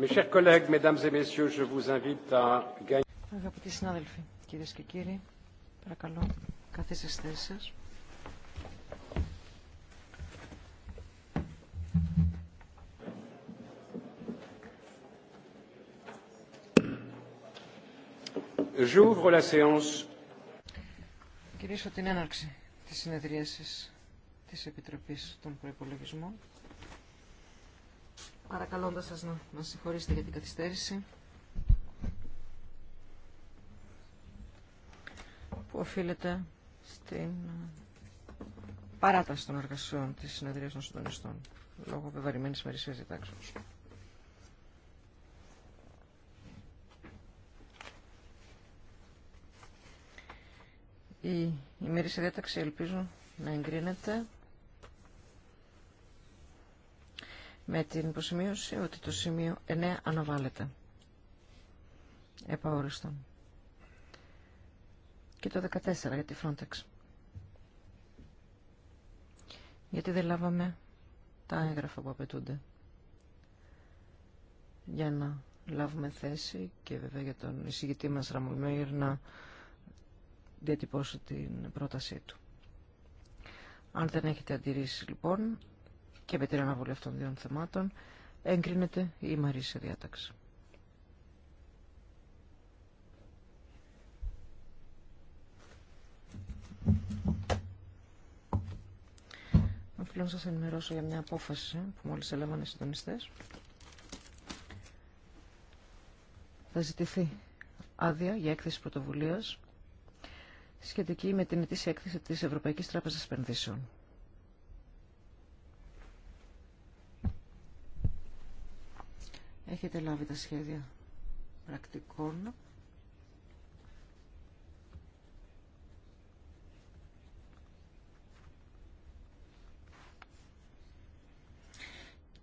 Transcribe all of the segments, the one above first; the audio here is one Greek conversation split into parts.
Αγαπητοί συνάδελφοι, κυρίες και κύριοι, παρακαλώ καθίστε στις θέσεις σας. Κυρίσω την έναρξη της συνεδρίασης της Επιτροπής των Προϋπολογισμών παρακαλώντας σας να μας συγχωρήσετε για την καθυστέρηση που οφείλεται στην ε, παράταση των εργασιών της συνεδρίας των συντονιστών λόγω βεβαρημένης μερισίας διτάξεως. Η ημερήσια διάταξη ελπίζω να εγκρίνεται. με την υποσημείωση ότι το σημείο 9 αναβάλλεται. Επαόριστο. Και το 14 για τη Frontex. Γιατί δεν λάβαμε τα έγγραφα που απαιτούνται για να λάβουμε θέση και βέβαια για τον εισηγητή μας Ραμουλμέιρ να διατυπώσει την πρότασή του. Αν δεν έχετε αντιρρήσει λοιπόν, και με την αναβολή αυτών των δύο θεμάτων εγκρίνεται η Μαρίσια διάταξη. Οφείλω να σας ενημερώσω για μια απόφαση που μόλις έλαβαν οι συντονιστές. Θα ζητηθεί άδεια για έκθεση πρωτοβουλίας σχετική με την ετήσια έκθεση της Ευρωπαϊκής Τράπεζας Επενδύσεων. Έχετε λάβει τα σχέδια πρακτικών.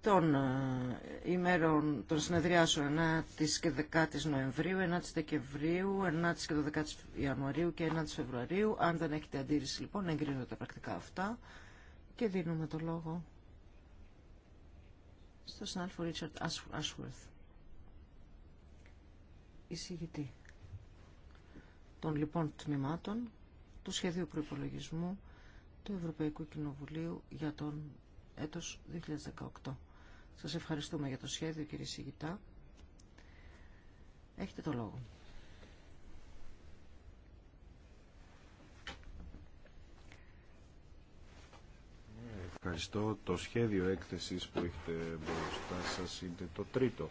των ε, ημέρων των συνεδριάσεων 9η και 10η Νοεμβρίου, 9η Δεκεμβρίου, 9η και 12η Ιανουαρίου και 1 η Φεβρουαρίου. Αν δεν έχετε αντίρρηση λοιπόν, εγκρίνονται τα πρακτικά αυτά και δίνουμε το λόγο στο συνάδελφο Ρίτσαρτ Ashworth, εισηγητή των λοιπόν τμήματων του σχεδίου προϋπολογισμού του Ευρωπαϊκού Κοινοβουλίου για τον έτος 2018. Σας ευχαριστούμε για το σχέδιο κύριε Σιγητά. Έχετε το λόγο. Ευχαριστώ. Το σχέδιο έκθεσης που έχετε μπροστά σας είναι το τρίτο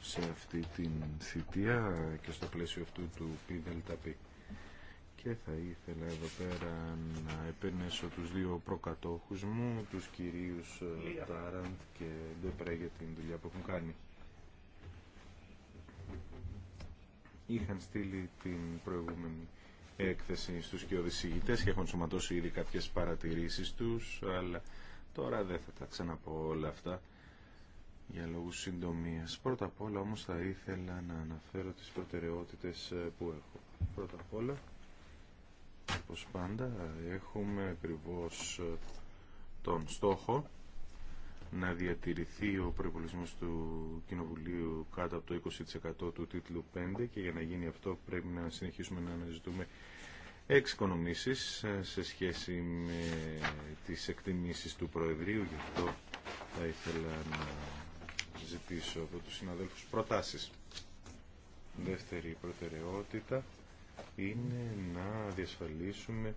σε αυτή την θητεία και στο πλαίσιο αυτού του ΠΔΠ. Και θα ήθελα εδώ πέρα να επενέσω τους δύο προκατόχους μου, τους κυρίους ε, Τάραντ και Ντεπρέ για την δουλειά που έχουν κάνει. Είχαν στείλει την προηγούμενη έκθεση στους και οδησηγητές και έχουν σωματώσει ήδη κάποιες παρατηρήσεις τους, αλλά τώρα δεν θα τα ξαναπώ όλα αυτά για λόγους συντομίας. Πρώτα απ' όλα όμως θα ήθελα να αναφέρω τις προτεραιότητες ε, που έχω. Πρώτα απ' όλα, όπως πάντα, έχουμε ακριβώ ε, τον στόχο να διατηρηθεί ο προπολογισμό του Κοινοβουλίου κάτω από το 20% του τίτλου 5 και για να γίνει αυτό πρέπει να συνεχίσουμε να αναζητούμε εξοικονομήσεις ε, σε σχέση με τις εκτιμήσεις του Προεδρείου. Γι' αυτό θα ήθελα να ζητήσω από τους συναδέλφους προτάσεις. Δεύτερη προτεραιότητα είναι να διασφαλίσουμε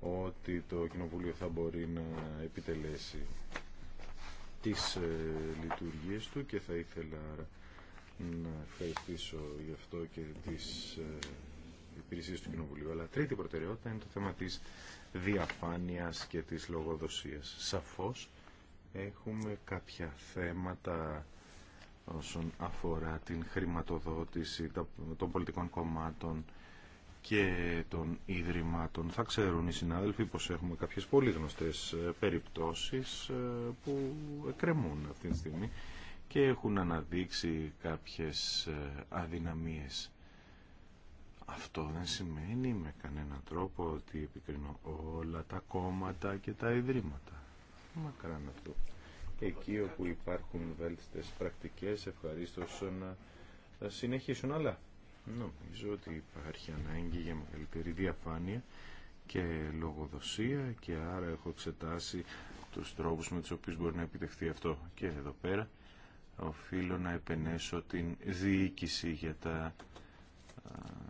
ότι το Κοινοβούλιο θα μπορεί να επιτελέσει τις ε, λειτουργίες του και θα ήθελα να ευχαριστήσω γι' αυτό και τις ε, υπηρεσίες του Κοινοβουλίου. Αλλά τρίτη προτεραιότητα είναι το θέμα της διαφάνειας και της λογοδοσίας. Σαφώς έχουμε κάποια θέματα όσον αφορά την χρηματοδότηση των πολιτικών κομμάτων και των Ιδρυμάτων. Θα ξέρουν οι συνάδελφοι πως έχουμε κάποιες πολύ γνωστές ε, περιπτώσεις ε, που εκκρεμούν αυτή τη στιγμή και έχουν αναδείξει κάποιες ε, αδυναμίες. Αυτό δεν σημαίνει με κανένα τρόπο ότι επικρινώ όλα τα κόμματα και τα ιδρύματα. Μακράν αυτό. Εκεί όπου υπάρχουν βέλτιστες πρακτικές, ευχαριστώ να συνεχίσουν, αλλά Νομίζω ότι υπάρχει ανάγκη για μεγαλύτερη διαφάνεια και λογοδοσία και άρα έχω εξετάσει τους τρόπους με τους οποίους μπορεί να επιτευχθεί αυτό και εδώ πέρα οφείλω να επενέσω την διοίκηση για τα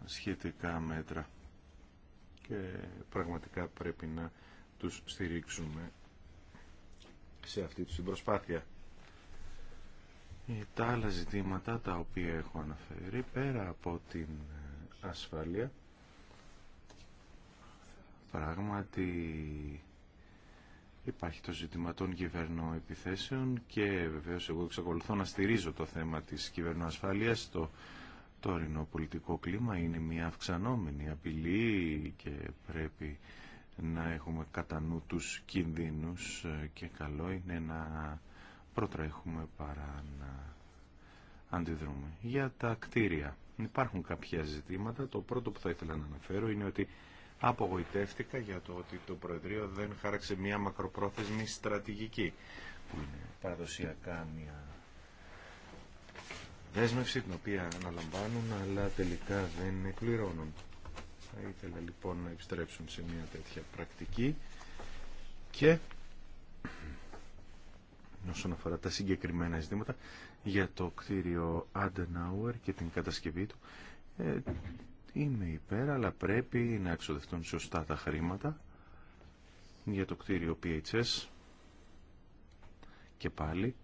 σχετικά μέτρα και πραγματικά πρέπει να τους στηρίξουμε σε αυτή την προσπάθεια. Ε, τα άλλα ζητήματα τα οποία έχω αναφέρει πέρα από την ε, ασφάλεια πράγματι υπάρχει το ζήτημα των κυβερνοεπιθέσεων και βεβαίως εγώ εξακολουθώ να στηρίζω το θέμα της κυβερνοασφάλειας το τωρινό πολιτικό κλίμα είναι μια αυξανόμενη απειλή και πρέπει να έχουμε κατά νου τους κινδύνους ε, και καλό είναι να προτρέχουμε παρά να αντιδρούμε. Για τα κτίρια. Υπάρχουν κάποια ζητήματα. Το πρώτο που θα ήθελα να αναφέρω είναι ότι απογοητεύτηκα για το ότι το Προεδρείο δεν χάραξε μια μακροπρόθεσμη στρατηγική που είναι παραδοσιακά μια δέσμευση την οποία αναλαμβάνουν αλλά τελικά δεν εκπληρώνουν. Θα ήθελα λοιπόν να επιστρέψουν σε μια τέτοια πρακτική και όσον αφορά τα συγκεκριμένα ζητήματα για το κτίριο Adenauer και την κατασκευή του. Ε, είμαι υπέρα αλλά πρέπει να εξοδευτούν σωστά τα χρήματα για το κτίριο PHS και πάλι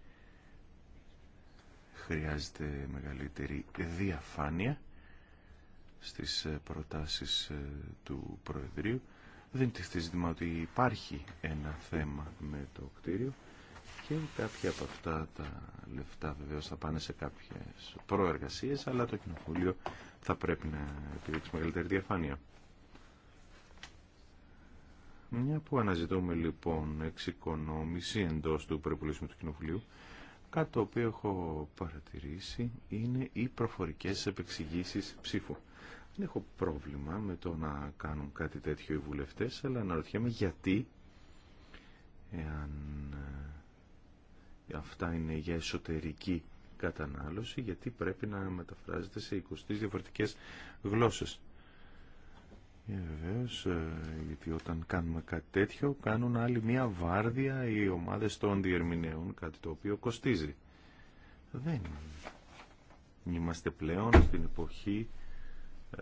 χρειάζεται μεγαλύτερη διαφάνεια στις ε, προτάσεις ε, του Προεδρείου Δεν τη ζήτημα ότι υπάρχει ένα θέμα με το κτίριο και Κάποια από αυτά τα λεφτά βεβαίως θα πάνε σε κάποιες προεργασίες, αλλά το Κοινοβούλιο θα πρέπει να επιδείξει μεγαλύτερη διαφάνεια. Μια που αναζητούμε λοιπόν εξοικονόμηση εντός του προπολίσμου του Κοινοβουλίου, κάτι το οποίο έχω παρατηρήσει είναι οι προφορικές επεξηγήσεις ψήφου. Δεν έχω πρόβλημα με το να κάνουν κάτι τέτοιο οι βουλευτές, αλλά αναρωτιέμαι γιατί εάν ε, αυτά είναι για εσωτερική κατανάλωση γιατί πρέπει να μεταφράζεται σε 23 διαφορετικές γλώσσες. Ε, Βεβαίω, γιατί όταν κάνουμε κάτι τέτοιο κάνουν άλλη μία βάρδια οι ομάδες των διερμηνέων, κάτι το οποίο κοστίζει. Δεν είμαστε πλέον στην εποχή ε,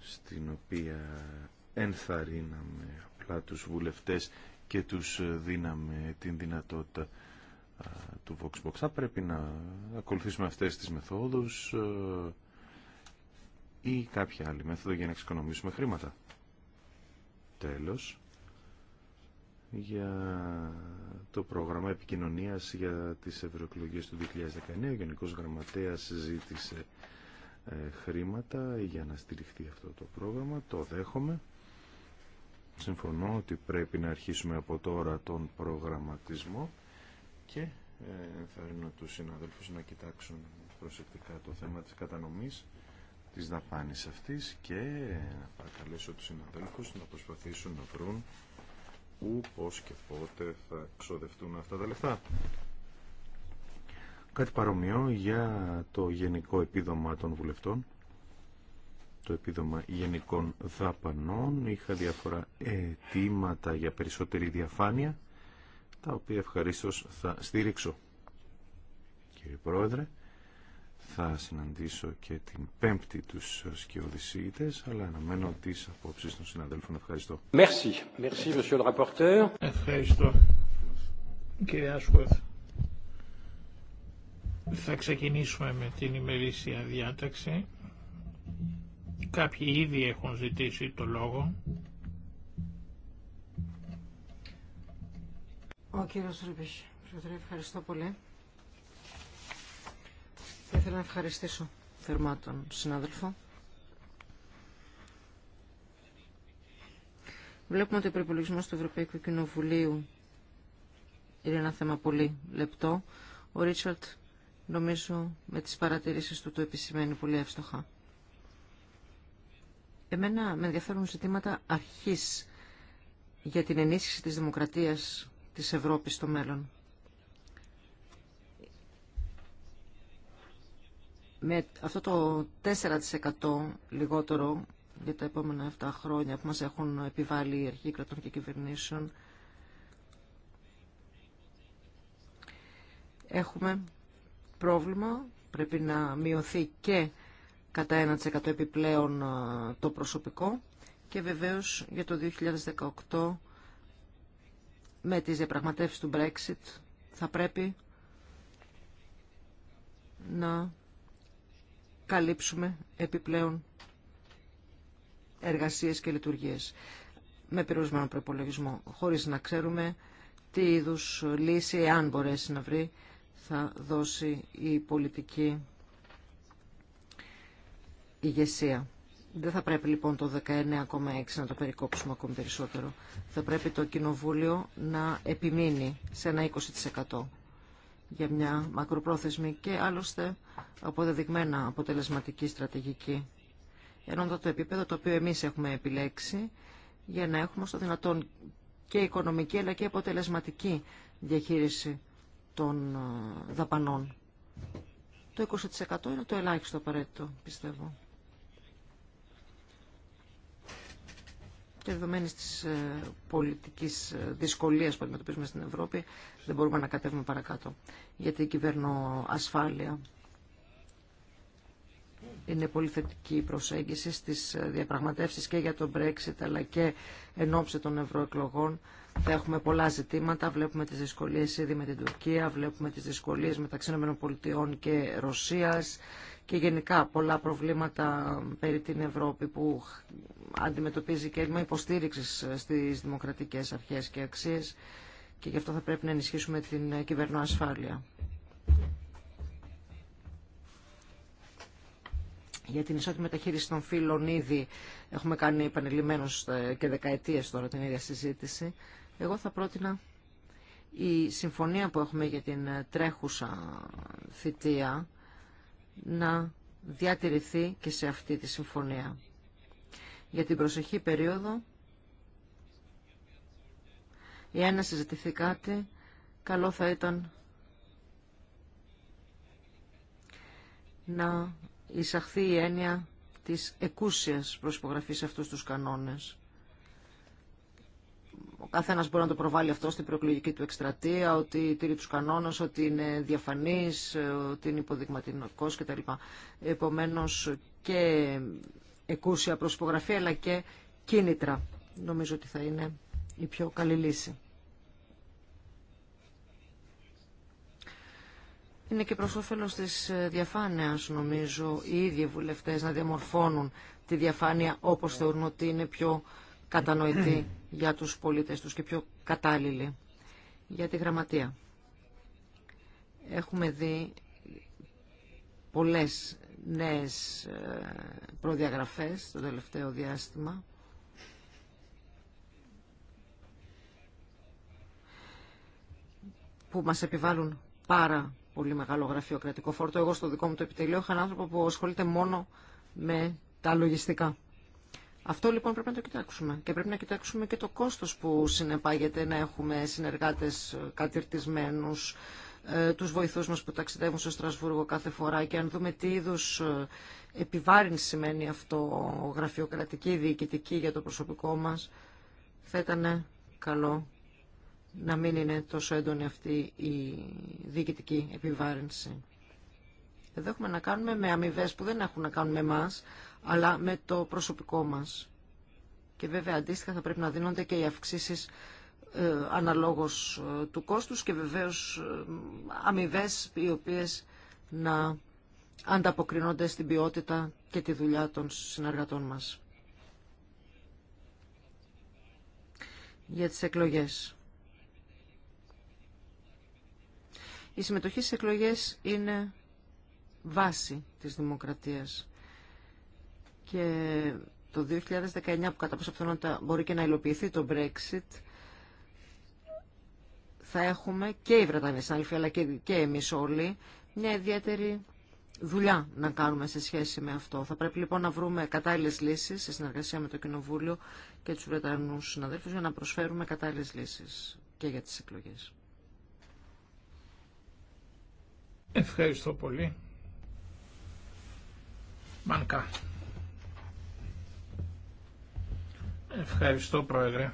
στην οποία ενθαρρύναμε απλά τους βουλευτές και τους ε, δίναμε την δυνατότητα του Voxbox. Θα πρέπει να ακολουθήσουμε αυτές τις μεθόδους ε, ή κάποια άλλη μέθοδο για να εξοικονομήσουμε χρήματα. Τέλος, για το πρόγραμμα επικοινωνίας για τις ευρωεκλογέ του 2019, ο Γενικός Γραμματέας ζήτησε ε, χρήματα για να στηριχθεί αυτό το πρόγραμμα, το δέχομαι. Συμφωνώ ότι πρέπει να αρχίσουμε από τώρα τον προγραμματισμό και θα ε, ενθαρρύνω τους συναδέλφους να κοιτάξουν προσεκτικά το θέμα της κατανομής της δαπάνης αυτής και να παρακαλέσω τους συναδέλφους να προσπαθήσουν να βρουν πού, πώς και πότε θα ξοδευτούν αυτά τα λεφτά. Κάτι παρομοιό για το γενικό επίδομα των βουλευτών το επίδομα γενικών δαπανών. Είχα διάφορα αιτήματα για περισσότερη διαφάνεια, τα οποία ευχαρίστω θα στήριξω. Κύριε Πρόεδρε, θα συναντήσω και την πέμπτη τους σκιοδησίτες, αλλά αναμένω τις απόψεις των συναδέλφων. Ευχαριστώ. Merci. Merci, monsieur le rapporteur. Ευχαριστώ. Κύριε θα ξεκινήσουμε με την ημερήσια διάταξη. Κάποιοι ήδη έχουν ζητήσει το λόγο. Ο κύριος Ρουμπίχ, Πρόεδρε, ευχαριστώ πολύ. Θα ήθελα να ευχαριστήσω θερμά τον συνάδελφο. Βλέπουμε ότι ο προπολογισμό του Ευρωπαϊκού Κοινοβουλίου είναι ένα θέμα πολύ λεπτό. Ο Ρίτσαρτ νομίζω με τις παρατηρήσεις του το επισημαίνει πολύ εύστοχα. Εμένα με ενδιαφέρουν ζητήματα αρχής για την ενίσχυση της δημοκρατίας της Ευρώπης στο μέλλον. Με αυτό το 4% λιγότερο για τα επόμενα 7 χρόνια που μας έχουν επιβάλει οι αρχή κρατών και κυβερνήσεων, έχουμε πρόβλημα, πρέπει να μειωθεί και κατά 1% επιπλέον το προσωπικό και βεβαίως για το 2018 με τις διαπραγματεύσεις του Brexit θα πρέπει να καλύψουμε επιπλέον εργασίες και λειτουργίες με περιορισμένο προπολογισμό, χωρίς να ξέρουμε τι είδους λύση, εάν μπορέσει να βρει, θα δώσει η πολιτική ηγεσία. Δεν θα πρέπει λοιπόν το 19,6 να το περικόψουμε ακόμη περισσότερο. Θα πρέπει το Κοινοβούλιο να επιμείνει σε ένα 20% για μια μακροπρόθεσμη και άλλωστε αποδεδειγμένα αποτελεσματική στρατηγική. Ενώντα το επίπεδο το οποίο εμείς έχουμε επιλέξει για να έχουμε στο δυνατόν και οικονομική αλλά και αποτελεσματική διαχείριση των ε, δαπανών. Το 20% είναι το ελάχιστο απαραίτητο, πιστεύω. και δεδομένη τη ε, πολιτική ε, δυσκολία που αντιμετωπίζουμε στην Ευρώπη, δεν μπορούμε να κατέβουμε παρακάτω. Γιατί η κυβερνοασφάλεια είναι πολύ θετική η προσέγγιση στις ε, διαπραγματεύσεις και για τον Brexit αλλά και εν ώψη των ευρωεκλογών. Θα έχουμε πολλά ζητήματα, βλέπουμε τις δυσκολίες ήδη με την Τουρκία, βλέπουμε τι δυσκολίε μεταξύ ΗΠΑ και Ρωσία και γενικά πολλά προβλήματα περί την Ευρώπη που αντιμετωπίζει και έλλειμμα υποστήριξη στις δημοκρατικές αρχές και αξίες και γι' αυτό θα πρέπει να ενισχύσουμε την κυβερνοασφάλεια. για την ισότητα μεταχείριση των φύλων ήδη έχουμε κάνει επανειλημμένως ε, και δεκαετίες τώρα την ίδια συζήτηση. Εγώ θα πρότεινα η συμφωνία που έχουμε για την τρέχουσα θητεία να διατηρηθεί και σε αυτή τη συμφωνία. Για την προσεχή περίοδο, εάν να συζητηθεί κάτι, καλό θα ήταν να εισαχθεί η έννοια της εκούσιας προσπογραφής αυτούς τους κανόνες καθένα μπορεί να το προβάλλει αυτό στην προεκλογική του εκστρατεία, ότι τηρεί του κανόνε, ότι είναι διαφανή, ότι είναι υποδειγματικό κτλ. Επομένω και εκούσια προσωπογραφία, αλλά και κίνητρα. Νομίζω ότι θα είναι η πιο καλή λύση. Είναι και προ όφελο τη διαφάνεια, νομίζω, οι ίδιοι βουλευτέ να διαμορφώνουν τη διαφάνεια όπω θεωρούν ότι είναι πιο κατανοητή για τους πολίτες τους και πιο κατάλληλη για τη γραμματεία. Έχουμε δει πολλές νέες ε, προδιαγραφές το τελευταίο διάστημα. που μας επιβάλλουν πάρα πολύ μεγάλο γραφειοκρατικό φόρτο. Εγώ στο δικό μου το επιτελείο είχα έναν άνθρωπο που ασχολείται μόνο με τα λογιστικά. Αυτό λοιπόν πρέπει να το κοιτάξουμε. Και πρέπει να κοιτάξουμε και το κόστος που συνεπάγεται να έχουμε συνεργάτες ε, κατηρτισμένους, ε, τους βοηθούς μας που ταξιδεύουν στο Στρασβούργο κάθε φορά και αν δούμε τι είδους ε, επιβάρυνση σημαίνει αυτό γραφειοκρατική, διοικητική για το προσωπικό μας, θα ήταν καλό να μην είναι τόσο έντονη αυτή η διοικητική επιβάρυνση. Εδώ έχουμε να κάνουμε με αμοιβέ που δεν έχουν να κάνουν με εμά, αλλά με το προσωπικό μας. Και βέβαια αντίστοιχα θα πρέπει να δίνονται και οι αυξήσεις ε, αναλόγως ε, του κόστους και βεβαίως ε, αμοιβέ οι οποίες να ανταποκρινόνται στην ποιότητα και τη δουλειά των συνεργατών μας. Για τις εκλογές. Η συμμετοχή στις εκλογές είναι βάση της δημοκρατίας και το 2019 που κατά πόσο πιθανότητα μπορεί και να υλοποιηθεί το Brexit θα έχουμε και οι Βρετανοί συνάδελφοι αλλά και, και εμείς όλοι μια ιδιαίτερη δουλειά να κάνουμε σε σχέση με αυτό. Θα πρέπει λοιπόν να βρούμε κατάλληλες λύσεις σε συνεργασία με το Κοινοβούλιο και τους Βρετανούς συναδέλφους για να προσφέρουμε κατάλληλες λύσεις και για τις εκλογές. Ευχαριστώ πολύ. Μανκά. Ευχαριστώ Πρόεδρε.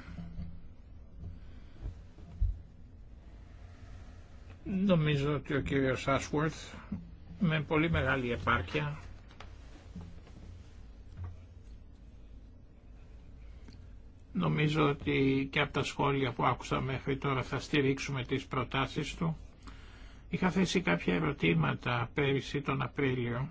Νομίζω ότι ο κύριος Άσουερθ με πολύ μεγάλη επάρκεια Νομίζω ότι και από τα σχόλια που άκουσα μέχρι τώρα θα στηρίξουμε τις προτάσεις του. Είχα θέσει κάποια ερωτήματα πέρυσι τον Απρίλιο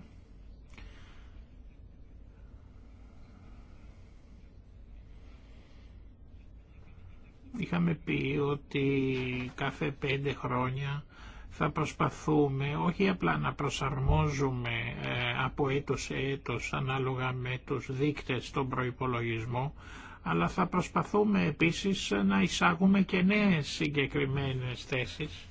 Είχαμε πει ότι κάθε πέντε χρόνια θα προσπαθούμε όχι απλά να προσαρμόζουμε ε, από έτος σε έτος ανάλογα με τους δείκτες στον προϋπολογισμό, αλλά θα προσπαθούμε επίσης να εισάγουμε και νέες συγκεκριμένες θέσεις,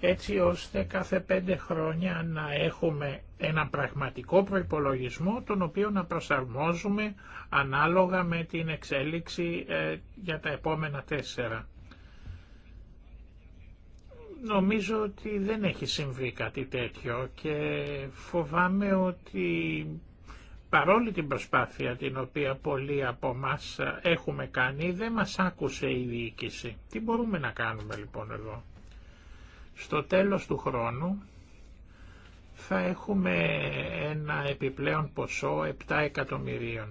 έτσι ώστε κάθε πέντε χρόνια να έχουμε ένα πραγματικό προϋπολογισμό τον οποίο να προσαρμόζουμε ανάλογα με την εξέλιξη ε, για τα επόμενα τέσσερα. Νομίζω ότι δεν έχει συμβεί κάτι τέτοιο και φοβάμαι ότι παρόλη την προσπάθεια την οποία πολλοί από μας ε, έχουμε κάνει δεν μας άκουσε η διοίκηση. Τι μπορούμε να κάνουμε λοιπόν εδώ. Στο τέλος του χρόνου θα έχουμε ένα επιπλέον ποσό 7 εκατομμυρίων.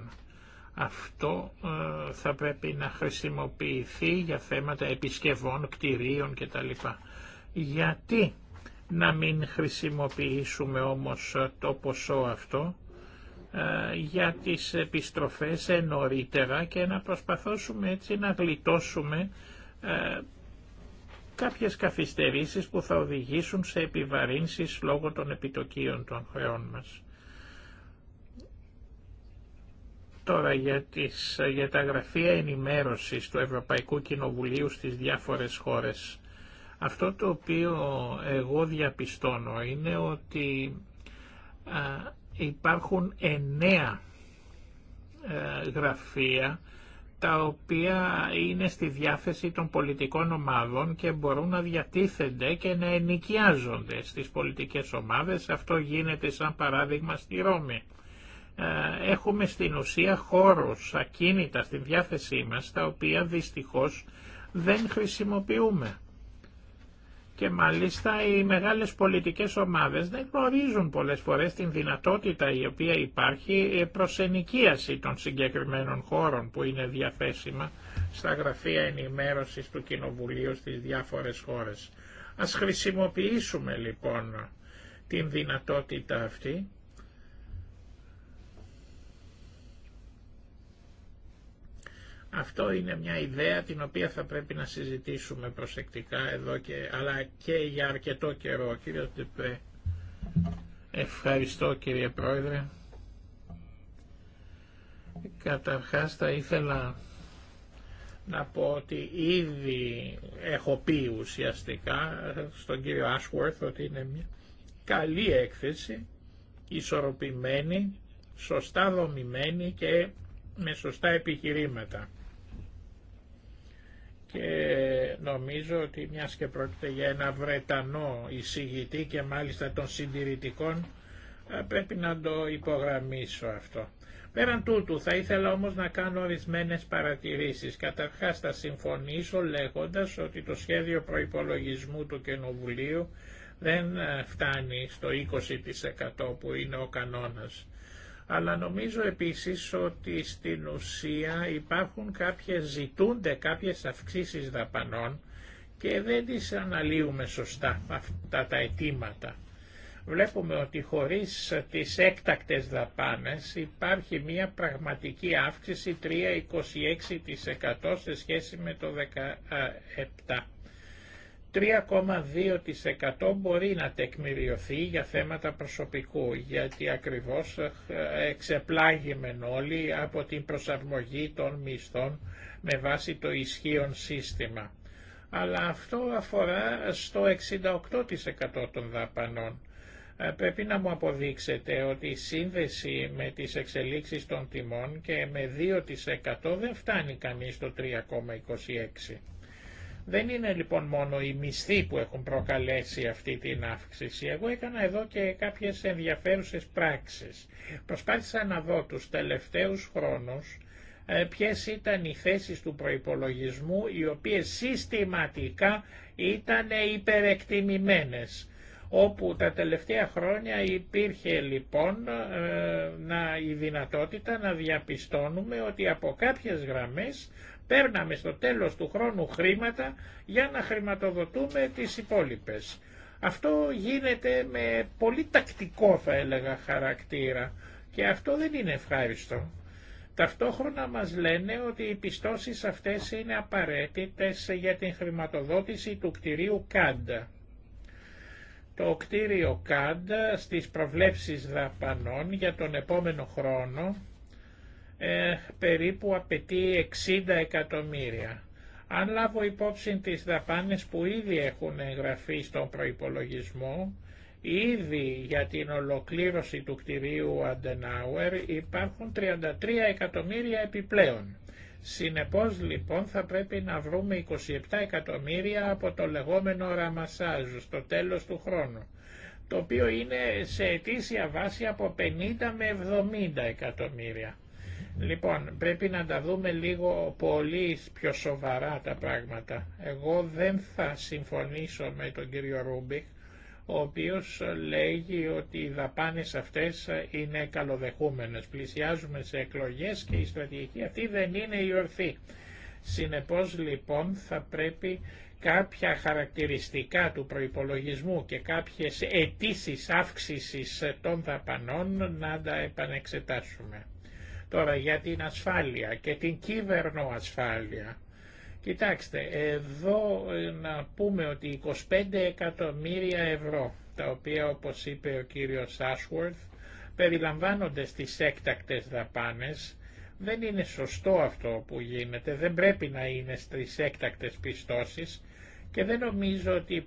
Αυτό ε, θα πρέπει να χρησιμοποιηθεί για θέματα επισκευών, κτηρίων κτλ. Γιατί να μην χρησιμοποιήσουμε όμως το ποσό αυτό ε, για τις επιστροφές νωρίτερα και να προσπαθώσουμε έτσι να γλιτώσουμε ε, κάποιες καθυστερήσεις που θα οδηγήσουν σε επιβαρύνσεις λόγω των επιτοκίων των χρεών μας. Τώρα για, τις, για τα γραφεία ενημέρωσης του Ευρωπαϊκού Κοινοβουλίου στις διάφορες χώρες. Αυτό το οποίο εγώ διαπιστώνω είναι ότι υπάρχουν εννέα ε, γραφεία τα οποία είναι στη διάθεση των πολιτικών ομάδων και μπορούν να διατίθενται και να ενοικιάζονται στις πολιτικές ομάδες. Αυτό γίνεται σαν παράδειγμα στη Ρώμη. Ε, έχουμε στην ουσία χώρους ακίνητα στη διάθεσή μας, τα οποία δυστυχώς δεν χρησιμοποιούμε. Και μάλιστα οι μεγάλες πολιτικές ομάδες δεν γνωρίζουν πολλές φορές την δυνατότητα η οποία υπάρχει προς ενοικίαση των συγκεκριμένων χώρων που είναι διαθέσιμα στα γραφεία ενημέρωσης του Κοινοβουλίου στις διάφορες χώρες. Ας χρησιμοποιήσουμε λοιπόν την δυνατότητα αυτή Αυτό είναι μια ιδέα την οποία θα πρέπει να συζητήσουμε προσεκτικά εδώ και, αλλά και για αρκετό καιρό. Κύριε Τεπέ, ευχαριστώ κύριε Πρόεδρε. Καταρχάς θα ήθελα να πω ότι ήδη έχω πει ουσιαστικά στον κύριο Ashworth ότι είναι μια καλή έκθεση, ισορροπημένη, σωστά δομημένη και με σωστά επιχειρήματα και νομίζω ότι μιας και πρόκειται για ένα Βρετανό εισηγητή και μάλιστα των συντηρητικών ε, πρέπει να το υπογραμμίσω αυτό. Πέραν τούτου θα ήθελα όμως να κάνω ορισμένες παρατηρήσεις. Καταρχάς θα συμφωνήσω λέγοντας ότι το σχέδιο προϋπολογισμού του Κοινοβουλίου δεν ε, φτάνει στο 20% που είναι ο κανόνας. Αλλά νομίζω επίσης ότι στην ουσία υπάρχουν κάποιες, ζητούνται κάποιες αυξήσεις δαπανών και δεν τις αναλύουμε σωστά αυτά τα αιτήματα. Βλέπουμε ότι χωρίς τις έκτακτες δαπάνες υπάρχει μια πραγματική αύξηση 3,26% σε σχέση με το 2017. 3,2% μπορεί να τεκμηριωθεί για θέματα προσωπικού, γιατί ακριβώς ε, εξεπλάγημεν όλοι από την προσαρμογή των μισθών με βάση το ισχύον σύστημα. Αλλά αυτό αφορά στο 68% των δαπανών. Ε, πρέπει να μου αποδείξετε ότι η σύνδεση με τις εξελίξεις των τιμών και με 2% δεν φτάνει κανείς το 3,26%. Δεν είναι λοιπόν μόνο οι μισθοί που έχουν προκαλέσει αυτή την αύξηση. Εγώ έκανα εδώ και κάποιες ενδιαφέρουσες πράξεις. Προσπάθησα να δω τους τελευταίους χρόνους ε, ποιες ήταν οι θέσεις του προϋπολογισμού οι οποίες συστηματικά ήταν υπερεκτιμημένες όπου τα τελευταία χρόνια υπήρχε λοιπόν ε, να, η δυνατότητα να διαπιστώνουμε ότι από κάποιες γραμμές παίρναμε στο τέλος του χρόνου χρήματα για να χρηματοδοτούμε τις υπόλοιπες. Αυτό γίνεται με πολύ τακτικό θα έλεγα χαρακτήρα και αυτό δεν είναι ευχάριστο. Ταυτόχρονα μας λένε ότι οι πιστώσεις αυτές είναι απαραίτητες για την χρηματοδότηση του κτηρίου Κάντα. Το κτίριο Κάντα στις προβλέψεις δαπανών για τον επόμενο χρόνο ε, περίπου απαιτεί 60 εκατομμύρια. Αν λάβω υπόψη τις δαπάνες που ήδη έχουν εγγραφεί στον προϋπολογισμό, ήδη για την ολοκλήρωση του κτηρίου Αντενάουερ υπάρχουν 33 εκατομμύρια επιπλέον. Συνεπώς λοιπόν θα πρέπει να βρούμε 27 εκατομμύρια από το λεγόμενο ραμασάζ στο τέλος του χρόνου, το οποίο είναι σε ετήσια βάση από 50 με 70 εκατομμύρια. Λοιπόν, πρέπει να τα δούμε λίγο πολύ πιο σοβαρά τα πράγματα. Εγώ δεν θα συμφωνήσω με τον κύριο Ρούμπιχ, ο οποίος λέγει ότι οι δαπάνες αυτές είναι καλοδεχούμενες. Πλησιάζουμε σε εκλογές και η στρατηγική αυτή δεν είναι η ορθή. Συνεπώς λοιπόν θα πρέπει κάποια χαρακτηριστικά του προϋπολογισμού και κάποιες αιτήσει αύξησης των δαπανών να τα επανεξετάσουμε. Τώρα για την ασφάλεια και την ασφάλεια. Κοιτάξτε, εδώ ε, να πούμε ότι 25 εκατομμύρια ευρώ, τα οποία όπως είπε ο κύριος Ashworth, περιλαμβάνονται στις έκτακτες δαπάνες, δεν είναι σωστό αυτό που γίνεται, δεν πρέπει να είναι στις έκτακτες πιστώσεις και δεν νομίζω ότι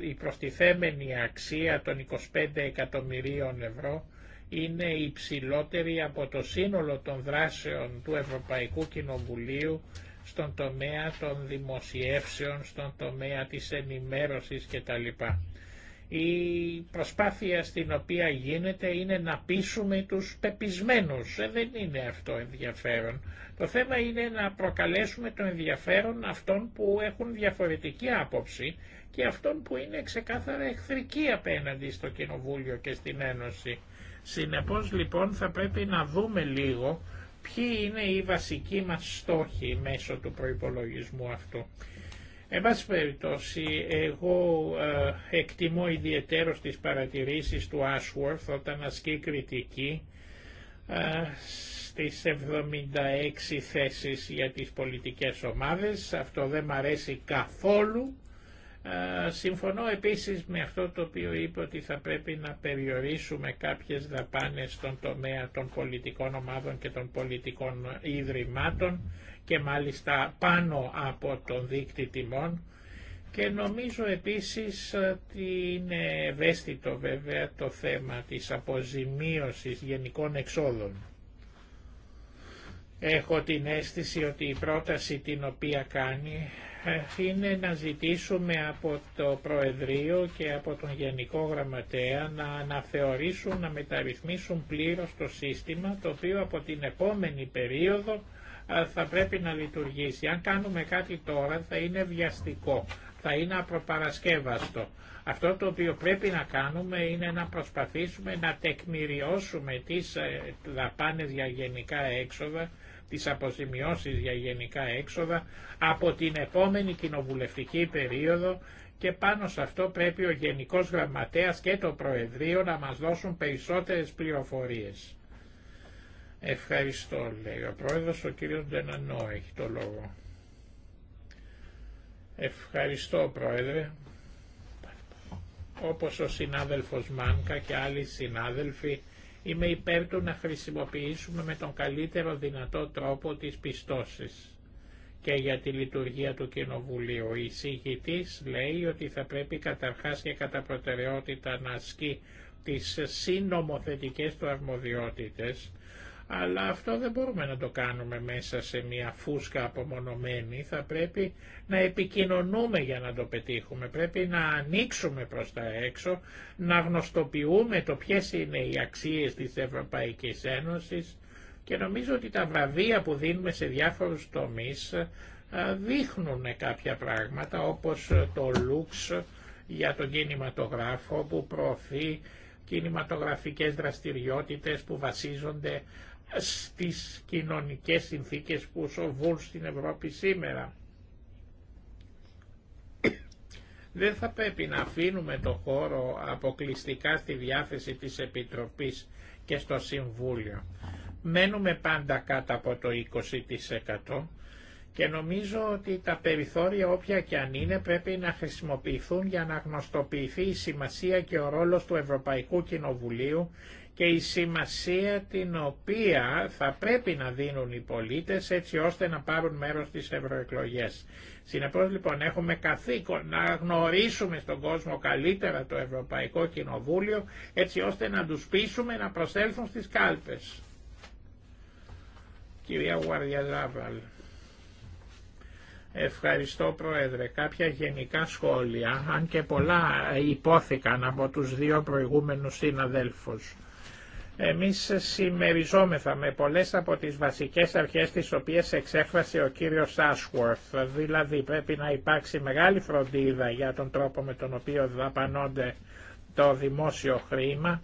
η προστιθέμενη αξία των 25 εκατομμυρίων ευρώ είναι υψηλότερη από το σύνολο των δράσεων του Ευρωπαϊκού Κοινοβουλίου στον τομέα των δημοσιεύσεων, στον τομέα της ενημέρωσης κτλ. Η προσπάθεια στην οποία γίνεται είναι να πείσουμε τους πεπισμένους. Ε, δεν είναι αυτό ενδιαφέρον. Το θέμα είναι να προκαλέσουμε το ενδιαφέρον αυτών που έχουν διαφορετική άποψη και αυτών που είναι ξεκάθαρα εχθρικοί απέναντι στο Κοινοβούλιο και στην Ένωση. Συνεπώς λοιπόν θα πρέπει να δούμε λίγο ποιοι είναι οι βασικοί μας στόχοι μέσω του προϋπολογισμού αυτού. Εν πάση περιπτώσει, εγώ ε, εκτιμώ ιδιαίτερο τις παρατηρήσεις του Ashworth όταν ασκεί κριτική ε, στις 76 θέσεις για τις πολιτικές ομάδες. Αυτό δεν μ' αρέσει καθόλου ε, συμφωνώ επίσης με αυτό το οποίο είπε ότι θα πρέπει να περιορίσουμε κάποιες δαπάνες στον τομέα των πολιτικών ομάδων και των πολιτικών ιδρυμάτων και μάλιστα πάνω από τον δίκτυ τιμών και νομίζω επίσης ότι είναι ευαίσθητο βέβαια το θέμα της αποζημίωσης γενικών εξόδων. Έχω την αίσθηση ότι η πρόταση την οποία κάνει ε, είναι να ζητήσουμε από το Προεδρείο και από τον Γενικό Γραμματέα να αναθεωρήσουν, να μεταρρυθμίσουν πλήρως το σύστημα το οποίο από την επόμενη περίοδο ε, θα πρέπει να λειτουργήσει. Αν κάνουμε κάτι τώρα θα είναι βιαστικό, θα είναι απροπαρασκεύαστο. Αυτό το οποίο πρέπει να κάνουμε είναι να προσπαθήσουμε να τεκμηριώσουμε τις ε, δαπάνες για γενικά έξοδα τις αποζημιώσεις για γενικά έξοδα από την επόμενη κοινοβουλευτική περίοδο και πάνω σε αυτό πρέπει ο Γενικός Γραμματέας και το Προεδρείο να μας δώσουν περισσότερες πληροφορίες. Ευχαριστώ, λέει ο Πρόεδρος, ο κύριος Ντενανό έχει το λόγο. Ευχαριστώ, Πρόεδρε. Όπως ο συνάδελφος Μάνκα και άλλοι συνάδελφοι, Είμαι υπέρ του να χρησιμοποιήσουμε με τον καλύτερο δυνατό τρόπο τις πιστώσεις. Και για τη λειτουργία του Κοινοβουλίου, η εισηγητής λέει ότι θα πρέπει καταρχάς και κατά προτεραιότητα να ασκεί τις συνομοθετικές του αρμοδιότητες αλλά αυτό δεν μπορούμε να το κάνουμε μέσα σε μια φούσκα απομονωμένη. Θα πρέπει να επικοινωνούμε για να το πετύχουμε. Πρέπει να ανοίξουμε προς τα έξω, να γνωστοποιούμε το ποιες είναι οι αξίες της Ευρωπαϊκής Ένωσης και νομίζω ότι τα βραβεία που δίνουμε σε διάφορους τομείς δείχνουν κάποια πράγματα όπως το Λουξ για τον κινηματογράφο που προωθεί κινηματογραφικές δραστηριότητες που βασίζονται στις κοινωνικές συνθήκες που σοβούν στην Ευρώπη σήμερα. Δεν θα πρέπει να αφήνουμε το χώρο αποκλειστικά στη διάθεση της Επιτροπής και στο Συμβούλιο. Μένουμε πάντα κάτω από το 20% και νομίζω ότι τα περιθώρια όποια και αν είναι πρέπει να χρησιμοποιηθούν για να γνωστοποιηθεί η σημασία και ο ρόλος του Ευρωπαϊκού Κοινοβουλίου και η σημασία την οποία θα πρέπει να δίνουν οι πολίτες έτσι ώστε να πάρουν μέρος στις ευρωεκλογές. Συνεπώς λοιπόν έχουμε καθήκον να γνωρίσουμε στον κόσμο καλύτερα το Ευρωπαϊκό Κοινοβούλιο έτσι ώστε να τους πείσουμε να προσέλθουν στις κάλπες. Κυρία Γουαρδιαζάβαλ. Ευχαριστώ Πρόεδρε. Κάποια γενικά σχόλια, αν και πολλά υπόθηκαν από τους δύο προηγούμενους συναδέλφους. Εμείς συμμεριζόμεθα με πολλές από τις βασικές αρχές τις οποίες εξέφρασε ο κύριος Ashworth, δηλαδή πρέπει να υπάρξει μεγάλη φροντίδα για τον τρόπο με τον οποίο δαπανώνται το δημόσιο χρήμα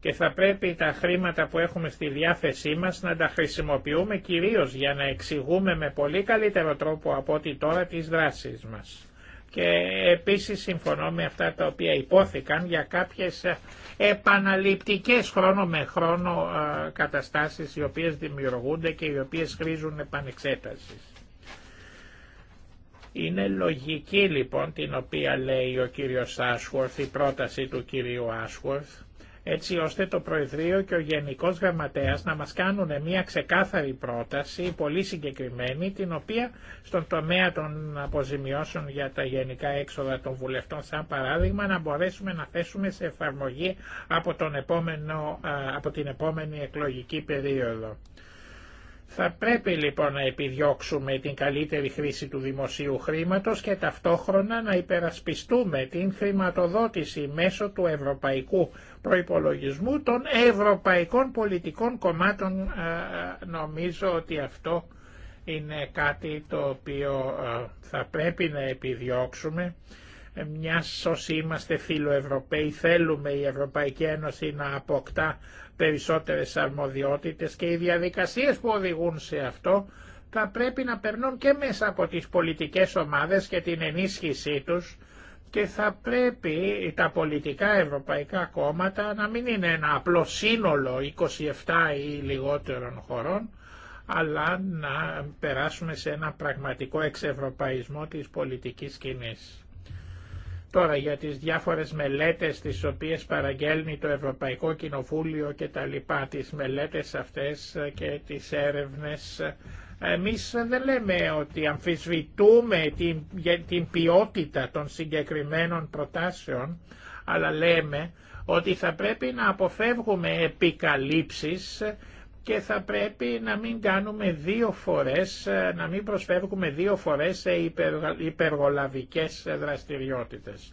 και θα πρέπει τα χρήματα που έχουμε στη διάθεσή μας να τα χρησιμοποιούμε κυρίως για να εξηγούμε με πολύ καλύτερο τρόπο από ό,τι τώρα τις δράσεις μας. Και επίσης συμφωνώ με αυτά τα οποία υπόθηκαν για κάποιες ε, επαναληπτικές χρόνο με χρόνο ε, καταστάσεις οι οποίες δημιουργούνται και οι οποίες χρήζουν επανεξέταση. Είναι λογική λοιπόν την οποία λέει ο κύριος Άσχορθ, η πρόταση του κύριου Άσχορθ, έτσι ώστε το Προεδρείο και ο Γενικός Γραμματέας να μας κάνουν μια ξεκάθαρη πρόταση, πολύ συγκεκριμένη, την οποία στον τομέα των αποζημιώσεων για τα γενικά έξοδα των βουλευτών, σαν παράδειγμα, να μπορέσουμε να θέσουμε σε εφαρμογή από, τον επόμενο, από την επόμενη εκλογική περίοδο. Θα πρέπει λοιπόν να επιδιώξουμε την καλύτερη χρήση του δημοσίου χρήματος και ταυτόχρονα να υπερασπιστούμε την χρηματοδότηση μέσω του ευρωπαϊκού προϋπολογισμού των ευρωπαϊκών πολιτικών κομμάτων. Νομίζω ότι αυτό είναι κάτι το οποίο θα πρέπει να επιδιώξουμε. Μιας όσοι είμαστε φιλοευρωπαίοι θέλουμε η Ευρωπαϊκή Ένωση να αποκτά περισσότερες αρμοδιότητες και οι διαδικασίες που οδηγούν σε αυτό θα πρέπει να περνούν και μέσα από τις πολιτικές ομάδες και την ενίσχυσή τους και θα πρέπει τα πολιτικά ευρωπαϊκά κόμματα να μην είναι ένα απλό σύνολο 27 ή λιγότερων χωρών, αλλά να περάσουμε σε ένα πραγματικό εξευρωπαϊσμό της πολιτικής κοινής. Τώρα για τις διάφορες μελέτες τις οποίες παραγγέλνει το Ευρωπαϊκό Κοινοβούλιο και τα λοιπά, τις μελέτες αυτές και τις έρευνες, εμείς δεν λέμε ότι αμφισβητούμε την, την ποιότητα των συγκεκριμένων προτάσεων, αλλά λέμε ότι θα πρέπει να αποφεύγουμε επικαλύψεις και θα πρέπει να μην κάνουμε δύο φορές, ε, να μην προσφεύγουμε δύο φορές σε υπεργολαβικές ε, δραστηριότητες.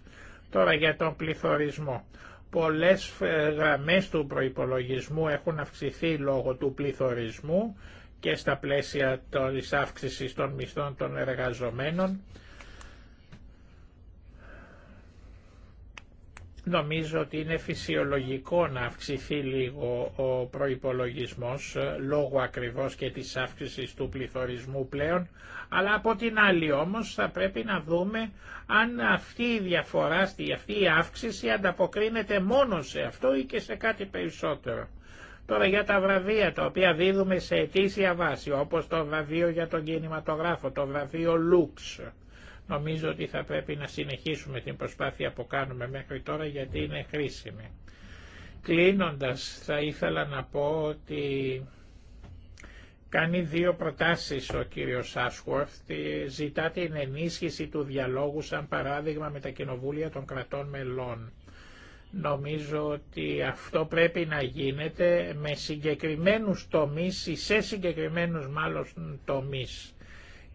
Τώρα για τον πληθωρισμό. Πολλές ε, γραμμές του προϋπολογισμού έχουν αυξηθεί λόγω του πληθωρισμού και στα πλαίσια της αύξησης των μισθών των εργαζομένων Νομίζω ότι είναι φυσιολογικό να αυξηθεί λίγο ο προϋπολογισμός ε, λόγω ακριβώς και της αύξησης του πληθωρισμού πλέον, αλλά από την άλλη όμως θα πρέπει να δούμε αν αυτή η διαφορά, αυτή η αύξηση ανταποκρίνεται μόνο σε αυτό ή και σε κάτι περισσότερο. Τώρα για τα βραβεία τα οποία δίδουμε σε ετήσια βάση, όπως το βραβείο για τον κινηματογράφο, το βραβείο Λούξ. Νομίζω ότι θα πρέπει να συνεχίσουμε την προσπάθεια που κάνουμε μέχρι τώρα γιατί είναι χρήσιμη. Κλείνοντας θα ήθελα να πω ότι κάνει δύο προτάσεις ο κύριος Άσχουαρθ. Ζητά την ενίσχυση του διαλόγου σαν παράδειγμα με τα κοινοβούλια των κρατών μελών. Νομίζω ότι αυτό πρέπει να γίνεται με συγκεκριμένους τομείς ή σε συγκεκριμένους μάλλον τομείς.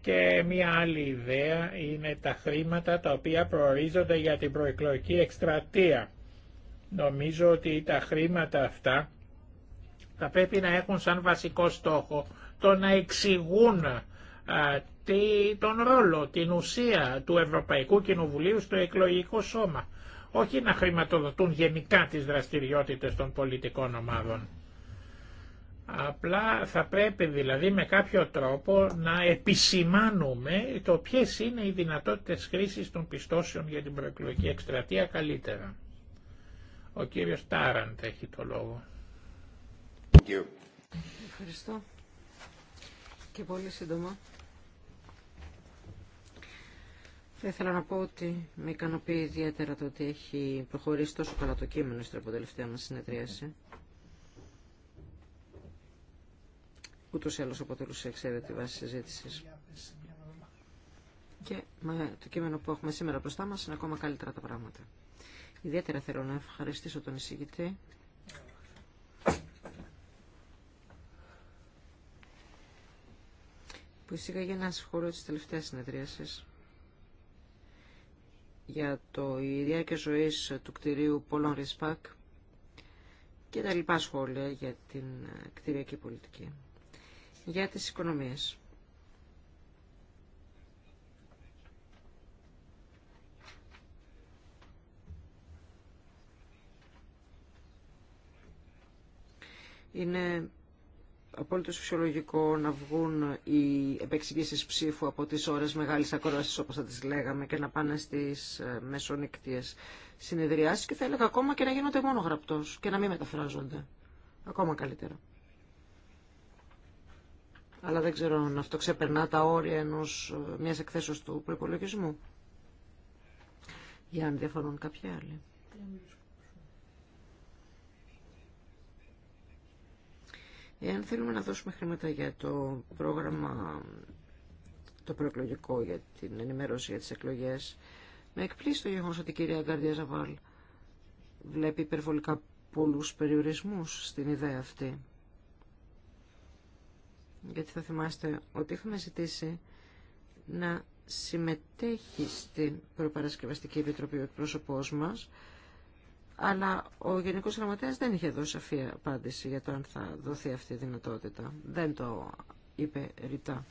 Και μια άλλη ιδέα είναι τα χρήματα τα οποία προορίζονται για την προεκλογική εκστρατεία. Νομίζω ότι τα χρήματα αυτά θα πρέπει να έχουν σαν βασικό στόχο το να εξηγούν τι, τον ρόλο, την ουσία του Ευρωπαϊκού Κοινοβουλίου στο εκλογικό σώμα. Όχι να χρηματοδοτούν γενικά τις δραστηριότητες των πολιτικών ομάδων. Απλά θα πρέπει δηλαδή με κάποιο τρόπο να επισημάνουμε το ποιε είναι οι δυνατότητες χρήσης των πιστώσεων για την προεκλογική εκστρατεία καλύτερα. Ο κύριος Τάραντ έχει το λόγο. Ευχαριστώ. Και πολύ σύντομα. Θα ήθελα να πω ότι με ικανοποιεί ιδιαίτερα το ότι έχει προχωρήσει τόσο καλά το κείμενο στην αποτελευταία μας συνεδρίαση ούτως ή άλλως αποτελούσε εξαίρετη βάση συζήτηση. Και με το κείμενο που έχουμε σήμερα μπροστά μας είναι ακόμα καλύτερα τα πράγματα. Ιδιαίτερα θέλω να ευχαριστήσω τον εισηγητή που εισήγαγε ένα σχόλιο της τελευταίας συνεδρίασης για το η διάρκεια ζωής του κτηρίου Πολών Ρισπακ και τα λοιπά σχόλια για την ε, κτηριακή πολιτική για τις οικονομίες. Είναι απόλυτο φυσιολογικό να βγουν οι επεξηγήσεις ψήφου από τις ώρες μεγάλης ακρόασης όπως θα τις λέγαμε και να πάνε στις ε, μέσονίκτιε συνεδριάσεις και θα έλεγα ακόμα και να γίνονται μόνο γραπτός και να μην μεταφράζονται. Ακόμα καλύτερα αλλά δεν ξέρω αν αυτό ξεπερνά τα όρια ενός, ε, μιας εκθέσεως του προϋπολογισμού για αν διαφωνούν κάποιοι άλλοι. Εάν θέλουμε να δώσουμε χρήματα για το πρόγραμμα το προεκλογικό για την ενημέρωση για τις εκλογές, με εκπλήσει το γεγονός ότι η κυρία Γκάρδια Ζαβάλ βλέπει υπερβολικά πολλούς περιορισμούς στην ιδέα αυτή γιατί θα θυμάστε ότι είχαμε ζητήσει να συμμετέχει στην Προπαρασκευαστική Επιτροπή ο εκπρόσωπός μας, αλλά ο Γενικός Γραμματέας δεν είχε δώσει σαφή απάντηση για το αν θα δοθεί αυτή η δυνατότητα. Δεν το είπε ρητά.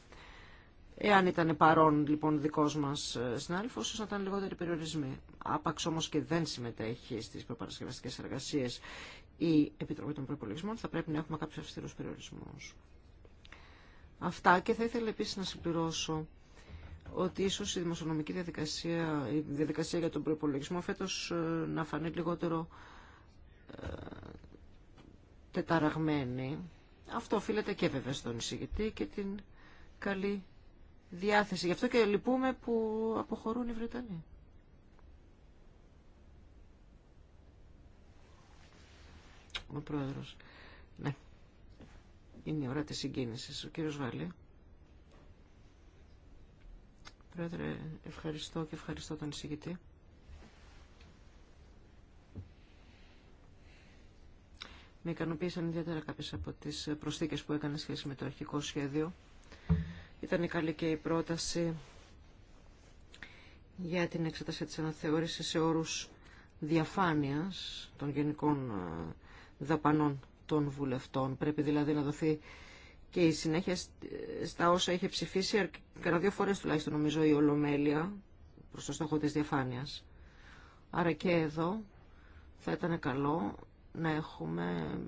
Εάν ήταν παρόν λοιπόν δικός μας ε, συνάδελφος, ίσω να ήταν λιγότεροι περιορισμοί. Άπαξ όμως και δεν συμμετέχει στι προπαρασκευαστικές εργασίε η Επιτροπή των Προπολογισμών, θα πρέπει να έχουμε κάποιου αυστηρούς περιορισμού αυτά και θα ήθελα επίση να συμπληρώσω ότι ίσως η δημοσιονομική διαδικασία, η διαδικασία για τον προϋπολογισμό φέτος ε, να φανεί λιγότερο ε, τεταραγμένη. Αυτό οφείλεται και βέβαια στον εισηγητή και την καλή διάθεση. Γι' αυτό και λυπούμε που αποχωρούν οι Βρετανοί. Ο πρόεδρος. Ναι είναι η ώρα της συγκίνησης. Ο κύριος Βάλλη. Πρόεδρε, ευχαριστώ και ευχαριστώ τον εισηγητή. Με ικανοποίησαν ιδιαίτερα κάποιες από τις προσθήκες που έκανε σχέση με το αρχικό σχέδιο. Ήταν καλή και η πρόταση για την εξέταση της αναθεώρησης σε όρους διαφάνειας των γενικών ε, δαπανών των βουλευτών. Πρέπει δηλαδή να δοθεί και η συνέχεια στα όσα είχε ψηφίσει κατά δύο φορές τουλάχιστον νομίζω η Ολομέλεια προς το στόχο της διαφάνειας. Άρα και εδώ θα ήταν καλό να έχουμε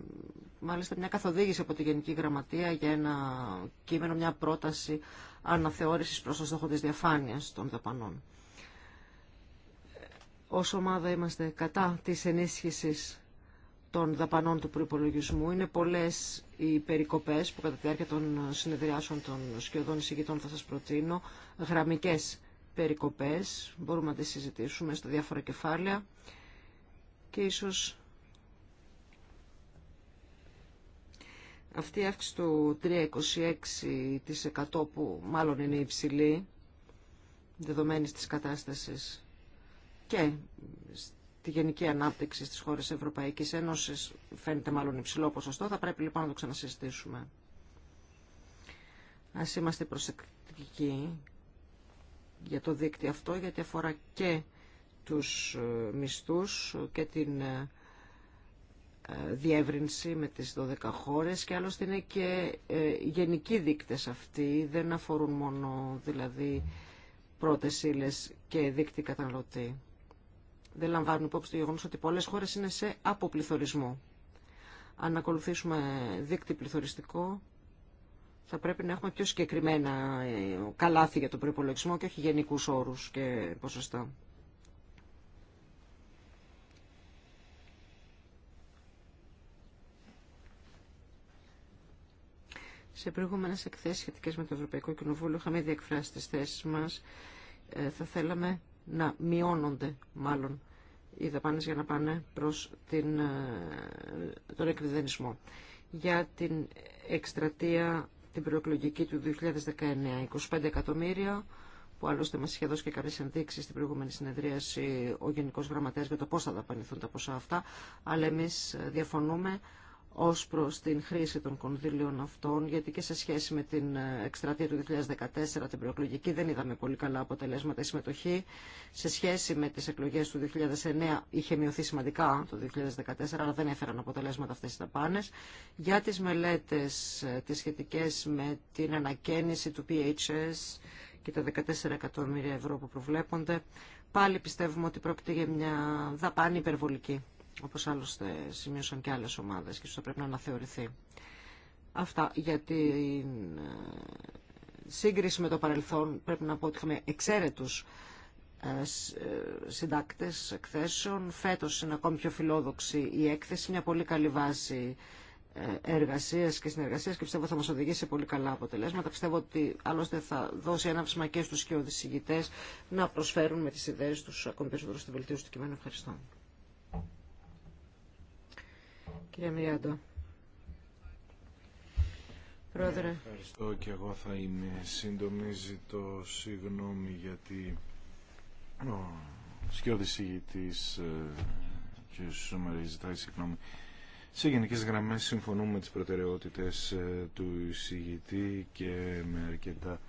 μάλιστα μια καθοδήγηση από τη Γενική Γραμματεία για ένα κείμενο, μια πρόταση αναθεώρησης προς το στόχο της διαφάνειας των δαπανών. Ως ομάδα είμαστε κατά της ενίσχυσης των δαπανών του προπολογισμού. Είναι πολλέ οι περικοπέ που κατά τη διάρκεια των συνεδριάσεων των σχεδόν εισηγητών θα σα προτείνω. Γραμμικέ περικοπέ, μπορούμε να τι συζητήσουμε στα διάφορα κεφάλαια και ίσω αυτή η αύξηση του 3,26% που μάλλον είναι υψηλή δεδομένης της κατάστασης και τη γενική ανάπτυξη στις χώρες Ευρωπαϊκής Ένωσης φαίνεται μάλλον υψηλό ποσοστό, θα πρέπει λοιπόν να το ξανασυζητήσουμε. Ας είμαστε προσεκτικοί για το δίκτυο αυτό, γιατί αφορά και τους ε, μισθούς και την ε, ε, διεύρυνση με τις 12 χώρες και άλλωστε είναι και γενικοί δίκτες αυτοί, δεν αφορούν μόνο δηλαδή πρώτες ύλες και δίκτυοι καταναλωτή δεν λαμβάνουν υπόψη το γεγονό ότι πολλέ χώρε είναι σε αποπληθωρισμό. Αν ακολουθήσουμε δίκτυο πληθωριστικό, θα πρέπει να έχουμε πιο συγκεκριμένα ε, καλάθι για τον προπολογισμό και όχι γενικού όρου και ποσοστά. Σε προηγούμενε εκθέσει σχετικέ με το Ευρωπαϊκό Κοινοβούλιο είχαμε ήδη εκφράσει τι θέσει μα. Ε, θα θέλαμε να μειώνονται μάλλον οι δαπάνε για να πάνε προς ε, τον εκδιδενισμό. Για την εκστρατεία την προεκλογική του 2019, 25 εκατομμύρια, που άλλωστε μας είχε δώσει και κάποιες ενδείξει στην προηγούμενη συνεδρίαση ο Γενικός Γραμματέας για το πώς θα δαπανηθούν τα ποσά αυτά, αλλά εμείς διαφωνούμε ως προς την χρήση των κονδύλων αυτών, γιατί και σε σχέση με την ε, εκστρατεία του 2014, την προεκλογική, δεν είδαμε πολύ καλά αποτελέσματα η συμμετοχή. Σε σχέση με τις εκλογές του 2009 είχε μειωθεί σημαντικά το 2014, αλλά δεν έφεραν αποτελέσματα αυτές οι ταπάνες. Για τις μελέτες, ε, τις σχετικές με την ανακαίνιση του PHS και τα 14 εκατομμύρια ευρώ που προβλέπονται, πάλι πιστεύουμε ότι πρόκειται για μια δαπάνη υπερβολική όπως άλλωστε σημείωσαν και άλλες ομάδες και ίσως θα πρέπει να αναθεωρηθεί. Αυτά για την ε, σύγκριση με το παρελθόν πρέπει να πω ότι είχαμε εξαίρετους ε, ε, συντάκτες εκθέσεων. Φέτος είναι ακόμη πιο φιλόδοξη η έκθεση, μια πολύ καλή βάση εργασίας και συνεργασίας και πιστεύω θα μας οδηγήσει σε πολύ καλά αποτελέσματα. Πιστεύω ότι άλλωστε θα δώσει ένα ψημα και στους και να προσφέρουν με τις ιδέες τους ακόμη περισσότερο στη βελτίωση του κειμένου. Ευχαριστώ. Κύριε Μιάντο. Πρόεδρε. Ευχαριστώ και εγώ θα είμαι σύντομη. το συγγνώμη γιατί ο σκιώδης ε, και ο Σούμερη ζητάει συγγνώμη. Σε γενικέ γραμμέ, συμφωνούμε με τις προτεραιότητες ε, του εισηγητή και με αρκετά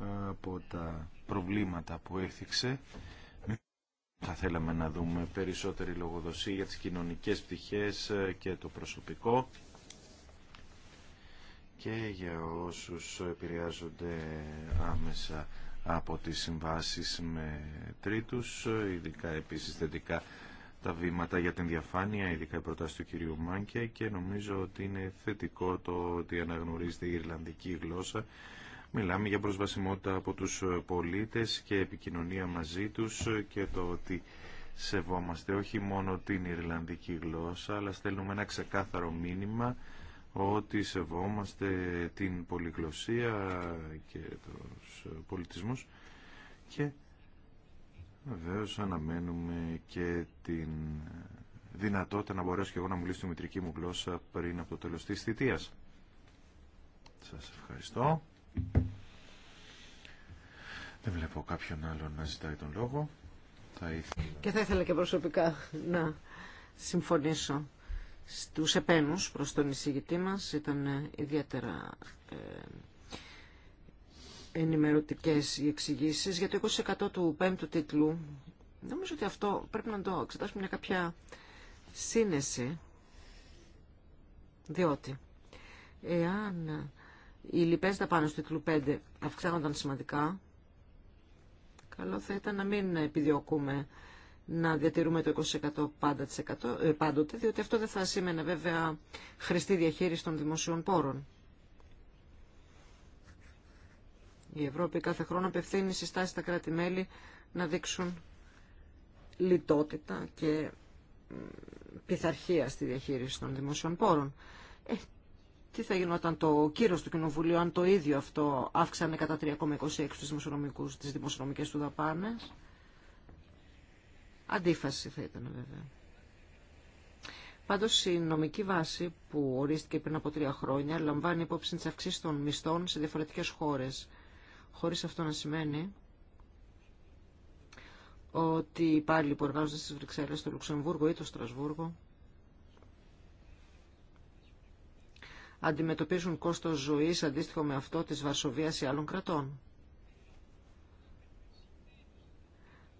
ε, από τα προβλήματα που έθιξε. Θα θέλαμε να δούμε περισσότερη λογοδοσία για τις κοινωνικές πτυχές ε, και το προσωπικό και για όσους επηρεάζονται άμεσα από τις συμβάσεις με τρίτους, ε, ειδικά επίσης θετικά τα βήματα για την διαφάνεια, ειδικά η προτάση του κυρίου Μάνκε και νομίζω ότι είναι θετικό το ότι αναγνωρίζεται η Ιρλανδική γλώσσα Μιλάμε για προσβασιμότητα από τους ε, πολίτες και επικοινωνία μαζί τους ε, και το ότι σεβόμαστε όχι μόνο την Ιρλανδική γλώσσα, αλλά στέλνουμε ένα ξεκάθαρο μήνυμα ότι σεβόμαστε την πολυγλωσία και τους ε, πολιτισμούς και βεβαίω αναμένουμε και την δυνατότητα να μπορέσω και εγώ να μιλήσω τη μητρική μου γλώσσα πριν από το τέλος της θητείας. Σας ευχαριστώ. Δεν βλέπω κάποιον άλλον να ζητάει τον λόγο. Θα ήθελα... Και θα ήθελα και προσωπικά να συμφωνήσω στους επένους προς τον εισηγητή μας. Ήταν ε, ιδιαίτερα ε, ενημερωτικές οι εξηγήσεις. για το 20% του πέμπτου τίτλου. Νομίζω ότι αυτό πρέπει να το εξετάσουμε μια κάποια σύνεση, διότι εάν οι λοιπές πάνω στο τίτλου 5 αυξάνονταν σημαντικά, καλό θα ήταν να μην επιδιώκουμε να διατηρούμε το 20% ε, πάντοτε, διότι αυτό δεν θα σήμαινε βέβαια χρηστή διαχείριση των δημοσίων πόρων. Η Ευρώπη κάθε χρόνο απευθύνει συστάσεις στα κράτη-μέλη να δείξουν λιτότητα και πειθαρχία στη διαχείριση των δημοσίων πόρων. Ε, τι θα γινόταν το κύρος του Κοινοβουλίου, αν το ίδιο αυτό αύξανε κατά 3,26 τις, τις δημοσιονομικές του δαπάνες. Αντίφαση θα ήταν βέβαια. Πάντως η νομική βάση που ορίστηκε πριν από τρία χρόνια λαμβάνει υπόψη της αυξήσεις των μισθών σε διαφορετικές χώρες. Χωρίς αυτό να σημαίνει ότι οι υπάλληλοι που εργάζονται στις Βρυξέλλες, στο Λουξεμβούργο ή το Στρασβούργο αντιμετωπίζουν κόστος ζωής αντίστοιχο με αυτό της Βαρσοβίας ή άλλων κρατών.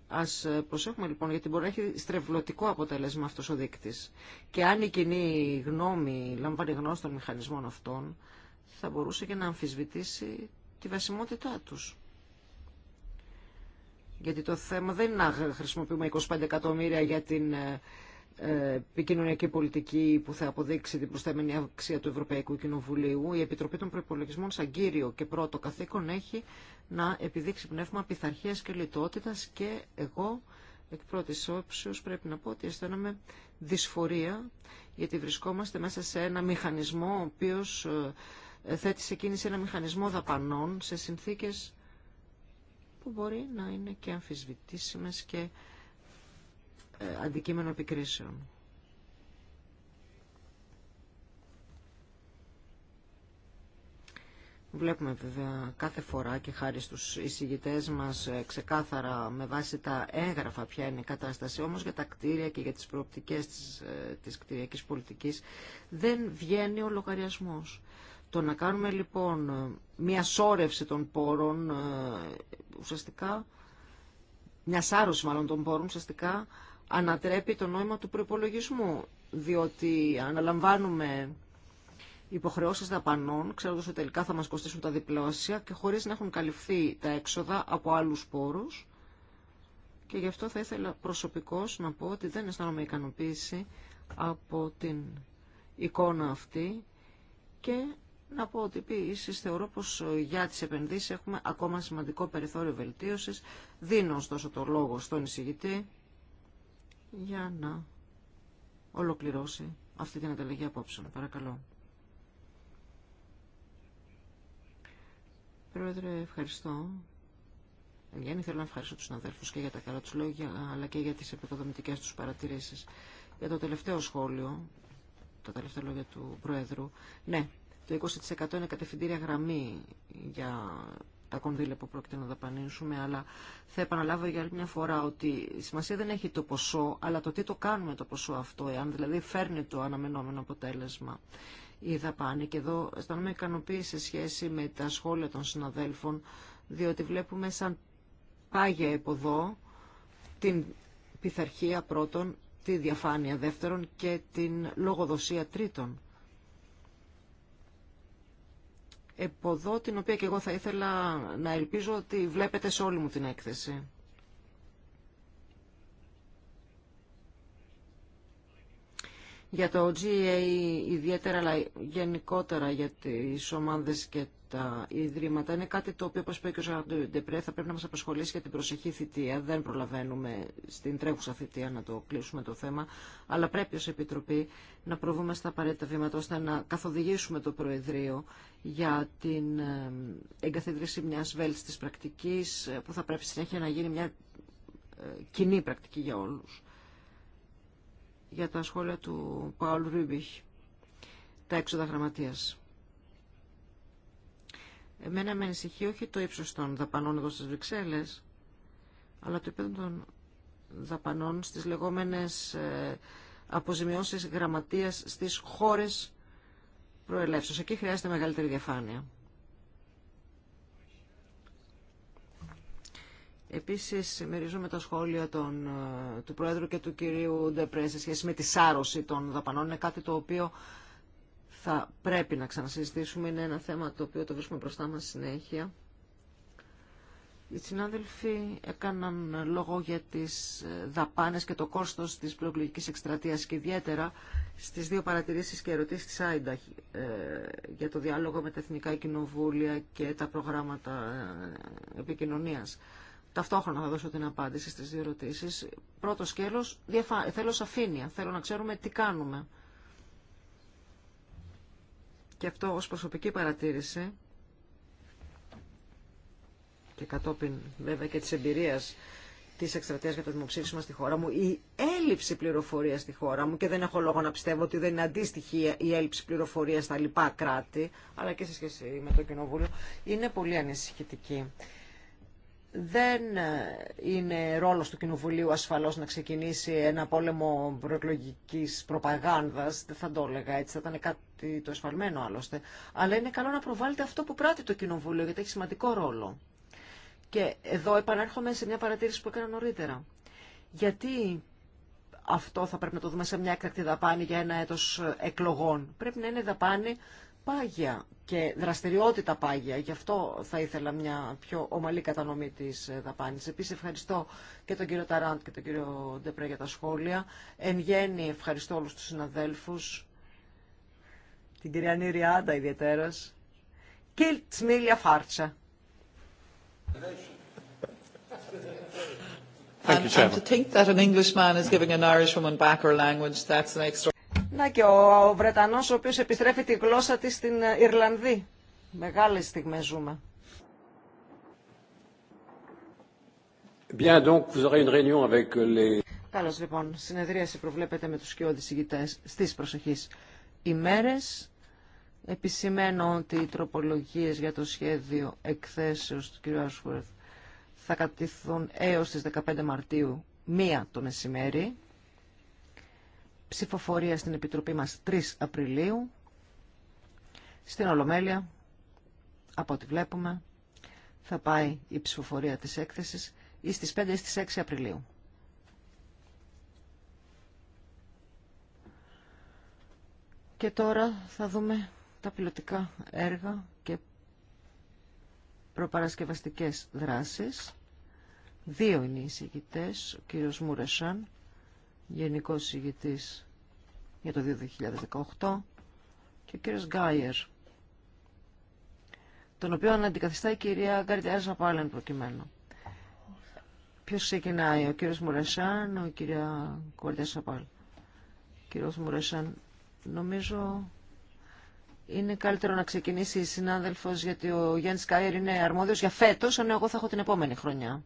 Ας προσέχουμε λοιπόν γιατί μπορεί να έχει στρεβλωτικό αποτέλεσμα αυτός ο δείκτης. Και αν η κοινή γνώμη λαμβάνει γνώση των μηχανισμών αυτών θα μπορούσε και να αμφισβητήσει τη βασιμότητά τους. Γιατί το θέμα δεν είναι να χρησιμοποιούμε 25 εκατομμύρια για την ε, ε, επικοινωνιακή πολιτική που θα αποδείξει την προσθέμενη αξία του Ευρωπαϊκού Κοινοβουλίου, η Επιτροπή των Προπολογισμών σαν κύριο και πρώτο καθήκον έχει να επιδείξει πνεύμα πειθαρχία και λιτότητα και εγώ εκ πρώτη όψεω πρέπει να πω ότι αισθάνομαι δυσφορία γιατί βρισκόμαστε μέσα σε ένα μηχανισμό ο οποίο ε, θέτει σε κίνηση ένα μηχανισμό δαπανών σε συνθήκες που μπορεί να είναι και αμφισβητήσιμες και ε, αντικείμενο επικρίσεων. Βλέπουμε βέβαια κάθε φορά και χάρη στους εισηγητές μας ε, ξεκάθαρα με βάση τα έγγραφα ποια είναι η κατάσταση, όμως για τα κτίρια και για τις προοπτικές της, ε, της κτηριακής πολιτικής δεν βγαίνει ο λογαριασμός. Το να κάνουμε λοιπόν μια σόρευση των πόρων, ουσιαστικά, μια σάρωση μάλλον των πόρων, ουσιαστικά ανατρέπει το νόημα του προπολογισμού, διότι αναλαμβάνουμε υποχρεώσει δαπανών, ξέρω ότι τελικά θα μα κοστίσουν τα διπλώσια και χωρίς να έχουν καλυφθεί τα έξοδα από άλλου πόρους. Και γι' αυτό θα ήθελα προσωπικώ να πω ότι δεν αισθάνομαι ικανοποίηση από την εικόνα αυτή και να πω ότι επίση θεωρώ πω για τι επενδύσει έχουμε ακόμα σημαντικό περιθώριο βελτίωση. Δίνω ωστόσο το λόγο στον εισηγητή για να ολοκληρώσει αυτή την ανταλλαγή απόψεων. Παρακαλώ. Πρόεδρε, ευχαριστώ. Ελιάνη, θέλω να ευχαριστώ τους συναδέλφους και για τα καλά τους λόγια, αλλά και για τις επικοδομητικές τους παρατηρήσεις. Για το τελευταίο σχόλιο, τα τελευταία λόγια του Προέδρου, ναι, το 20% είναι κατευθυντήρια γραμμή για τα κονδύλια που πρόκειται να δαπανίσουμε, αλλά θα επαναλάβω για άλλη μια φορά ότι η σημασία δεν έχει το ποσό, αλλά το τι το κάνουμε το ποσό αυτό, εάν δηλαδή φέρνει το αναμενόμενο αποτέλεσμα η δαπάνη. Και εδώ αισθάνομαι ικανοποίηση σε σχέση με τα σχόλια των συναδέλφων, διότι βλέπουμε σαν πάγια εποδό την πειθαρχία πρώτον, τη διαφάνεια δεύτερον και την λογοδοσία τρίτον. εποδό την οποία και εγώ θα ήθελα να ελπίζω ότι βλέπετε σε όλη μου την έκθεση. Για το GA ιδιαίτερα αλλά γενικότερα για τις ομάδες και τα ιδρύματα είναι κάτι το οποίο όπως είπε και ο θα πρέπει να μας απασχολήσει για την προσεχή θητεία. Δεν προλαβαίνουμε στην τρέχουσα θητεία να το κλείσουμε το θέμα αλλά πρέπει ως Επιτροπή να προβούμε στα απαραίτητα βήματα ώστε να καθοδηγήσουμε το Προεδρείο για την ε, εγκαθίδρυση μιας βέλτιστης πρακτικής ε, που θα πρέπει συνέχεια να γίνει μια ε, κοινή πρακτική για όλους. Για τα σχόλια του Παουλ Ρούμπιχ, τα έξοδα γραμματείας. Εμένα με ανησυχεί όχι το ύψος των δαπανών εδώ στις Βρυξέλλες, αλλά το επίπεδο των δαπανών στις λεγόμενες αποζημιώσεις γραμματείας στις χώρες προελεύσεως. Εκεί χρειάζεται μεγαλύτερη διαφάνεια. Επίσης, μυρίζουμε τα σχόλια των, ε, του Πρόεδρου και του κυρίου Ντεπρέ σε σχέση με τη σάρωση των δαπανών. Είναι κάτι το οποίο θα πρέπει να ξανασυζητήσουμε. Είναι ένα θέμα το οποίο το βρίσκουμε μπροστά μας συνέχεια. Οι συνάδελφοι έκαναν λόγο για τις ε, δαπάνες και το κόστος της προεκλογικής εκστρατεία και ιδιαίτερα στις δύο παρατηρήσεις και ερωτήσεις της Άιντα ε, για το διάλογο με τα Εθνικά Κοινοβούλια και τα προγράμματα ε, επικοινωνίας. Ταυτόχρονα θα δώσω την απάντηση στις δύο ερωτήσεις. Πρώτο σκέλος, θέλω σαφήνεια, θέλω να ξέρουμε τι κάνουμε. Και αυτό ως προσωπική παρατήρηση και κατόπιν βέβαια και τη εμπειρία τη εκστρατεία για το δημοψήφισμα στη χώρα μου, η έλλειψη πληροφορία στη χώρα μου, και δεν έχω λόγο να πιστεύω ότι δεν είναι αντίστοιχη η έλλειψη πληροφορία στα λοιπά κράτη, αλλά και σε σχέση με το Κοινοβούλιο, είναι πολύ ανησυχητική. Δεν ε, είναι ρόλο του Κοινοβουλίου ασφαλώ να ξεκινήσει ένα πόλεμο προεκλογικής προπαγάνδα. δεν θα το έλεγα έτσι, θα ήταν κάτι το εσφαλμένο άλλωστε, αλλά είναι καλό να προβάλλεται αυτό που πράττει το Κοινοβούλιο, γιατί έχει σημαντικό ρόλο. Και εδώ επανέρχομαι σε μια παρατήρηση που έκανα νωρίτερα. Γιατί αυτό θα πρέπει να το δούμε σε μια έκτακτη δαπάνη για ένα έτος εκλογών. Πρέπει να είναι δαπάνη πάγια και δραστηριότητα πάγια. Γι' αυτό θα ήθελα μια πιο ομαλή κατανομή της δαπάνης. Επίσης ευχαριστώ και τον κύριο Ταράντ και τον κύριο Ντεπρέ για τα σχόλια. Εν γέννη ευχαριστώ όλους τους συναδέλφους, την κυρία Νιριάντα Άντα και και Σμίλια Φάρτσα. Thank you, Chairman. And to think that an Englishman is giving an Irishwoman back her language, that's an extra... Να και ο Βρετανός ο οποίος επιστρέφει τη γλώσσα της στην ε, Ιρλανδή. Μεγάλη στιγμή ζούμε. Bien, donc, vous aurez une réunion avec euh, les... Καλώς λοιπόν, συνεδρίαση προβλέπεται με τους σκιώδεις ηγητές στις προσεχείς ημέρες. Επισημαίνω ότι οι τροπολογίες για το σχέδιο εκθέσεως του κ. Άσχουρεθ θα κατηθούν έως τις 15 Μαρτίου, μία το μεσημέρι. Ψηφοφορία στην Επιτροπή μας 3 Απριλίου. Στην Ολομέλεια, από ό,τι βλέπουμε, θα πάει η ψηφοφορία της έκθεσης ή στις 5 ή στις 6 Απριλίου. Και τώρα θα δούμε τα πιλωτικά έργα και προπαρασκευαστικές δράσεις. Δύο είναι οι εισηγητές, ο κύριος Μούρεσαν, γενικός εισηγητής για το 2018 και ο κύριος Γκάιερ, τον οποίο αντικαθιστά η κυρία Γκαρδιάζα Πάλεν προκειμένου. Ποιος ξεκινάει, ο κύριος Μουρεσάν, ο κυρία Γκαρδιάζα Πάλεν. Ο κύριος Μουρεσάν, νομίζω είναι καλύτερο να ξεκινήσει η συνάδελφος γιατί ο Γιάννης Καΐρ είναι αρμόδιο για φέτο, ενώ εγώ θα έχω την επόμενη χρονιά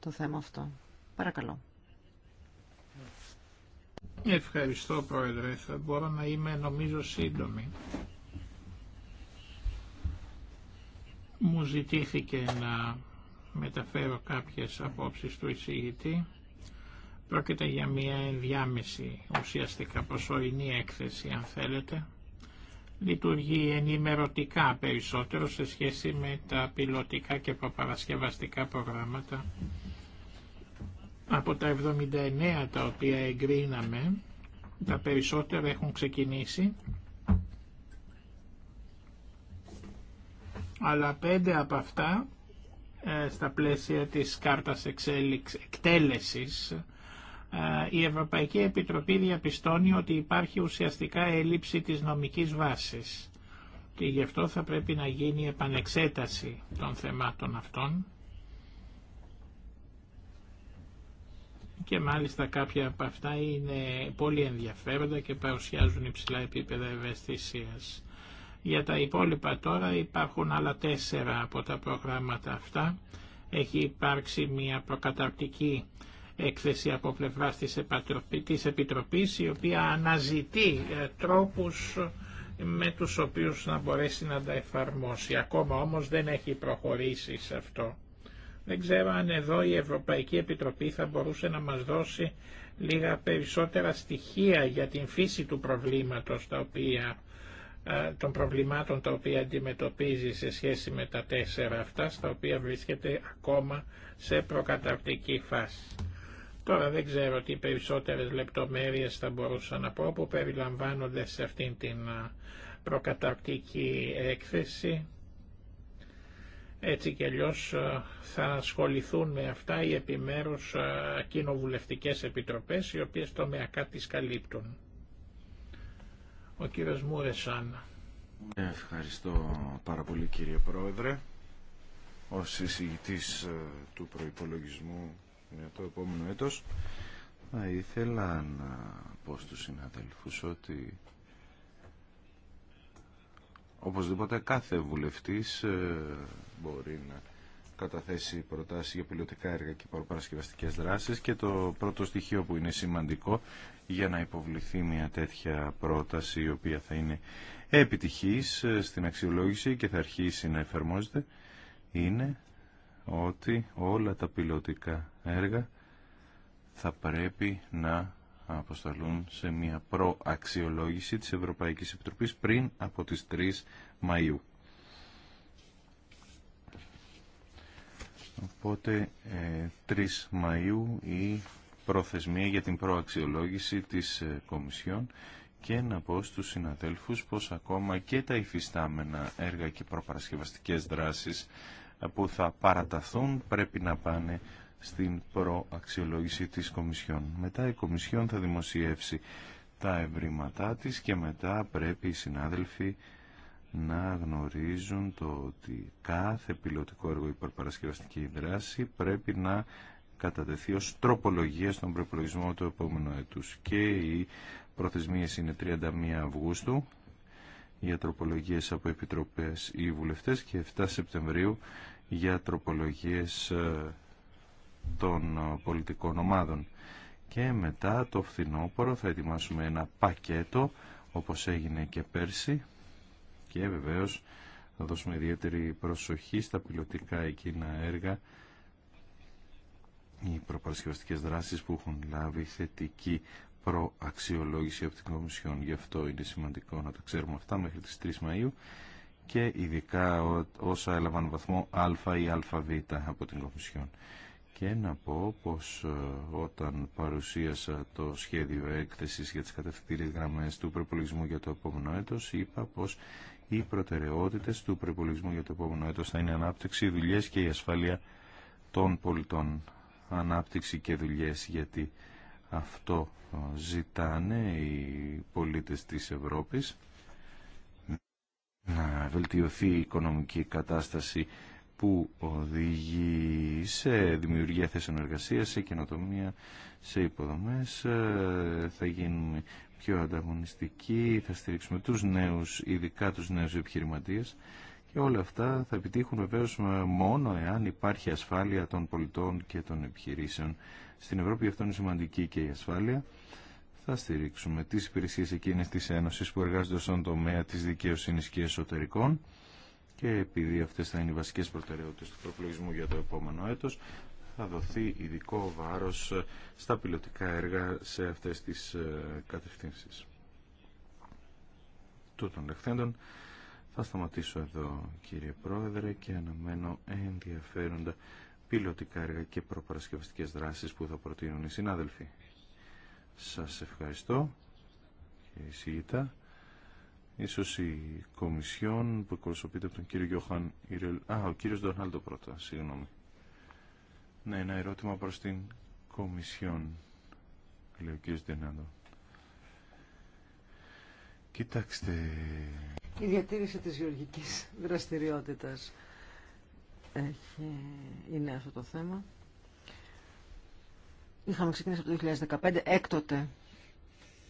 το θέμα αυτό. Παρακαλώ. Ευχαριστώ Πρόεδρε. Θα μπορώ να είμαι νομίζω σύντομη. Μου ζητήθηκε να μεταφέρω κάποιες απόψεις του εισηγητή. Πρόκειται για μια ενδιάμεση ουσιαστικά προσωρινή έκθεση αν θέλετε λειτουργεί ενημερωτικά περισσότερο σε σχέση με τα πιλωτικά και προπαρασκευαστικά προγράμματα από τα 79 τα οποία εγκρίναμε τα περισσότερα έχουν ξεκινήσει αλλά πέντε από αυτά ε, στα πλαίσια της κάρτας εκτέλεσης η Ευρωπαϊκή Επιτροπή διαπιστώνει ότι υπάρχει ουσιαστικά έλλειψη της νομικής βάσης και γι' αυτό θα πρέπει να γίνει επανεξέταση των θεμάτων αυτών και μάλιστα κάποια από αυτά είναι πολύ ενδιαφέροντα και παρουσιάζουν υψηλά επίπεδα ευαισθησίας. Για τα υπόλοιπα τώρα υπάρχουν άλλα τέσσερα από τα προγράμματα αυτά. Έχει υπάρξει μια προκαταρτική έκθεση από πλευράς της Επιτροπής η οποία αναζητεί ε, τρόπους ε, με τους οποίους να μπορέσει να τα εφαρμόσει. Ακόμα όμως δεν έχει προχωρήσει σε αυτό. Δεν ξέρω αν εδώ η Ευρωπαϊκή Επιτροπή θα μπορούσε να μας δώσει λίγα περισσότερα στοιχεία για την φύση του προβλήματος τα οποία, ε, των προβλημάτων τα οποία αντιμετωπίζει σε σχέση με τα τέσσερα αυτά στα οποία βρίσκεται ακόμα σε προκαταρτική φάση. Τώρα δεν ξέρω τι περισσότερες λεπτομέρειες θα μπορούσα να πω που περιλαμβάνονται σε αυτήν την προκαταρκτική έκθεση. Έτσι και αλλιώ θα ασχοληθούν με αυτά οι επιμέρους κοινοβουλευτικές επιτροπές οι οποίες τομεακά τις καλύπτουν. Ο κύριος Μούρεσαν. Ευχαριστώ πάρα πολύ κύριε Πρόεδρε. Ως εισηγητής ε, του προϋπολογισμού για το επόμενο έτος θα ήθελα να πω στους συναδέλφους ότι οπωσδήποτε κάθε βουλευτής ε, μπορεί να καταθέσει προτάσεις για πιλωτικά έργα και παρασκευαστικές δράσεις και το πρώτο στοιχείο που είναι σημαντικό για να υποβληθεί μια τέτοια πρόταση η οποία θα είναι επιτυχής ε, στην αξιολόγηση και θα αρχίσει να εφαρμόζεται είναι ότι όλα τα πιλωτικά έργα θα πρέπει να αποσταλούν σε μια προαξιολόγηση της Ευρωπαϊκής Επιτροπής πριν από τις 3 Μαΐου. Οπότε 3 ε, Μαΐου η προθεσμία για την προαξιολόγηση της ε, Κομισιόν και να πω στους συναδέλφους πως ακόμα και τα υφιστάμενα έργα και προπαρασκευαστικές δράσεις που θα παραταθούν πρέπει να πάνε στην προαξιολόγηση της Κομισιόν. Μετά η Κομισιόν θα δημοσιεύσει τα ευρήματά της και μετά πρέπει οι συνάδελφοι να γνωρίζουν το ότι κάθε πιλωτικό έργο υπερπαρασκευαστική δράση πρέπει να κατατεθεί ως τροπολογία στον προπολογισμό του επόμενου έτους και οι προθεσμίες είναι 31 Αυγούστου για τροπολογίες από επιτροπές ή βουλευτές και 7 Σεπτεμβρίου για τροπολογίες ε, των ε, πολιτικών ομάδων. Και μετά το φθινόπωρο θα ετοιμάσουμε ένα πακέτο όπως έγινε και πέρσι και βεβαίως θα δώσουμε ιδιαίτερη προσοχή στα πιλωτικά εκείνα έργα οι προπαρασκευαστικές δράσεις που έχουν λάβει θετική προαξιολόγηση από την Κομισιόν. Γι' αυτό είναι σημαντικό να τα ξέρουμε αυτά μέχρι τις 3 Μαΐου και ειδικά όσα έλαβαν βαθμό α ή αβ από την Κομισιόν. Και να πω πως ε, όταν παρουσίασα το σχέδιο έκθεσης για τις κατευθυντήριες γραμμές του προπολογισμού για το επόμενο έτος, είπα πως οι προτεραιότητες του προπολογισμού για το επόμενο έτος θα είναι ανάπτυξη, οι δουλειές και η ασφάλεια των πολιτών. Ανάπτυξη και δουλειές γιατί αυτό ε, ζητάνε οι πολίτες της Ευρώπης να βελτιωθεί η οικονομική κατάσταση που οδηγεί σε δημιουργία θέσεων εργασία, σε καινοτομία, σε υποδομές. Ε, θα γίνουμε πιο ανταγωνιστικοί, θα στηρίξουμε τους νέους, ειδικά τους νέους επιχειρηματίες και όλα αυτά θα επιτύχουν βεβαίως μόνο εάν υπάρχει ασφάλεια των πολιτών και των επιχειρήσεων στην Ευρώπη, αυτό είναι σημαντική και η ασφάλεια. Θα στηρίξουμε τις υπηρεσίε εκείνες τη Ένωση που εργάζονται στον τομέα τη δικαιοσύνης και εσωτερικών και επειδή αυτές θα είναι οι βασικές προτεραιότητες του προπλογισμού για το επόμενο έτος, θα δοθεί ειδικό βάρος στα πιλωτικά έργα σε αυτές τις ε, κατευθύνσεις. Τούτων λεχθέντων, θα σταματήσω εδώ κύριε Πρόεδρε και αναμένω ενδιαφέροντα πιλωτικά έργα και προπαρασκευαστικές δράσεις που θα προτείνουν οι συνάδελφοι. Σας ευχαριστώ και εισηγητά. Ίσως η Κομισιόν που εκπροσωπείται από τον κύριο Γιώχαν Ιρελ... Α, ο κύριος Ντορνάλτο πρώτα, συγγνώμη. Ναι, ένα ερώτημα προς την Κομισιόν, λέει ο κύριος Ντενάντο. Κοιτάξτε... Η διατήρηση της γεωργικής δραστηριότητας έχει, είναι αυτό το θέμα. Είχαμε ξεκινήσει από το 2015, έκτοτε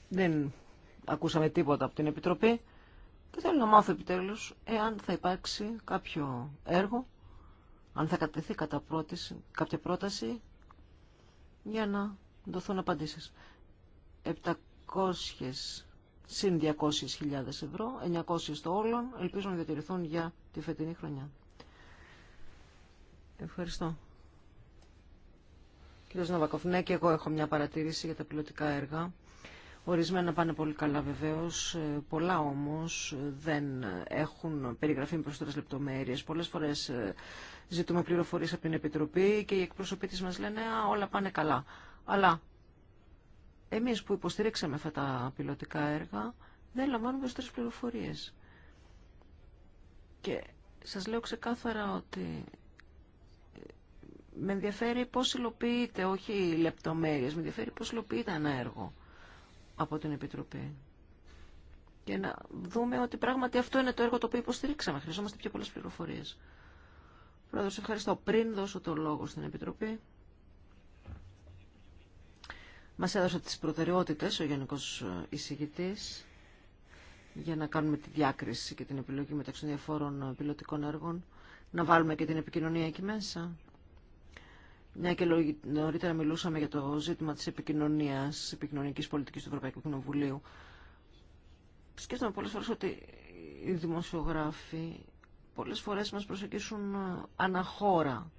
δεν ακούσαμε τίποτα από την Επιτροπή και θέλω να μάθω επιτέλους εάν θα υπάρξει κάποιο έργο, αν θα κατεθεί κατά κάποια πρόταση για να δοθούν απαντήσεις. 700 συν 200.000 ευρώ, 900 το όλων, ελπίζω να διατηρηθούν για τη φετινή χρονιά. Ευχαριστώ. Κύριε Ναβακοφ, ναι και εγώ έχω μια παρατήρηση για τα πιλωτικά έργα. Ορισμένα πάνε πολύ καλά βεβαίως, ε, πολλά όμως δεν έχουν περιγραφεί με περισσότερες λεπτομέρειες. Πολλές φορές ε, ζητούμε πληροφορίες από την Επιτροπή και οι εκπρόσωποι της μας λένε «Α, όλα πάνε καλά». Αλλά εμείς που υποστηρίξαμε αυτά τα πιλωτικά έργα δεν λαμβάνουμε περισσότερες πληροφορίες. Και σας λέω ξεκάθαρα ότι με ενδιαφέρει πώς υλοποιείται, όχι οι λεπτομέρειες, με ενδιαφέρει πώς υλοποιείται ένα έργο από την Επιτροπή. Και να δούμε ότι πράγματι αυτό είναι το έργο το οποίο υποστηρίξαμε. Χρειαζόμαστε πιο πολλές πληροφορίες. Πρόεδρος, ευχαριστώ. Πριν δώσω το λόγο στην Επιτροπή, μας έδωσε τις προτεραιότητες ο Γενικός Εισηγητής για να κάνουμε τη διάκριση και την επιλογή μεταξύ των διαφόρων πιλωτικών έργων. Να βάλουμε και την επικοινωνία εκεί μέσα. Μια και νωρίτερα μιλούσαμε για το ζήτημα της επικοινωνίας, της επικοινωνικής πολιτικής του Ευρωπαϊκού Κοινοβουλίου. Σκέφτομαι πολλές φορές ότι οι δημοσιογράφοι πολλές φορές μας προσεγγίσουν ε, αναχώρα,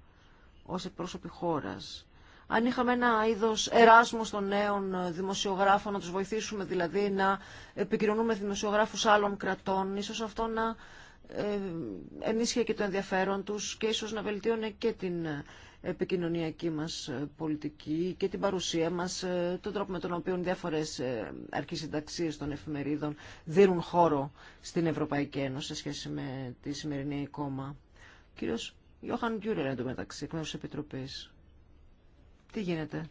ως εκπρόσωποι χώρας. Αν είχαμε ένα είδος εράσμου των νέων ε, δημοσιογράφων, να τους βοηθήσουμε δηλαδή να επικοινωνούμε δημοσιογράφους άλλων κρατών, ίσως αυτό να ε, ενίσχυε και το ενδιαφέρον τους και ίσως να βελτίωνε και την επικοινωνιακή μας ε, πολιτική και την παρουσία μας, ε, τον τρόπο με τον οποίο διάφορες ε, αρχισυνταξίες των εφημερίδων δίνουν χώρο στην Ευρωπαϊκή Ένωση σε σχέση με τη σημερινή εικόνα. Κύριος Γιώχαν Γκιούρερ εντωμεταξύ, εκ μέρους Τι γίνεται.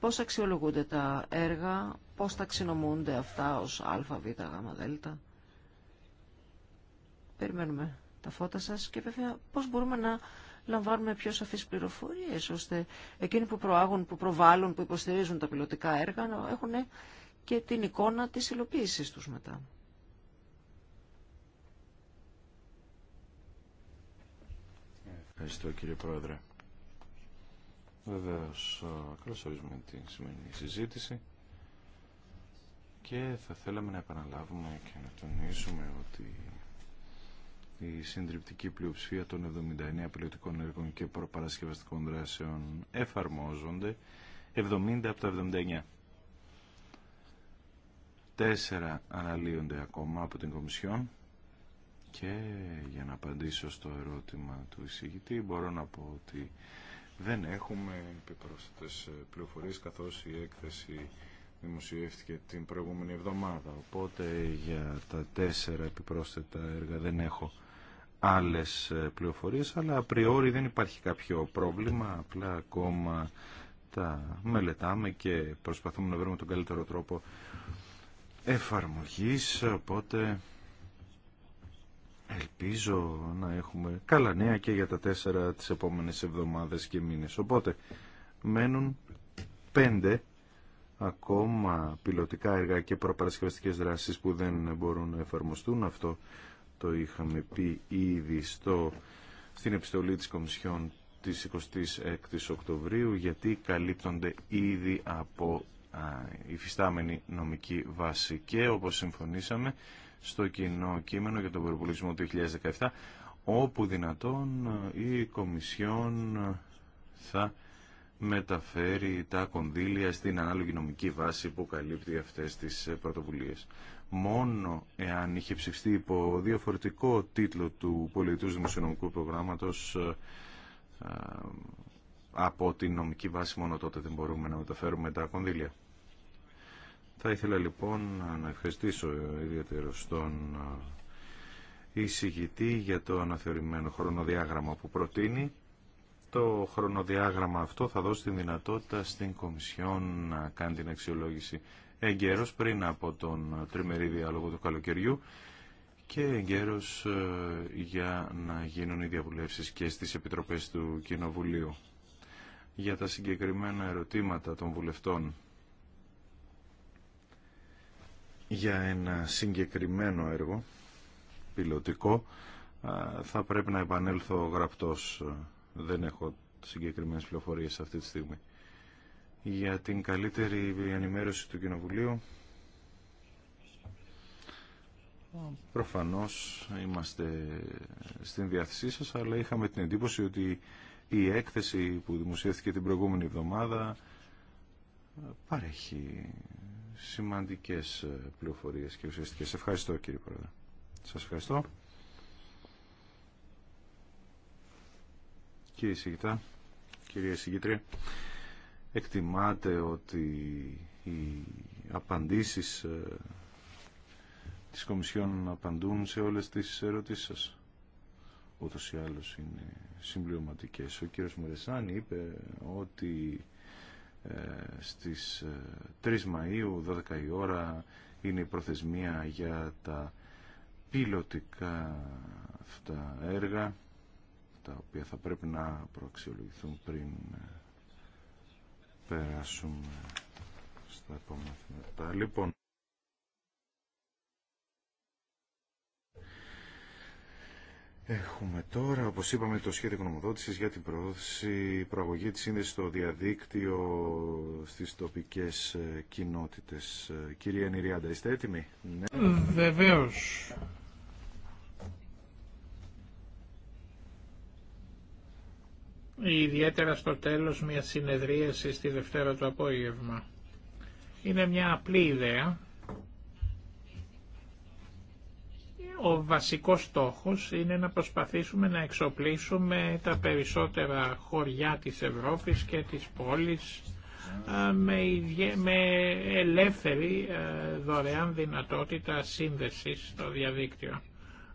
Πώς αξιολογούνται τα έργα, πώς ταξινομούνται αυτά ως α, β, γ, δ. Περιμένουμε τα φώτα σας και βέβαια πώς μπορούμε να λαμβάνουμε πιο σαφείς πληροφορίες, ώστε εκείνοι που προάγουν, που προβάλλουν, που υποστηρίζουν τα πιλωτικά έργα να έχουν και την εικόνα της υλοποίηση τους μετά. Ευχαριστώ κύριε Πρόεδρε. Βεβαίω, καλώς ορίζουμε τη σημερινή συζήτηση και θα θέλαμε να επαναλάβουμε και να τονίσουμε ότι η συντριπτική πλειοψηφία των 79 Πολιτικών έργων και προπαρασκευαστικών δράσεων εφαρμόζονται 70 από τα 79 τέσσερα αναλύονται ακόμα από την Κομισιόν και για να απαντήσω στο ερώτημα του εισηγητή μπορώ να πω ότι δεν έχουμε επιπρόσθετες πληροφορίες καθώς η έκθεση δημοσιεύτηκε την προηγούμενη εβδομάδα οπότε για τα τέσσερα επιπρόσθετα έργα δεν έχω άλλες ε, πληροφορίες, αλλά απριόρι δεν υπάρχει κάποιο πρόβλημα, απλά ακόμα τα μελετάμε και προσπαθούμε να βρούμε τον καλύτερο τρόπο εφαρμογής, οπότε ελπίζω να έχουμε καλά νέα και για τα τέσσερα τις επόμενες εβδομάδες και μήνες. Οπότε μένουν πέντε ακόμα πιλωτικά έργα και προπαρασκευαστικές δράσεις που δεν μπορούν να εφαρμοστούν. Αυτό το είχαμε πει ήδη στο, στην επιστολή της Κομισιόν της 26ης Οκτωβρίου γιατί καλύπτονται ήδη από υφιστάμενη νομική βάση και όπως συμφωνήσαμε στο κοινό κείμενο για τον προπολογισμό του 2017 όπου δυνατόν η Κομισιόν θα μεταφέρει τα κονδύλια στην ανάλογη νομική βάση που καλύπτει αυτές τις ε, πρωτοβουλίες μόνο εάν είχε ψηφιστεί υπό διαφορετικό τίτλο του πολιτικού δημοσιονομικού προγράμματος ε, ε, από την νομική βάση μόνο τότε δεν μπορούμε να μεταφέρουμε τα κονδύλια. Θα ήθελα λοιπόν να ευχαριστήσω ιδιαίτερο στον ε, εισηγητή για το αναθεωρημένο χρονοδιάγραμμα που προτείνει. Το χρονοδιάγραμμα αυτό θα δώσει τη δυνατότητα στην Κομισιόν να κάνει την αξιολόγηση εγκαίρως πριν από τον τριμερή διάλογο του καλοκαιριού και εγκαίρως ε, για να γίνουν οι διαβουλεύσεις και στις επιτροπές του Κοινοβουλίου. Για τα συγκεκριμένα ερωτήματα των βουλευτών για ένα συγκεκριμένο έργο πιλωτικό ε, θα πρέπει να επανέλθω γραπτός. Δεν έχω συγκεκριμένες πληροφορίες αυτή τη στιγμή για την καλύτερη ενημέρωση του Κοινοβουλίου. Προφανώς είμαστε στην διάθεσή σας, αλλά είχαμε την εντύπωση ότι η έκθεση που δημοσιεύθηκε την προηγούμενη εβδομάδα παρέχει σημαντικές πληροφορίες και ουσιαστικές. Ευχαριστώ κύριε Πρόεδρε. Σας ευχαριστώ. Κύριε Σιγητά, Κύριε Σιγητρία εκτιμάτε ότι οι απαντήσεις ε, της Κομισιόν απαντούν σε όλες τις ερωτήσεις σας. Ούτως ή άλλως είναι συμπληρωματικές. Ο κύριος Μουρεσάνη είπε ότι ε, στις 3 ε, Μαΐου 12 η ώρα είναι η προθεσμία για τα πιλωτικά αυτά έργα τα οποία θα πρέπει να προαξιολογηθούν πριν περάσουμε στα επόμενα θέματα. Λοιπόν, Έχουμε τώρα, όπως είπαμε, το σχέδιο γνωμοδότησης για την προώθηση, προαγωγή της σύνδεσης στο διαδίκτυο στις τοπικές ε, κοινότητες. Ε, Κυρία Νηριάντα, είστε έτοιμοι? Ναι. Βεβαίως. ιδιαίτερα στο τέλος μια συνεδρίαση στη Δευτέρα το απόγευμα. Είναι μια απλή ιδέα. Ο βασικός στόχος είναι να προσπαθήσουμε να εξοπλίσουμε τα περισσότερα χωριά της Ευρώπης και της πόλης με ελεύθερη δωρεάν δυνατότητα σύνδεσης στο διαδίκτυο.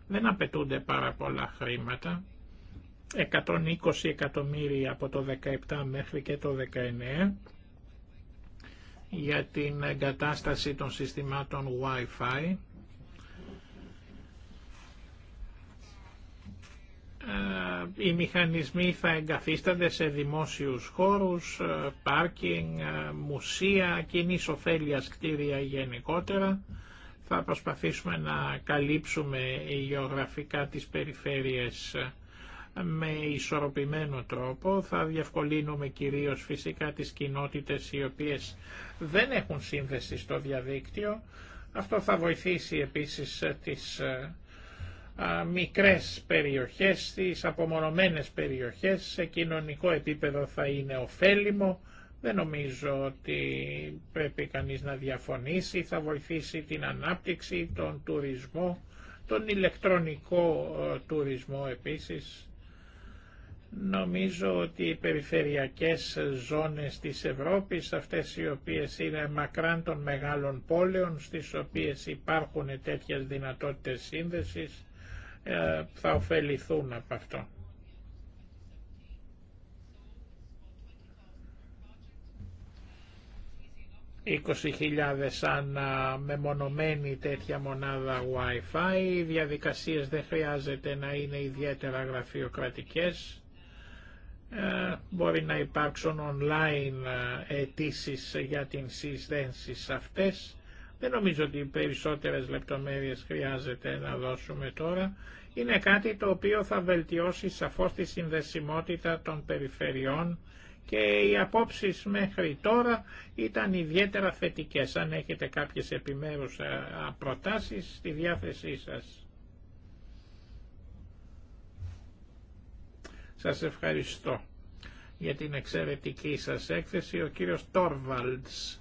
Δεν απαιτούνται πάρα πολλά χρήματα. 120 εκατομμύρια από το 17 μέχρι και το 19 για την εγκατάσταση των συστημάτων Wi-Fi. Ε, οι μηχανισμοί θα εγκαθίστανται σε δημόσιους χώρους, ε, πάρκινγκ, ε, μουσεία, κοινή ωφέλεια κτίρια γενικότερα. Θα προσπαθήσουμε να καλύψουμε γεωγραφικά τις περιφέρειες με ισορροπημένο τρόπο. Θα διευκολύνουμε κυρίως φυσικά τις κοινότητες οι οποίες δεν έχουν σύνδεση στο διαδίκτυο. Αυτό θα βοηθήσει επίσης τις ε, μικρές περιοχές, τις απομονωμένες περιοχές. Σε κοινωνικό επίπεδο θα είναι ωφέλιμο. Δεν νομίζω ότι πρέπει κανείς να διαφωνήσει. Θα βοηθήσει την ανάπτυξη, τον τουρισμό, τον ηλεκτρονικό ε, τουρισμό επίσης Νομίζω ότι οι περιφερειακές ζώνες της Ευρώπης, αυτές οι οποίες είναι μακράν των μεγάλων πόλεων, στις οποίες υπάρχουν τέτοιες δυνατότητες σύνδεσης, ε, θα ωφεληθούν από αυτό. ...20.000 σαν μεμονωμένη τέτοια μονάδα Wi-Fi. Οι διαδικασίες δεν χρειάζεται να είναι ιδιαίτερα γραφειοκρατικές. Ε, μπορεί να υπάρξουν online ε, αιτήσει για την σε αυτές. Δεν νομίζω ότι περισσότερες λεπτομέρειες χρειάζεται να δώσουμε τώρα. Είναι κάτι το οποίο θα βελτιώσει σαφώς τη συνδεσιμότητα των περιφερειών και οι απόψεις μέχρι τώρα ήταν ιδιαίτερα θετικές. Αν έχετε κάποιες επιμέρους ε, προτάσεις στη διάθεσή σας. Σας ευχαριστώ για την εξαιρετική σας έκθεση. Ο κύριος Τόρβαλτς.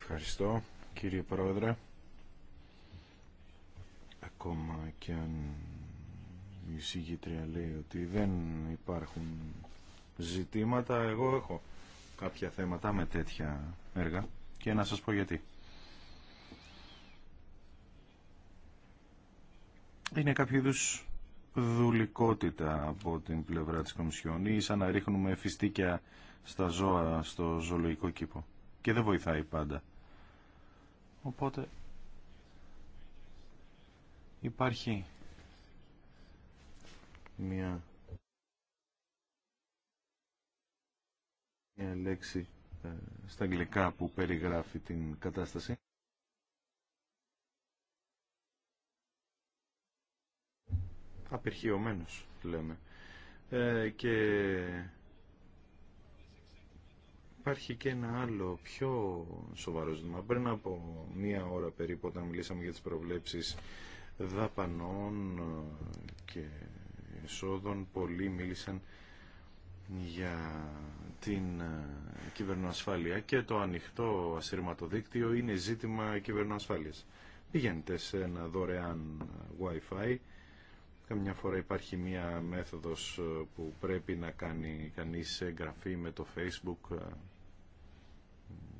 Ευχαριστώ κύριε Πρόεδρε. Ακόμα και αν η συγγήτρια λέει ότι δεν υπάρχουν ζητήματα, εγώ έχω κάποια θέματα με τέτοια έργα και να σας πω γιατί. Είναι κάποιο δουλικότητα από την πλευρά της Κομισιόν ή σαν να ρίχνουμε φιστίκια στα ζώα στο ζωολογικό κήπο και δεν βοηθάει πάντα. Οπότε υπάρχει μια, μια λέξη ε, στα αγγλικά που περιγράφει την κατάσταση. απερχιωμένος λέμε ε, και υπάρχει και ένα άλλο πιο σοβαρό ζήτημα πριν από μία ώρα περίπου όταν μιλήσαμε για τις προβλέψεις δαπανών ε, και εσόδων πολλοί μίλησαν για την ε, κυβερνοασφάλεια και το ανοιχτό ασύρματο δίκτυο είναι ζήτημα κυβερνοασφάλειας. Πηγαίνετε σε ένα δωρεάν ε, Wi-Fi Καμιά φορά υπάρχει μία μέθοδος ε, που πρέπει να κάνει κανείς εγγραφή με το facebook ε,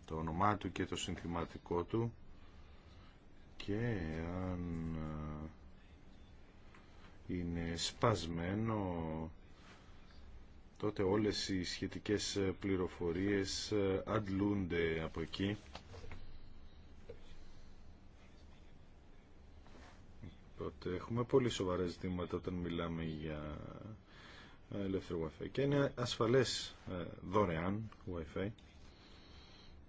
το όνομά του και το συνθηματικό του και αν ε, είναι σπασμένο τότε όλες οι σχετικές πληροφορίες αντλούνται από εκεί ότι έχουμε πολύ σοβαρά ζητήματα όταν μιλάμε για ε, ελεύθερο Wi-Fi. Και είναι ασφαλές ε, δωρεάν Wi-Fi,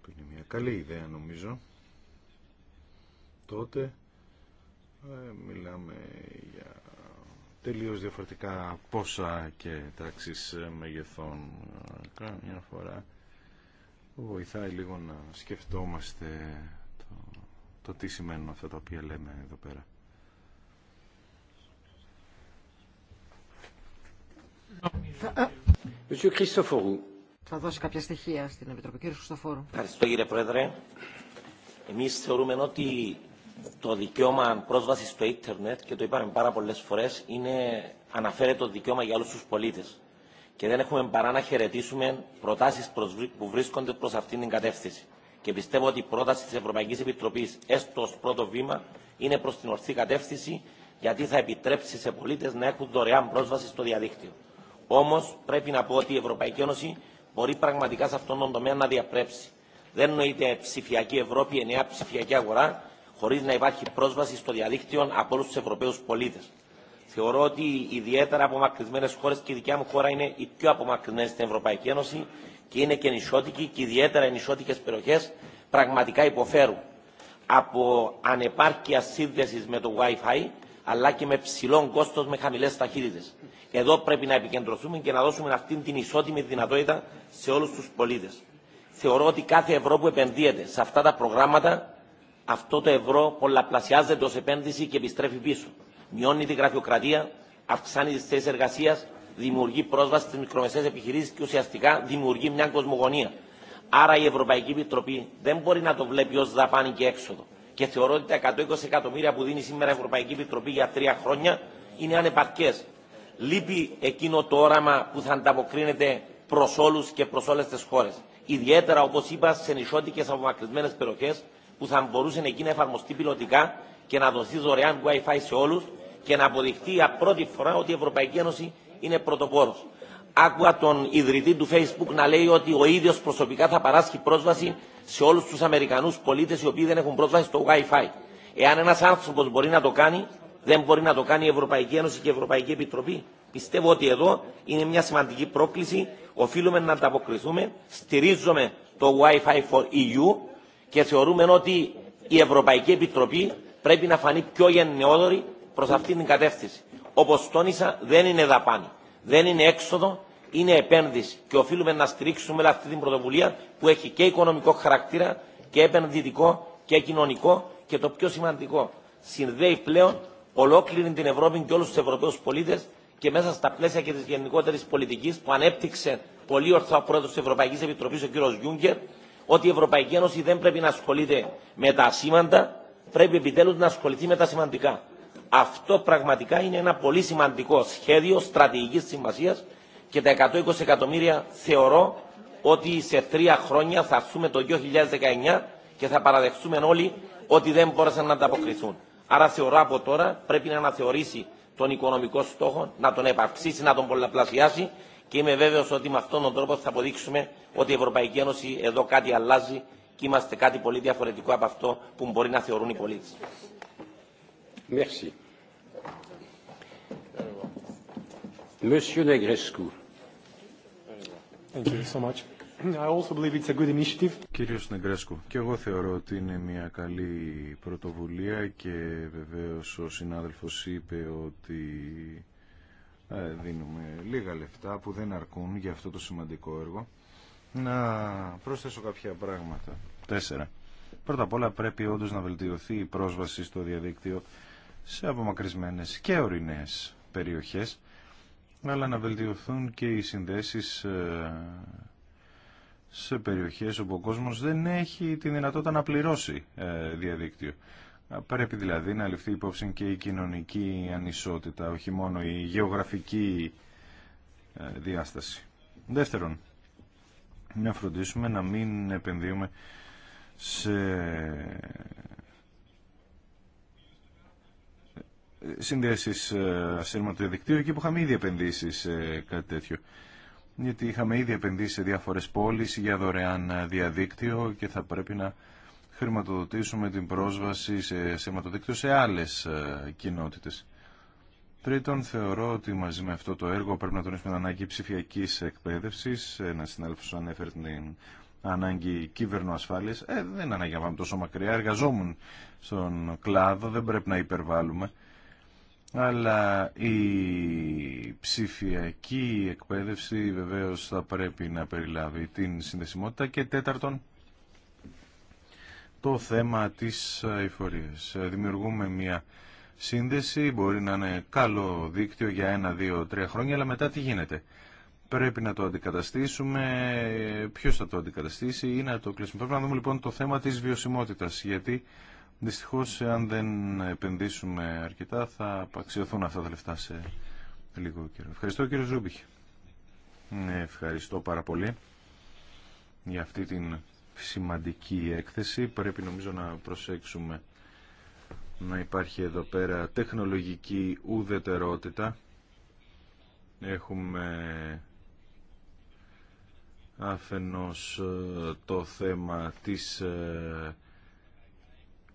που είναι μια καλή ιδέα νομίζω. Τότε ε, μιλάμε για τελείως διαφορετικά πόσα και τάξεις μεγεθών μια φορά βοηθάει λίγο να σκεφτόμαστε το, το τι σημαίνουν αυτά τα οποία λέμε εδώ πέρα. Θα... δώσει κάποια στοιχεία στην Επιτροπή. Κύριε Χρυστοφόρου. Ευχαριστώ κύριε Πρόεδρε. Εμεί θεωρούμε ότι το δικαίωμα πρόσβαση στο ίντερνετ και το είπαμε πάρα πολλέ φορές είναι το δικαίωμα για όλους τους πολίτες και δεν έχουμε παρά να χαιρετήσουμε προτάσεις που βρίσκονται προς αυτήν την κατεύθυνση. Και πιστεύω ότι η πρόταση τη Ευρωπαϊκή Επιτροπής, έστω ως πρώτο βήμα, είναι προς την ορθή κατεύθυνση, γιατί θα επιτρέψει σε πολίτες να έχουν δωρεάν πρόσβαση στο διαδίκτυο. Όμω πρέπει να πω ότι η Ευρωπαϊκή Ένωση μπορεί πραγματικά σε αυτόν τον τομέα να διαπρέψει. Δεν εννοείται ψηφιακή Ευρώπη, ενιαία ψηφιακή αγορά, χωρί να υπάρχει πρόσβαση στο διαδίκτυο από όλου του Ευρωπαίου πολίτε. Θεωρώ ότι ιδιαίτερα απομακρυσμένε χώρε και η δικιά μου χώρα είναι οι πιο απομακρυσμένε στην Ευρωπαϊκή Ένωση και είναι και νησιώτικοι και ιδιαίτερα οι νησιώτικε περιοχέ πραγματικά υποφέρουν από ανεπάρκεια σύνδεση με το WiFi αλλά και με ψηλό κόστο με χαμηλέ ταχύτητε. Εδώ πρέπει να επικεντρωθούμε και να δώσουμε αυτή την ισότιμη δυνατότητα σε όλου του πολίτε. Θεωρώ ότι κάθε ευρώ που επενδύεται σε αυτά τα προγράμματα, αυτό το ευρώ πολλαπλασιάζεται ω επένδυση και επιστρέφει πίσω. Μειώνει τη γραφειοκρατία, αυξάνει τι θέσει εργασία, δημιουργεί πρόσβαση στι μικρομεσαίε επιχειρήσει και ουσιαστικά δημιουργεί μια κοσμογονία. Άρα η Ευρωπαϊκή Επιτροπή δεν μπορεί να το βλέπει ω δαπάνη και έξοδο και θεωρώ ότι τα 120 εκατομμύρια που δίνει σήμερα η Ευρωπαϊκή Επιτροπή για τρία χρόνια είναι ανεπαρκέ. Λείπει εκείνο το όραμα που θα ανταποκρίνεται προ όλου και προ όλε τι χώρε. Ιδιαίτερα, όπω είπα, σε νησιώτικε απομακρυσμένε περιοχέ που θα μπορούσε εκεί να εφαρμοστεί πιλωτικά και να δοθεί δωρεάν Wi-Fi σε όλου και να αποδειχθεί για πρώτη φορά ότι η Ευρωπαϊκή Ένωση είναι πρωτοπόρο. Άκουγα τον ιδρυτή του Facebook να λέει ότι ο ίδιο προσωπικά θα παράσχει πρόσβαση σε όλου του Αμερικανού πολίτε οι οποίοι δεν έχουν πρόσβαση στο WiFi. Εάν ένα άνθρωπο μπορεί να το κάνει, δεν μπορεί να το κάνει η Ευρωπαϊκή Ένωση και η Ευρωπαϊκή Επιτροπή. Πιστεύω ότι εδώ είναι μια σημαντική πρόκληση. Οφείλουμε να ανταποκριθούμε. Στηρίζουμε το WiFi fi for EU και θεωρούμε ότι η Ευρωπαϊκή Επιτροπή πρέπει να φανεί πιο γενναιόδορη προ αυτή την κατεύθυνση. Όπω τόνισα, δεν είναι δαπάνη. Δεν είναι έξοδο, είναι επένδυση και οφείλουμε να στηρίξουμε αυτή την πρωτοβουλία που έχει και οικονομικό χαρακτήρα και επενδυτικό και κοινωνικό και το πιο σημαντικό συνδέει πλέον ολόκληρη την Ευρώπη και όλους τους Ευρωπαίους πολίτες και μέσα στα πλαίσια και της γενικότερης πολιτικής που ανέπτυξε πολύ ορθά ο πρόεδρος της Ευρωπαϊκής Επιτροπής ο κ. Γιούγκερ ότι η Ευρωπαϊκή Ένωση δεν πρέπει να ασχολείται με τα ασήμαντα, πρέπει επιτέλους να ασχοληθεί με τα σημαντικά. Αυτό πραγματικά είναι ένα πολύ σημαντικό σχέδιο στρατηγικής σημασίας και τα 120 εκατομμύρια θεωρώ ότι σε τρία χρόνια θα αρθούμε το 2019 και θα παραδεχτούμε όλοι ότι δεν μπόρεσαν να ανταποκριθούν. Άρα θεωρώ από τώρα πρέπει να αναθεωρήσει τον οικονομικό στόχο, να τον επαυξήσει, να τον πολλαπλασιάσει και είμαι βέβαιος ότι με αυτόν τον τρόπο θα αποδείξουμε ότι η Ευρωπαϊκή Ένωση εδώ κάτι αλλάζει και είμαστε κάτι πολύ διαφορετικό από αυτό που μπορεί να θεωρούν οι πολίτες. Monsieur Negrescu. Thank you και εγώ θεωρώ ότι είναι μια καλή πρωτοβουλία και βεβαίως ο συνάδελφος είπε ότι ε, δίνουμε λίγα λεφτά που δεν αρκούν για αυτό το σημαντικό έργο. Να προσθέσω κάποια πράγματα. Τέσσερα. Πρώτα απ' όλα πρέπει όντως να βελτιωθεί η πρόσβαση στο διαδίκτυο σε απομακρυσμένες και ορεινές περιοχές αλλά να βελτιωθούν και οι συνδέσεις ε, σε περιοχές όπου ο κόσμος δεν έχει τη δυνατότητα να πληρώσει ε, διαδίκτυο. Πρέπει δηλαδή να ληφθεί υπόψη και η κοινωνική ανισότητα, όχι μόνο η γεωγραφική ε, διάσταση. Δεύτερον, να φροντίσουμε να μην επενδύουμε σε Συνδέσει ασύρματο διαδικτύου εκεί που είχαμε ήδη επενδύσει σε κάτι τέτοιο. Γιατί είχαμε ήδη επενδύσει σε διάφορε πόλει για δωρεάν ε, διαδίκτυο και θα πρέπει να χρηματοδοτήσουμε την πρόσβαση σε δίκτυο σε άλλε κοινότητε. Τρίτον, θεωρώ ότι μαζί με αυτό το έργο πρέπει να τονίσουμε την ανάγκη ψηφιακή εκπαίδευση. Ένα συνάδελφο ανέφερε την ανάγκη κυβερνοασφάλεια. Ε, δεν ανάγκη τόσο μακριά. Εργαζόμουν στον κλάδο, δεν πρέπει να υπερβάλλουμε αλλά η ψηφιακή εκπαίδευση βεβαίως θα πρέπει να περιλάβει την συνδεσιμότητα και τέταρτον το θέμα της εφορίας. Δημιουργούμε μια σύνδεση, μπορεί να είναι καλό δίκτυο για ένα, δύο, τρία χρόνια, αλλά μετά τι γίνεται. Πρέπει να το αντικαταστήσουμε, ποιος θα το αντικαταστήσει ή να το κλείσουμε. Πρέπει να δούμε λοιπόν το θέμα της βιωσιμότητας, γιατί Δυστυχώ, αν δεν επενδύσουμε αρκετά, θα απαξιωθούν αυτά τα λεφτά σε λίγο καιρό. Ευχαριστώ, κύριε Ζούμπιχ. Ναι, ευχαριστώ πάρα πολύ για αυτή την σημαντική έκθεση. Πρέπει νομίζω να προσέξουμε να υπάρχει εδώ πέρα τεχνολογική ουδετερότητα. Έχουμε αφενός ε, το θέμα της ε,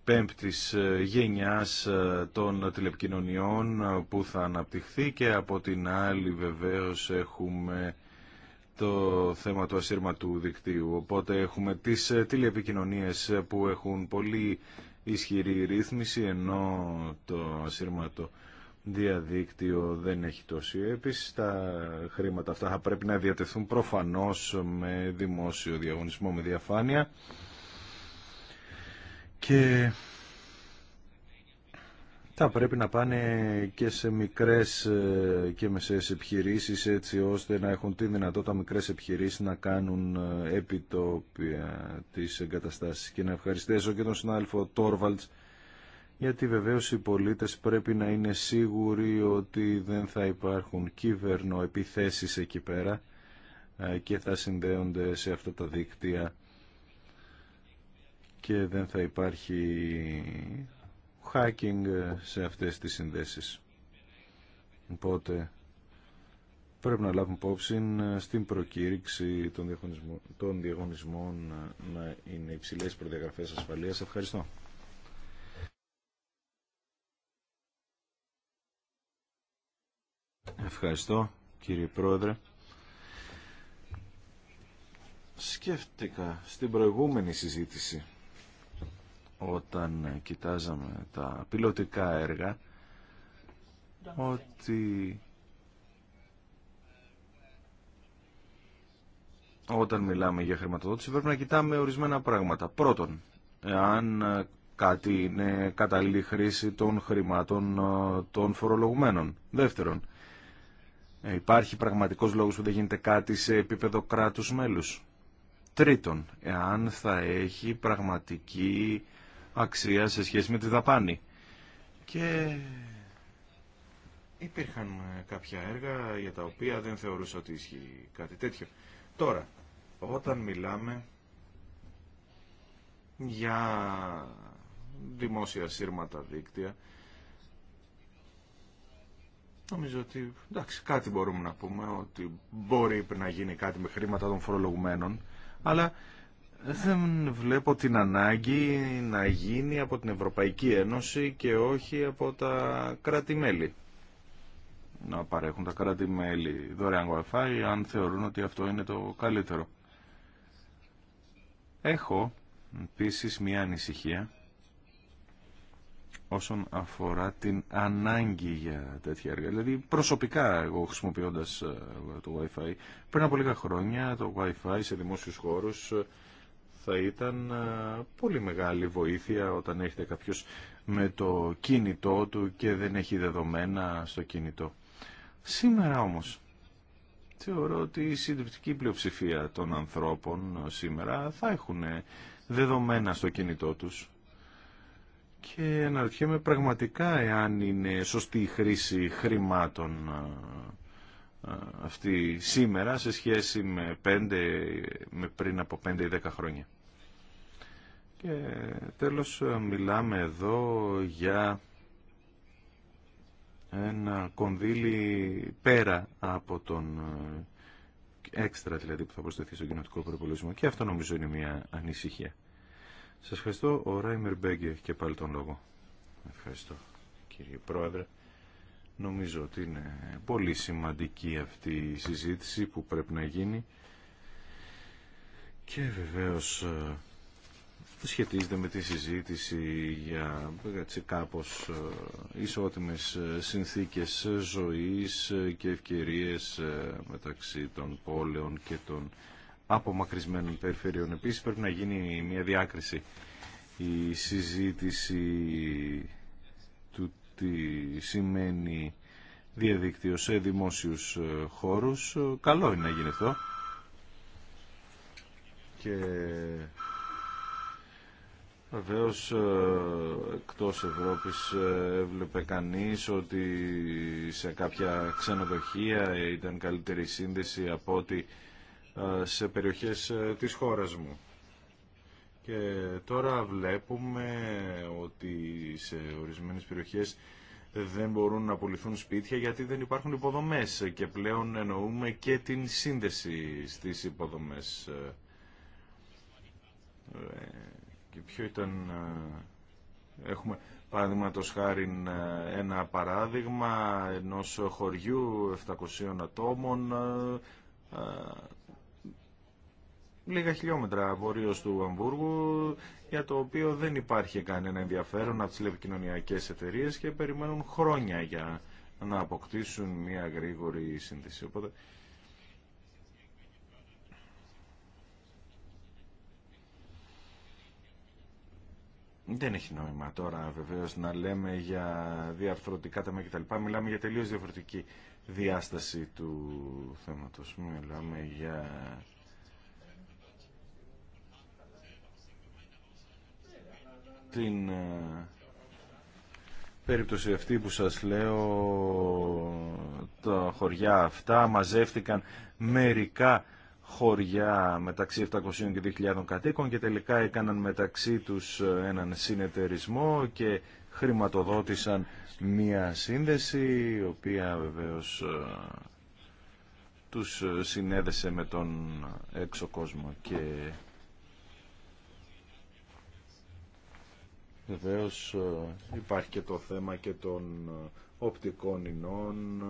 πέμπτης ε, γενιάς ε, των τηλεπικοινωνιών ε, που θα αναπτυχθεί και από την άλλη βεβαίως έχουμε το θέμα του ασύρματου δικτύου. Οπότε έχουμε τις τηλεπικοινωνίες που έχουν πολύ ισχυρή ρύθμιση ενώ το ασύρματο διαδίκτυο δεν έχει τόση έπιση. Τα χρήματα αυτά θα πρέπει να διατεθούν προφανώς με δημόσιο διαγωνισμό, με διαφάνεια και θα πρέπει να πάνε και σε μικρές ε, και μεσαίες επιχειρήσεις έτσι ώστε να έχουν τη δυνατότητα μικρές επιχειρήσεις να κάνουν ε, επιτόπια τις εγκαταστάσεις και να ευχαριστήσω και τον συνάδελφο Τόρβαλτς γιατί βεβαίως οι πολίτες πρέπει να είναι σίγουροι ότι δεν θα υπάρχουν κυβερνοεπιθέσεις εκεί πέρα ε, και θα συνδέονται σε αυτά τα δίκτυα και δεν θα υπάρχει hacking σε αυτές τις συνδέσεις. Οπότε πρέπει να λάβουμε υπόψη στην προκήρυξη των, διαγωνισμών, να είναι υψηλές προδιαγραφές ασφαλείας. Ευχαριστώ. Ευχαριστώ κύριε Πρόεδρε. Σκέφτηκα στην προηγούμενη συζήτηση όταν κοιτάζαμε τα πιλωτικά έργα ότι όταν μιλάμε για χρηματοδότηση πρέπει να κοιτάμε ορισμένα πράγματα. Πρώτον, εάν κάτι είναι κατάλληλη χρήση των χρημάτων ε, των φορολογουμένων. Δεύτερον, ε, υπάρχει πραγματικός λόγος που δεν γίνεται κάτι σε επίπεδο κράτους μέλους. Τρίτον, εάν θα έχει πραγματική αξία σε σχέση με τη δαπάνη. Και υπήρχαν ε, κάποια έργα για τα οποία δεν θεωρούσα ότι ισχύει κάτι τέτοιο. Τώρα, όταν μιλάμε για δημόσια σύρματα δίκτυα, Νομίζω ότι εντάξει, κάτι μπορούμε να πούμε, ότι μπορεί να γίνει κάτι με χρήματα των φορολογουμένων, αλλά δεν βλέπω την ανάγκη να γίνει από την Ευρωπαϊκή Ένωση και όχι από τα κράτη-μέλη. Να παρέχουν τα κράτη-μέλη δωρεάν Wi-Fi αν θεωρούν ότι αυτό είναι το καλύτερο. Έχω επίση μια ανησυχία όσον αφορά την ανάγκη για τέτοια έργα. Δηλαδή προσωπικά εγώ χρησιμοποιώντας ε, το Wi-Fi πριν από λίγα χρόνια το Wi-Fi σε δημόσιους χώρους ε, θα ήταν πολύ μεγάλη βοήθεια όταν έχετε κάποιος με το κινητό του και δεν έχει δεδομένα στο κινητό. Σήμερα όμως θεωρώ ότι η συντριπτική πλειοψηφία των ανθρώπων σήμερα θα έχουν δεδομένα στο κινητό τους και αναρωτιέμαι πραγματικά εάν είναι σωστή η χρήση χρημάτων αυτή σήμερα σε σχέση με, πέντε, με πριν από 5 ή 10 χρόνια. Και τέλος μιλάμε εδώ για ένα κονδύλι πέρα από τον έξτρα δηλαδή που θα προσθεθεί στον κοινωτικό προπολογισμό και αυτό νομίζω είναι μια ανησυχία. Σας ευχαριστώ. Ο Ράιμερ Μπέγκε και πάλι τον λόγο. Ευχαριστώ κύριε Πρόεδρε. Νομίζω ότι είναι πολύ σημαντική αυτή η συζήτηση που πρέπει να γίνει και βεβαίως σχετίζεται με τη συζήτηση για έτσι, κάπως ε, ισότιμες ε, συνθήκες ζωής και ευκαιρίες ε, μεταξύ των πόλεων και των απομακρυσμένων περιφερειών. Επίσης πρέπει να γίνει μια διάκριση η συζήτηση του τι σημαίνει διαδίκτυο σε δημόσιους χώρους. Καλό είναι να γίνει αυτό. Και Βεβαίω, ε, εκτός Ευρώπης ε, έβλεπε κανείς ότι σε κάποια ξενοδοχεία ήταν καλύτερη σύνδεση από ότι ε, σε περιοχές της χώρας μου. Και τώρα βλέπουμε ότι σε ορισμένες περιοχές δεν μπορούν να απολυθούν σπίτια γιατί δεν υπάρχουν υποδομές και πλέον εννοούμε και την σύνδεση στις υποδομές και ποιο ήταν... Ε, έχουμε παραδείγματο χάρη ε, ένα παράδειγμα ενός χωριού 700 ατόμων ε, λίγα χιλιόμετρα βορείως του Αμβούργου για το οποίο δεν υπάρχει κανένα ενδιαφέρον από τις λεπικοινωνιακές εταιρείες και περιμένουν χρόνια για να αποκτήσουν μια γρήγορη σύνθεση. Δεν έχει νόημα τώρα βεβαίω να λέμε για διαρθρωτικά τα κτλ. Μιλάμε για τελείως διαφορετική διάσταση του θέματος. Μιλάμε για την ε, περίπτωση αυτή που σας λέω τα χωριά αυτά μαζεύτηκαν μερικά χωριά μεταξύ 700 και 2.000 κατοίκων και τελικά έκαναν μεταξύ τους έναν συνεταιρισμό και χρηματοδότησαν μία σύνδεση η οποία βεβαίως ε, τους συνέδεσε με τον έξω κόσμο και βεβαίως ε, υπάρχει και το θέμα και των ε, οπτικών ινών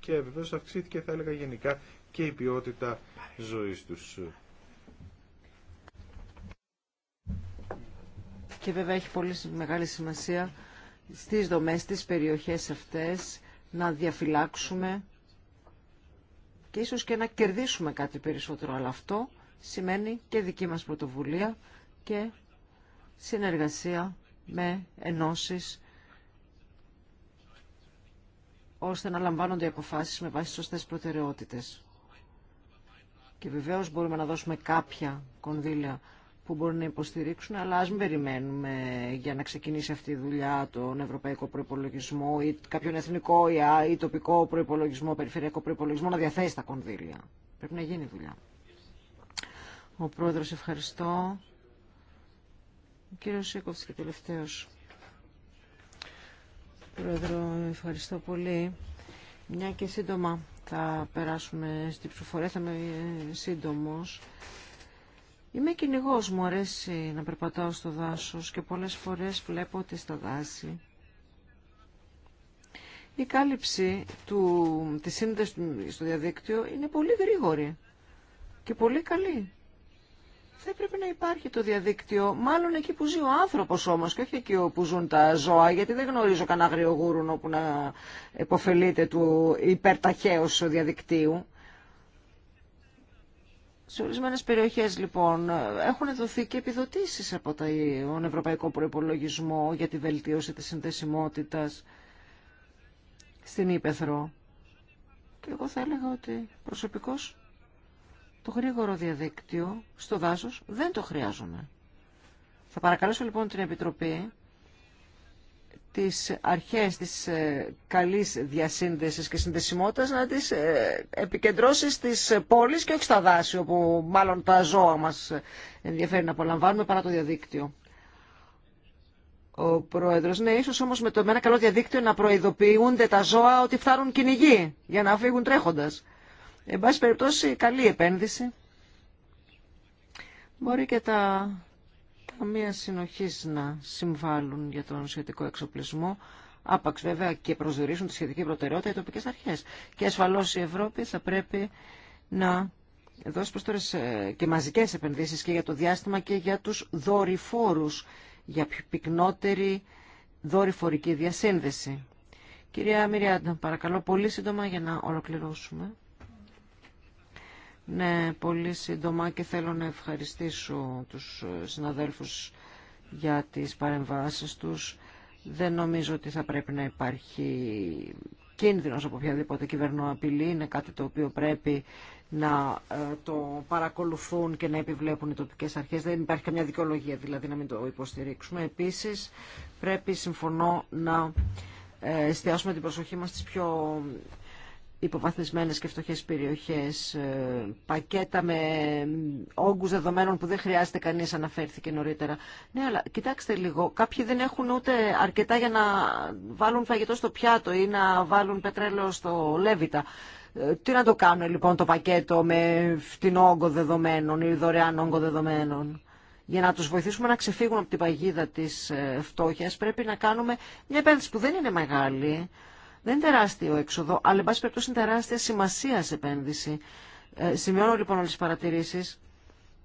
και βεβαίως αυξήθηκε θα έλεγα γενικά και η ποιότητα ζωής τους. Και βέβαια έχει πολύ μεγάλη σημασία στις δομές, στις περιοχές αυτές να διαφυλάξουμε και ίσως και να κερδίσουμε κάτι περισσότερο. Αλλά αυτό σημαίνει και δική μας πρωτοβουλία και συνεργασία με ενώσεις ώστε να λαμβάνονται οι αποφάσεις με βάση σωστές προτεραιότητες. Και βεβαίως μπορούμε να δώσουμε κάποια κονδύλια που μπορούν να υποστηρίξουν, αλλά ας μην περιμένουμε για να ξεκινήσει αυτή η δουλειά τον ευρωπαϊκό Περιφερειακό Προϋπολογισμό να διαθέσει τα κονδύλια. Πρέπει να γίνει ή κάποιον εθνικό ή τοπικό προυπολογισμο περιφερειακό προυπολογισμο να διαθέσει τα κονδύλια. Πρέπει να γίνει δουλειά. Ο πρόεδρος ευχαριστώ. Ο κύριος Σίκοφτς και τελευταίος. Πρόεδρο, ευχαριστώ πολύ. Μια και σύντομα θα περάσουμε στη ψηφοφορία, θα είμαι σύντομος. Είμαι κυνηγό, μου αρέσει να περπατάω στο δάσος και πολλές φορές βλέπω ότι στα δάση η κάλυψη του, της σύνδεσης στο διαδίκτυο είναι πολύ γρήγορη και πολύ καλή θα έπρεπε να υπάρχει το διαδίκτυο, μάλλον εκεί που ζει ο άνθρωπος όμως και όχι εκεί όπου ζουν τα ζώα, γιατί δεν γνωρίζω κανένα αγριογούρουν όπου να υποφελείται του υπερταχέως διαδικτύου. Σε ορισμένε περιοχέ, λοιπόν, έχουν δοθεί και επιδοτήσει από τον Ευρωπαϊκό Προπολογισμό για τη βελτίωση τη συνδεσιμότητα στην Ήπεθρο. Και εγώ θα έλεγα ότι προσωπικώς το γρήγορο διαδίκτυο στο δάσος δεν το χρειάζομαι. Θα παρακαλέσω λοιπόν την Επιτροπή τις αρχές της ε, καλής διασύνδεσης και συνδεσιμότητας να τις ε, επικεντρώσει στις πόλεις και όχι στα δάση όπου μάλλον τα ζώα μας ενδιαφέρει να απολαμβάνουμε παρά το διαδίκτυο. Ο Πρόεδρος, ναι, ίσως όμως με το μένα ένα καλό διαδίκτυο να προειδοποιούνται τα ζώα ότι φτάνουν κυνηγοί για να φύγουν τρέχοντας. Εν πάση περιπτώσει, καλή επένδυση. Μπορεί και τα ταμεία συνοχής να συμβάλλουν για τον σχετικό εξοπλισμό. Άπαξ βέβαια και προσδιορίσουν τη σχετική προτεραιότητα οι τοπικές αρχές. Και ασφαλώς η Ευρώπη θα πρέπει να δώσει προς ε, και μαζικές επενδύσεις και για το διάστημα και για τους δορυφόρους, για πυκνότερη δορυφορική διασύνδεση. Κυρία Μυριάντα, παρακαλώ πολύ σύντομα για να ολοκληρώσουμε. Ναι, πολύ σύντομα και θέλω να ευχαριστήσω τους συναδέλφους για τις παρεμβάσεις τους. Δεν νομίζω ότι θα πρέπει να υπάρχει κίνδυνος από οποιαδήποτε κυβερνοαπειλή. Είναι κάτι το οποίο πρέπει να ε, το παρακολουθούν και να επιβλέπουν οι τοπικές αρχές. Δεν υπάρχει καμιά δικαιολογία δηλαδή να μην το υποστηρίξουμε. Επίσης πρέπει, συμφωνώ, να ε, εστιάσουμε την προσοχή μας στις πιο υποβαθμισμένες και φτωχές περιοχές, ε, πακέτα με όγκους δεδομένων που δεν χρειάζεται κανείς, αναφέρθηκε νωρίτερα. Ναι, αλλά κοιτάξτε λίγο, κάποιοι δεν έχουν ούτε αρκετά για να βάλουν φαγητό στο πιάτο ή να βάλουν πετρέλαιο στο λέβητα. Ε, τι να το κάνουν λοιπόν το πακέτο με φτηνό όγκο δεδομένων ή δωρεάν όγκο δεδομένων. Για να τους βοηθήσουμε να ξεφύγουν από την παγίδα της ε, φτώχειας πρέπει να κάνουμε μια επένδυση που δεν είναι μεγάλη, δεν είναι τεράστιο έξοδο, αλλά εν πάση περιπτώσει είναι τεράστια σημασία σε επένδυση. Ε, σημειώνω λοιπόν όλε τι παρατηρήσει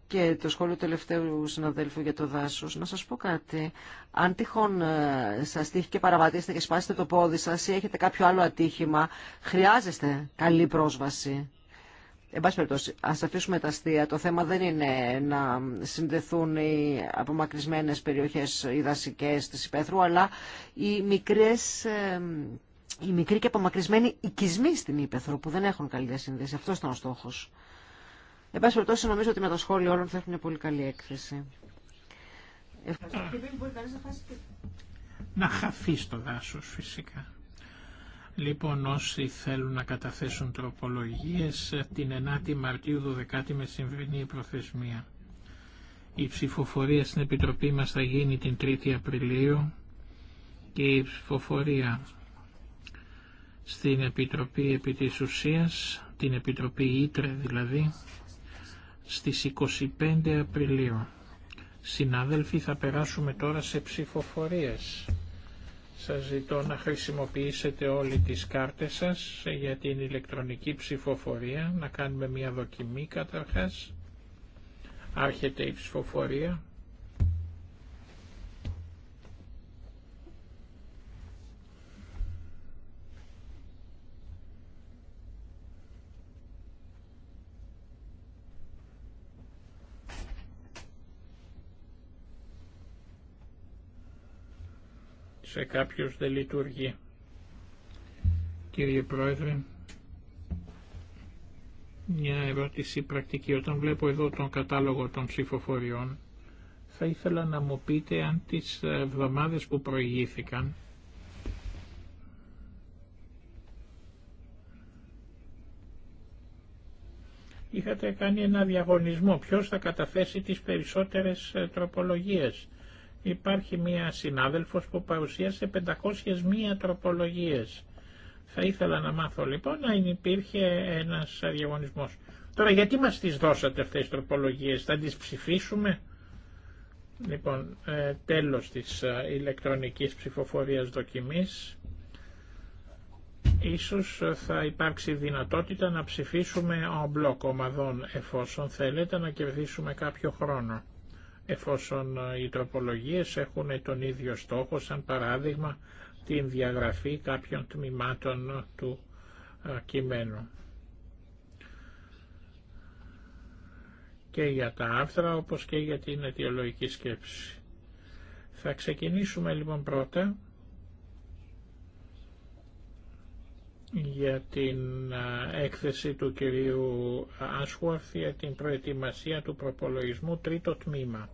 και το σχόλιο τελευταίου συναδέλφου για το δάσο. Να σα πω κάτι. Αν τυχόν ε, σα τύχει και παραβατήσετε και σπάσετε το πόδι σα ή έχετε κάποιο άλλο ατύχημα, χρειάζεστε καλή πρόσβαση. Εν πάση περιπτώσει, α αφήσουμε τα αστεία. Το θέμα δεν είναι να συνδεθούν οι απομακρυσμένε περιοχέ, οι δασικέ τη υπαίθρου, αλλά οι μικρέ ε, οι μικροί και απομακρυσμένοι οικισμοί στην Ήπεθρο που δεν έχουν καλή διασύνδεση. Αυτό ήταν ο στόχο. Εν πάση περιπτώσει, νομίζω ότι με το σχόλιο όλων θα έχουν μια πολύ καλή έκθεση. Ε. Να χαθεί το δάσο φυσικά. Λοιπόν, όσοι θέλουν να καταθέσουν τροπολογίε την 9η Μαρτίου 12η μεσημβρινή η προθεσμία. Η ψηφοφορία στην Επιτροπή μας θα γίνει την 3η Απριλίου και η ψηφοφορία στην Επιτροπή επί την Επιτροπή Ήτρε δηλαδή, στις 25 Απριλίου. Συνάδελφοι, θα περάσουμε τώρα σε ψηφοφορίες. Σας ζητώ να χρησιμοποιήσετε όλοι τις κάρτες σας για την ηλεκτρονική ψηφοφορία. Να κάνουμε μια δοκιμή καταρχάς. Άρχεται η ψηφοφορία. σε κάποιους δεν λειτουργεί. Κύριε Πρόεδρε, μια ερώτηση πρακτική. Όταν βλέπω εδώ τον κατάλογο των ψηφοφοριών, θα ήθελα να μου πείτε αν τις εβδομάδες που προηγήθηκαν είχατε κάνει ένα διαγωνισμό ποιος θα καταθέσει τις περισσότερες τροπολογίες Υπάρχει μία συνάδελφος που παρουσίασε 501 τροπολογίες. Θα ήθελα να μάθω λοιπόν να υπήρχε ένας διαγωνισμός. Τώρα γιατί μας τις δώσατε αυτές τις τροπολογίες, θα τις ψηφίσουμε. Λοιπόν, ε, τέλος της ε, ηλεκτρονικής ψηφοφορίας δοκιμής. Ίσως ε, θα υπάρξει δυνατότητα να ψηφίσουμε ο μπλοκ ομαδών εφόσον θέλετε να κερδίσουμε κάποιο χρόνο εφόσον ε, οι τροπολογίες έχουν τον ίδιο στόχο, σαν παράδειγμα την διαγραφή κάποιων τμήματων ε, του ε, κειμένου. Και για τα άρθρα όπως και για την αιτιολογική σκέψη. Θα ξεκινήσουμε λοιπόν πρώτα για την έκθεση του κυρίου Άσχουαρθ για την προετοιμασία του προπολογισμού τρίτο τμήμα.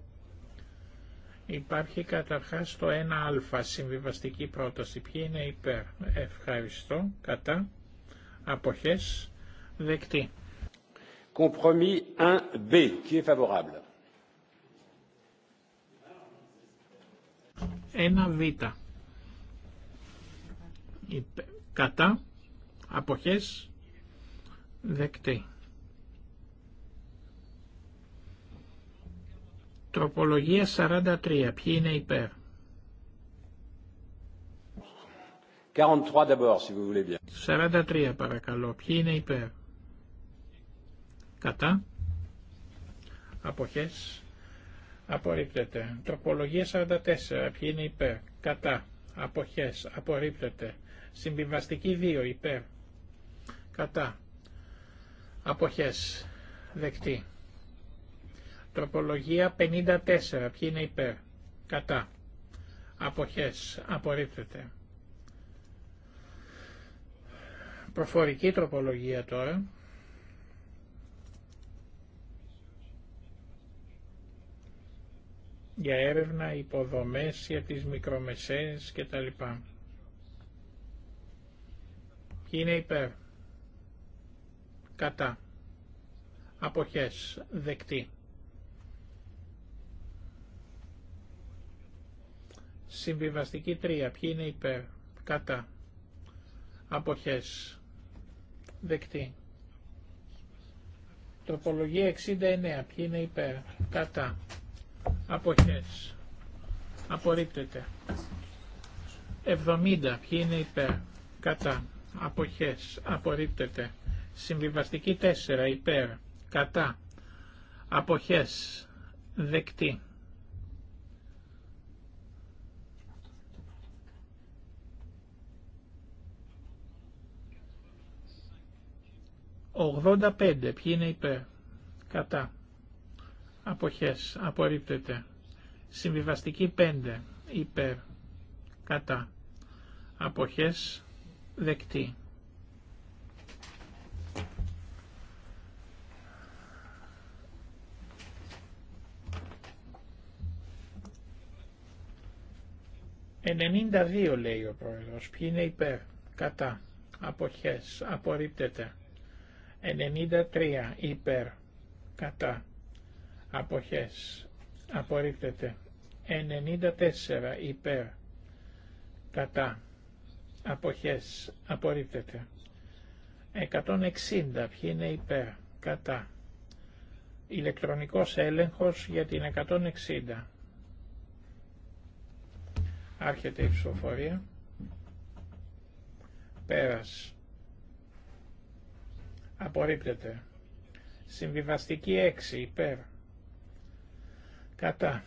Υπάρχει καταρχάς το 1α συμβιβαστική πρόταση. Ποιοι είναι υπέρ. Ευχαριστώ. Κατά. Αποχές. Δεκτή. Compromis 1B. Qui est favorable. 1β. Κατά αποχές δεκτή. Τροπολογία 43. Ποιοι είναι υπέρ. 43 d'abord, si vous voulez bien. 43 παρακαλώ. Ποιοι είναι υπέρ. Κατά. Αποχές. Απορρίπτεται. Τροπολογία 44. Ποιοι είναι υπέρ. Κατά. Αποχές. Απορρίπτεται. Συμβιβαστική 2 υπέρ κατά αποχές δεκτή. Τροπολογία 54 ποιοι είναι υπέρ κατά αποχές απορρίπτεται. Προφορική τροπολογία τώρα. για έρευνα, υποδομές για τις μικρομεσαίες κτλ. Ποιοι είναι υπέρ κατά αποχές δεκτή. Συμβιβαστική 3. Ποιοι είναι υπέρ, κατά, αποχές, δεκτή. Τροπολογία 69. Ποιοι είναι υπέρ, κατά, αποχές, απορρίπτεται. 70. Ποιοι είναι υπέρ, κατά, αποχές, απορρίπτεται. Συμβιβαστική 4 υπέρ κατά αποχές δεκτή. Ογδόντα πέντε. Ποιοι είναι υπέρ. Κατά. Αποχές. Απορρίπτεται. Συμβιβαστική 5. Υπέρ. Κατά. Αποχές. Δεκτή. 92 λέει ο πρόεδρος. Ποιοι είναι υπέρ, κατά, αποχές, απορρίπτεται. 93 υπέρ, κατά, αποχές, απορρίπτεται. 94 υπέρ, κατά, αποχές, απορρίπτεται. 160 ποιοι είναι υπέρ, κατά. Ηλεκτρονικός έλεγχος για την 160. Άρχεται η ψηφοφορία. Πέρας. Απορρίπτεται. Συμβιβαστική 6 υπέρ. Κατά.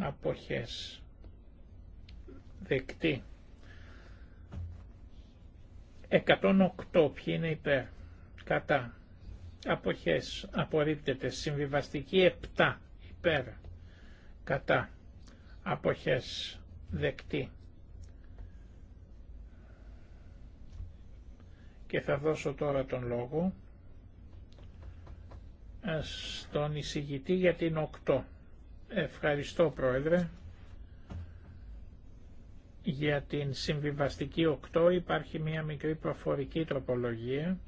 Αποχές. Δεκτή. 108 ποιοι είναι υπέρ. Κατά. Αποχές. Απορρίπτεται. Συμβιβαστική 7 υπέρ. Κατά. Αποχές και θα δώσω τώρα τον λόγο ε, στον εισηγητή για την 8. Ευχαριστώ Πρόεδρε. Για την συμβιβαστική 8 υπάρχει μία μικρή προφορική τροπολογία.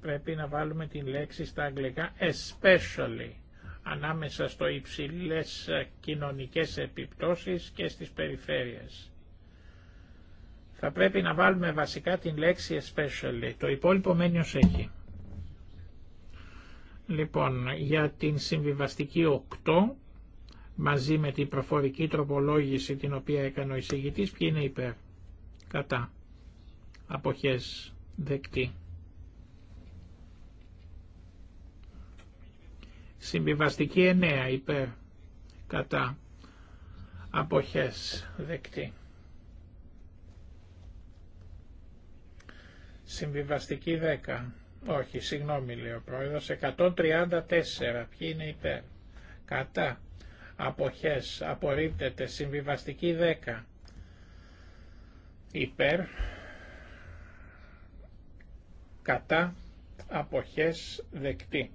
Πρέπει να βάλουμε την λέξη στα αγγλικά especially ανάμεσα στο υψηλές κοινωνικές επιπτώσεις και στις περιφέρειες. Θα πρέπει να βάλουμε βασικά την λέξη especially. Το υπόλοιπο μένει ως έχει. Λοιπόν, για την συμβιβαστική 8, μαζί με την προφορική τροπολόγηση την οποία έκανε ο εισηγητής, ποιοι είναι υπέρ. Κατά. Αποχές. Δεκτή. Συμβιβαστική 9 υπέρ κατά αποχές δεκτή. Συμβιβαστική 10. Όχι, συγγνώμη λέει ο πρόεδρος. 134. Ποιοι είναι υπέρ. Κατά. Αποχές. Απορρίπτεται. Συμβιβαστική 10. Υπέρ. Κατά. Αποχές δεκτή.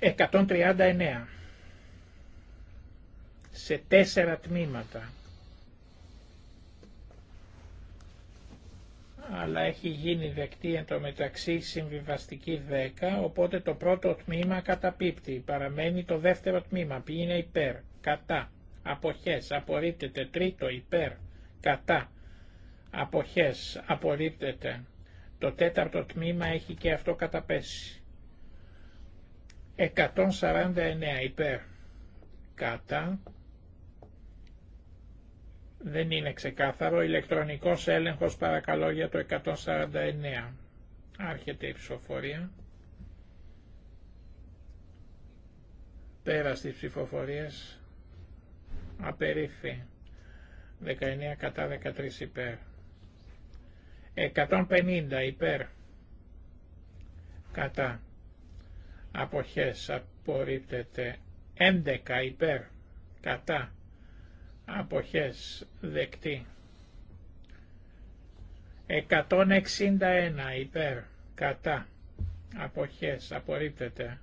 139 σε τέσσερα τμήματα. αλλά έχει γίνει δεκτή εν συμβιβαστική 10, οπότε το πρώτο τμήμα καταπίπτει, παραμένει το δεύτερο τμήμα, που είναι υπέρ, κατά, αποχές, απορρίπτεται, τρίτο υπέρ, κατά, αποχές, απορρίπτεται. Το τέταρτο τμήμα έχει και αυτό καταπέσει. 149 υπέρ κατά δεν είναι ξεκάθαρο ηλεκτρονικός έλεγχος παρακαλώ για το 149 άρχεται η ψηφοφορία πέρα στις ψηφοφορίες απερίφθη 19 κατά 13 υπέρ 150 υπέρ κατά αποχές απορρίπτεται 11 υπέρ κατά αποχές δεκτή 161 υπέρ κατά αποχές απορρίπτεται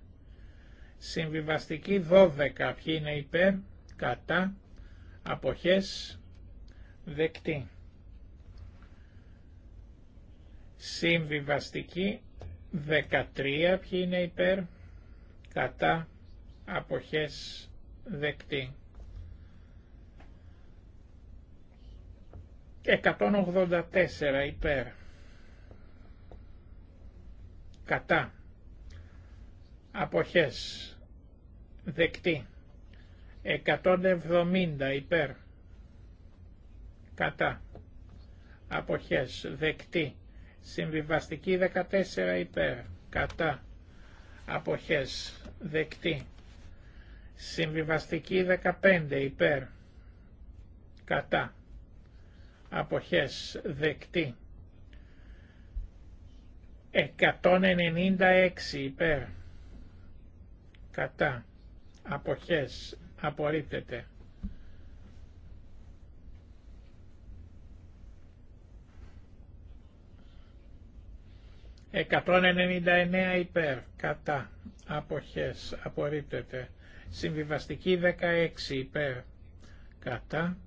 συμβιβαστική 12 ποιοι είναι υπέρ κατά αποχές δεκτή συμβιβαστική 13 ποιοι είναι υπέρ κατά αποχές δεκτή. 184 υπέρ κατά αποχές δεκτή 170 υπέρ κατά αποχές δεκτή συμβιβαστική 14 υπέρ κατά αποχές δεκτή. Συμβιβαστική 15 υπέρ. Κατά. Αποχές δεκτή. 196 υπέρ. Κατά. Αποχές απορρίπτεται. 199 υπέρ, κατά, αποχές, απορρίπτεται. Συμβιβαστική 16 υπέρ, κατά,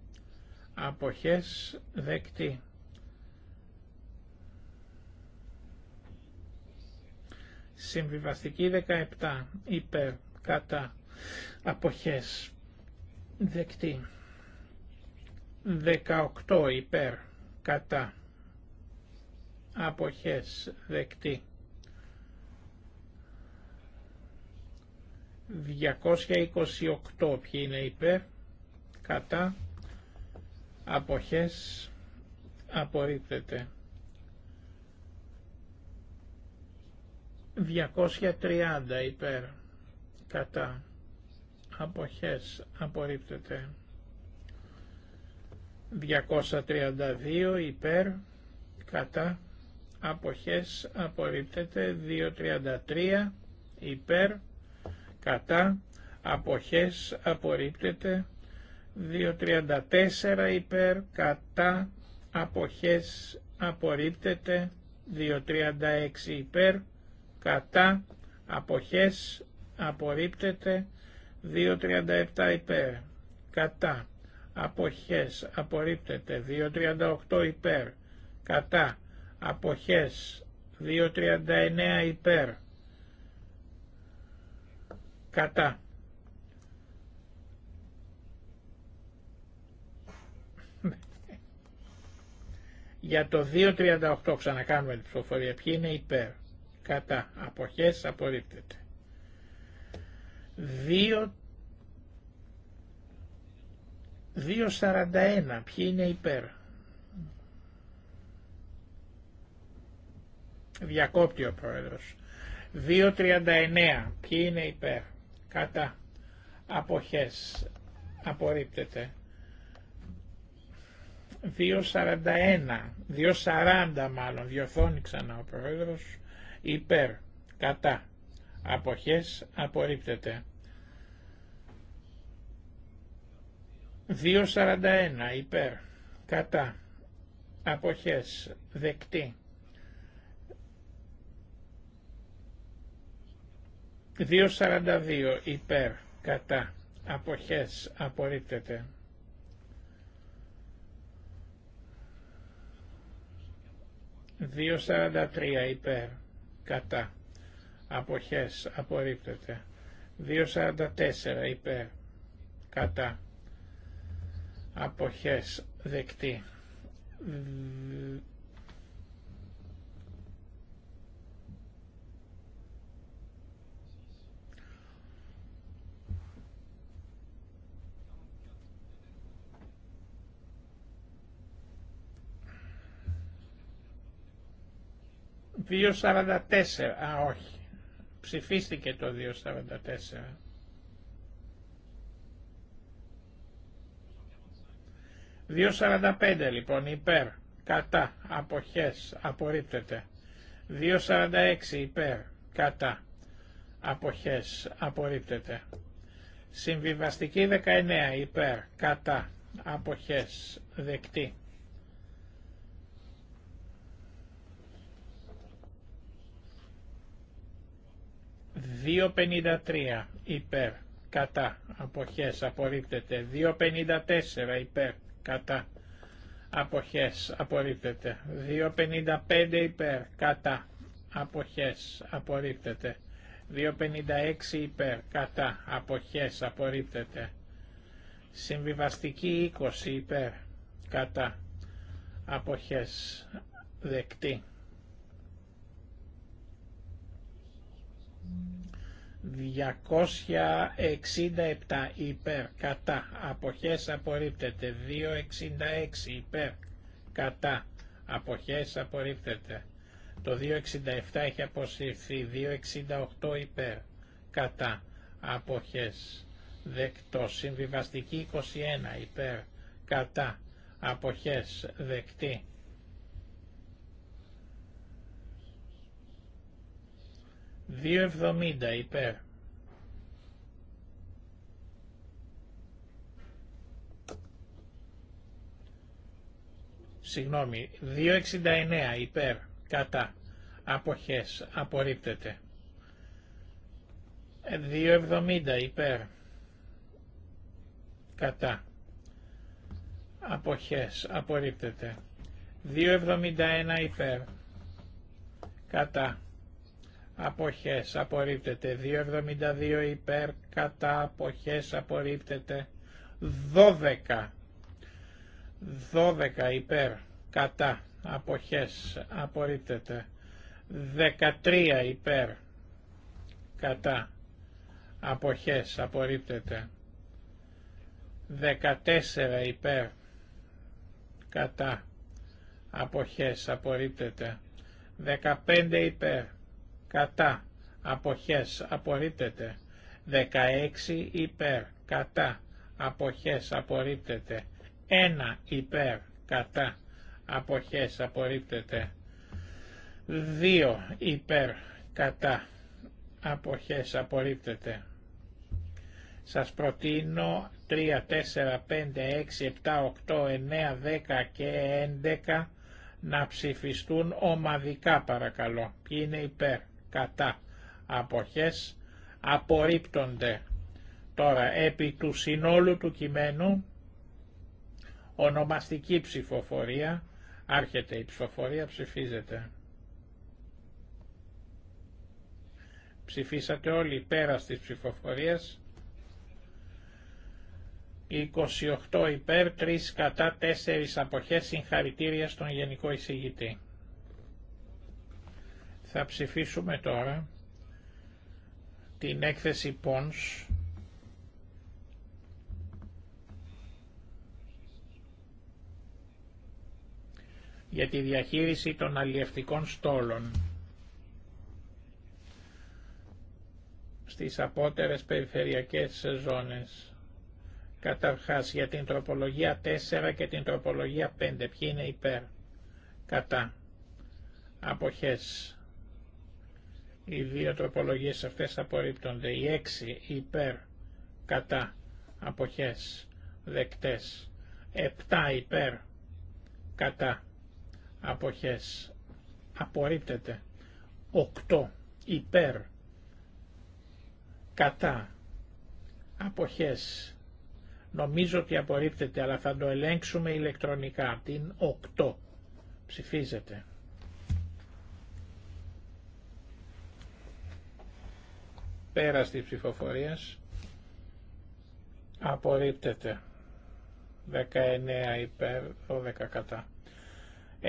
αποχές, δεκτή. Συμβιβαστική 17 υπέρ, κατά, αποχές, δεκτή. 18 υπέρ, κατά, αποχές δεκτή. 228 ποιοι είναι υπέρ, κατά, αποχές, απορρίπτεται. 230 υπέρ, κατά, αποχές, απορρίπτεται. 232 υπέρ, κατά, αποχές απορρίπτεται 2.33 υπέρ κατά αποχές απορρίπτεται 2.34 υπέρ κατά αποχές απορρίπτεται 2.36 υπέρ κατά αποχές απορρίπτεται 2.37 υπέρ κατά αποχές απορρίπτεται 2.38 υπέρ κατά αποχές 2.39 υπέρ κατά για το 2.38 ξανακάνουμε την ψηφοφορία ποιοι είναι υπέρ κατά αποχές απορρίπτεται 2 2.41 ποιοι είναι υπέρ Διακόπτει ο πρόεδρος. 2.39. Ποιοι είναι υπέρ. Κατά. Αποχές. Απορρίπτεται. 2.41. 2.40 μάλλον. Διορθώνει ξανά ο πρόεδρος. Υπέρ. Κατά. Αποχές. Απορρίπτεται. 2.41. Υπέρ. Κατά. Αποχές. Δεκτή. 2.42 υπέρ, κατά, αποχές, απορρίπτεται. 2.43 υπέρ, κατά, αποχές, απορρίπτεται. 2.44 υπέρ, κατά, αποχές, δεκτή. 2.44. Α, όχι. Ψηφίστηκε το 2.44. 2.45 λοιπόν υπέρ, κατά, αποχές, απορρίπτεται. 2.46 υπέρ, κατά, αποχές, απορρίπτεται. Συμβιβαστική 19 υπέρ, κατά, αποχές, δεκτή. 2.53 υπέρ κατά αποχές απορρίπτεται 2.54 υπέρ κατά αποχές απορρίπτεται 2.55 υπέρ κατά αποχές απορρίπτεται 2.56 υπέρ κατά αποχές απορρίπτεται συμβιβαστική 20 υπέρ κατά αποχές δεκτή 267 υπέρ κατά αποχές απορρίπτεται 266 υπέρ κατά αποχές απορρίπτεται το 267 έχει αποσυρθεί 268 υπέρ κατά αποχές δεκτό συμβιβαστική 21 υπέρ κατά αποχές δεκτή 2,70 υπέρ. Συγγνώμη, 2,69 υπέρ, κατά, αποχές, απορρίπτεται. 2,70 υπέρ, κατά, αποχές, απορρίπτεται. 2,71 υπέρ, κατά, αποχές απορρίπτεται 2.72 υπέρ κατά αποχές απορρίπτεται 12 12 υπέρ κατά αποχές απορρίπτεται 13 υπέρ κατά αποχές απορρίπτεται 14 υπέρ κατά αποχές απορρίπτεται 15 υπέρ κατά, αποχές, απορρίπτεται. 16 υπέρ, κατά, αποχές, απορρίπτεται. 1 υπέρ, κατά, αποχές, απορρίπτεται. 2 υπέρ, κατά, αποχές, απορρίπτεται. Σας προτείνω 3, 4, 5, 6, 7, 8, 9, 10 και 11 να ψηφιστούν ομαδικά παρακαλώ. Ποιοι είναι υπέρ κατά αποχές απορρίπτονται. Τώρα επί του συνόλου του κειμένου ονομαστική ψηφοφορία άρχεται η ψηφοφορία ψηφίζεται. Ψηφίσατε όλοι πέρα της ψηφοφορίας. 28 υπέρ, 3 κατά, 4 αποχές, συγχαρητήρια στον Γενικό Εισηγητή. Θα ψηφίσουμε τώρα την έκθεση Πόνς για τη διαχείριση των αλλιευτικών στόλων στις απότερες περιφερειακές ζώνες. Καταρχάς για την τροπολογία 4 και την τροπολογία 5. Ποιοι είναι υπέρ. Κατά. Αποχές. Οι δύο τροπολογίες αυτές απορρίπτονται. Οι έξι υπέρ κατά αποχές δεκτές. Επτά υπέρ κατά αποχές απορρίπτεται. Οκτώ υπέρ κατά αποχές νομίζω ότι απορρίπτεται αλλά θα το ελέγξουμε ηλεκτρονικά την 8 ψηφίζεται Πέραστη ψηφοφορίας απορρίπτεται 19 υπέρ 12 κατά 9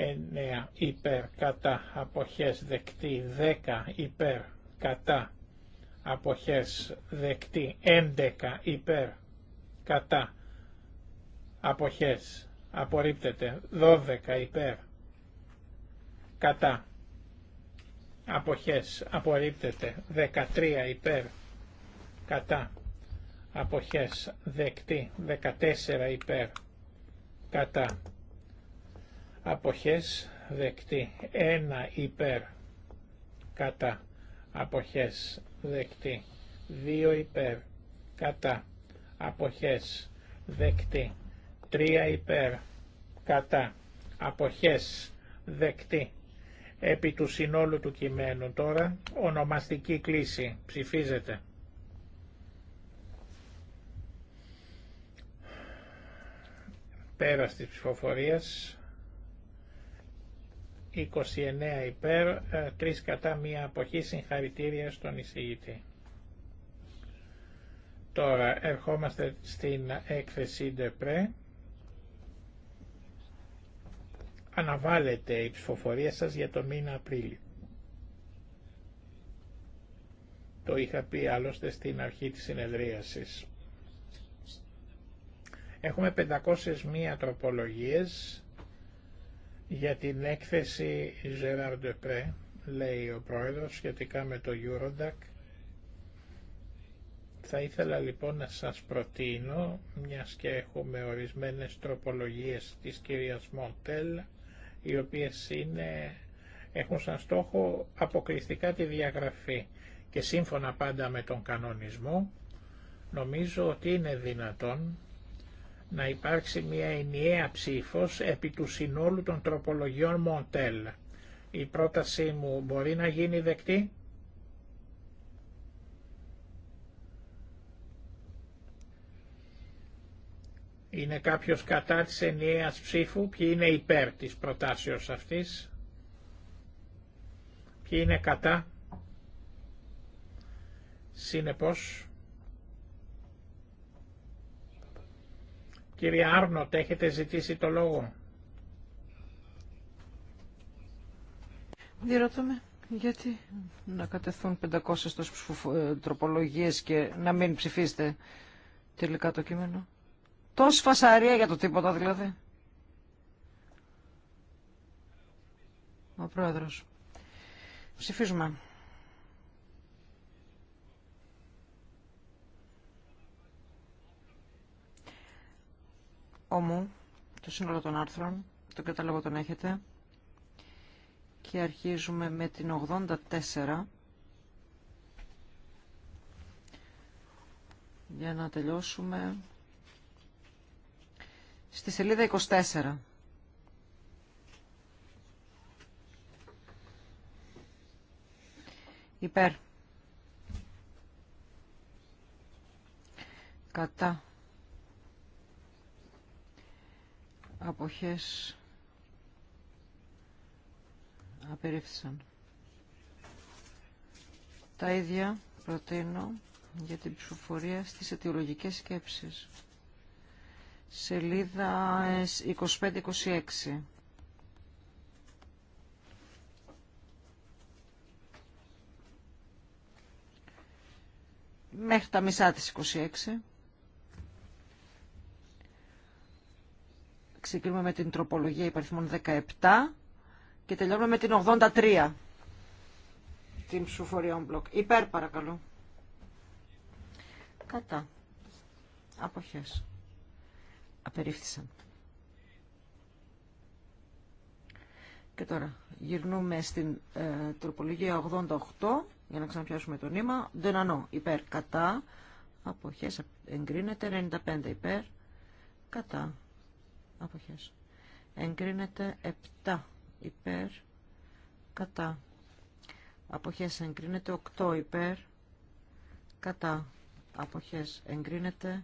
υπέρ κατά αποχές δεκτή 10 υπέρ κατά αποχές δεκτή 11 υπέρ κατά αποχές απορρίπτεται 12 υπέρ κατά Αποχές. Απορρίπτεται. 13 υπέρ. Κατά. Αποχές. Δεκτή. 14 υπέρ. Κατά. Αποχές. Δεκτή. 1 υπέρ. Κατά. Αποχές. Δεκτή. 2 υπέρ. Κατά. Αποχές. Δεκτή. 3 υπέρ. Κατά. Αποχές. Δεκτή. Επί του συνόλου του κειμένου τώρα, ονομαστική κλίση. Ψηφίζεται. Πέρας της ψηφοφορίας. 29 υπέρ, 3 ε, κατά μία αποχή συγχαρητήρια στον εισηγητή. Τώρα ερχόμαστε στην έκθεση Ντεπρέ. αναβάλλεται η ψηφοφορία σας για το μήνα Απρίλιο. Το είχα πει άλλωστε στην αρχή της συνεδρίασης. Έχουμε 501 τροπολογίες για την έκθεση Gerard Depré, λέει ο πρόεδρος, σχετικά με το Eurodac. Θα ήθελα λοιπόν να σας προτείνω, μιας και έχουμε ορισμένες τροπολογίες της κυρίας Μοντέλ, οι οποίες είναι, έχουν σαν στόχο αποκλειστικά τη διαγραφή και σύμφωνα πάντα με τον κανονισμό νομίζω ότι είναι δυνατόν να υπάρξει μια ενιαία ψήφος επί του συνόλου των τροπολογιών Μοντέλ. Η πρότασή μου μπορεί να γίνει δεκτή. Είναι κάποιος κατά της ενιαίας ψήφου, ποιοι είναι υπέρ της προτάσεως αυτής, ποιοι είναι κατά, συνεπώς. κύριε Άρνοτ, έχετε ζητήσει το λόγο. Διερωτώ γιατί να κατεθούν 500 ε, τροπολογίες και να μην ψηφίσετε τελικά το κείμενο. Τόση φασαρία για το τίποτα δηλαδή. Ο πρόεδρος. Ψηφίζουμε. Όμου, το σύνολο των άρθρων, το κατάλογο τον έχετε. Και αρχίζουμε με την 84. Για να τελειώσουμε στη σελίδα 24. Υπέρ. Κατά. Αποχές. Απερίφθησαν. Τα ίδια προτείνω για την ψηφοφορία στις αιτιολογικές σκέψεις. Σελίδα 25-26. Μέχρι τα μισά της 26. Ξεκινούμε με την τροπολογία υπαριθμών 17 και τελειώνουμε με την 83. Την ψηφοφορία μπλοκ. Υπέρ παρακαλώ. Κατά. Αποχές απερίφθησαν. Και τώρα γυρνούμε στην ε, τροπολογία 88 για να ξαναπιάσουμε το νήμα. Δενανό υπέρ κατά. Αποχές εγκρίνεται. 95 υπέρ κατά. Αποχές. Εγκρίνεται 7 υπέρ κατά. Αποχές εγκρίνεται 8 υπέρ κατά. Αποχές εγκρίνεται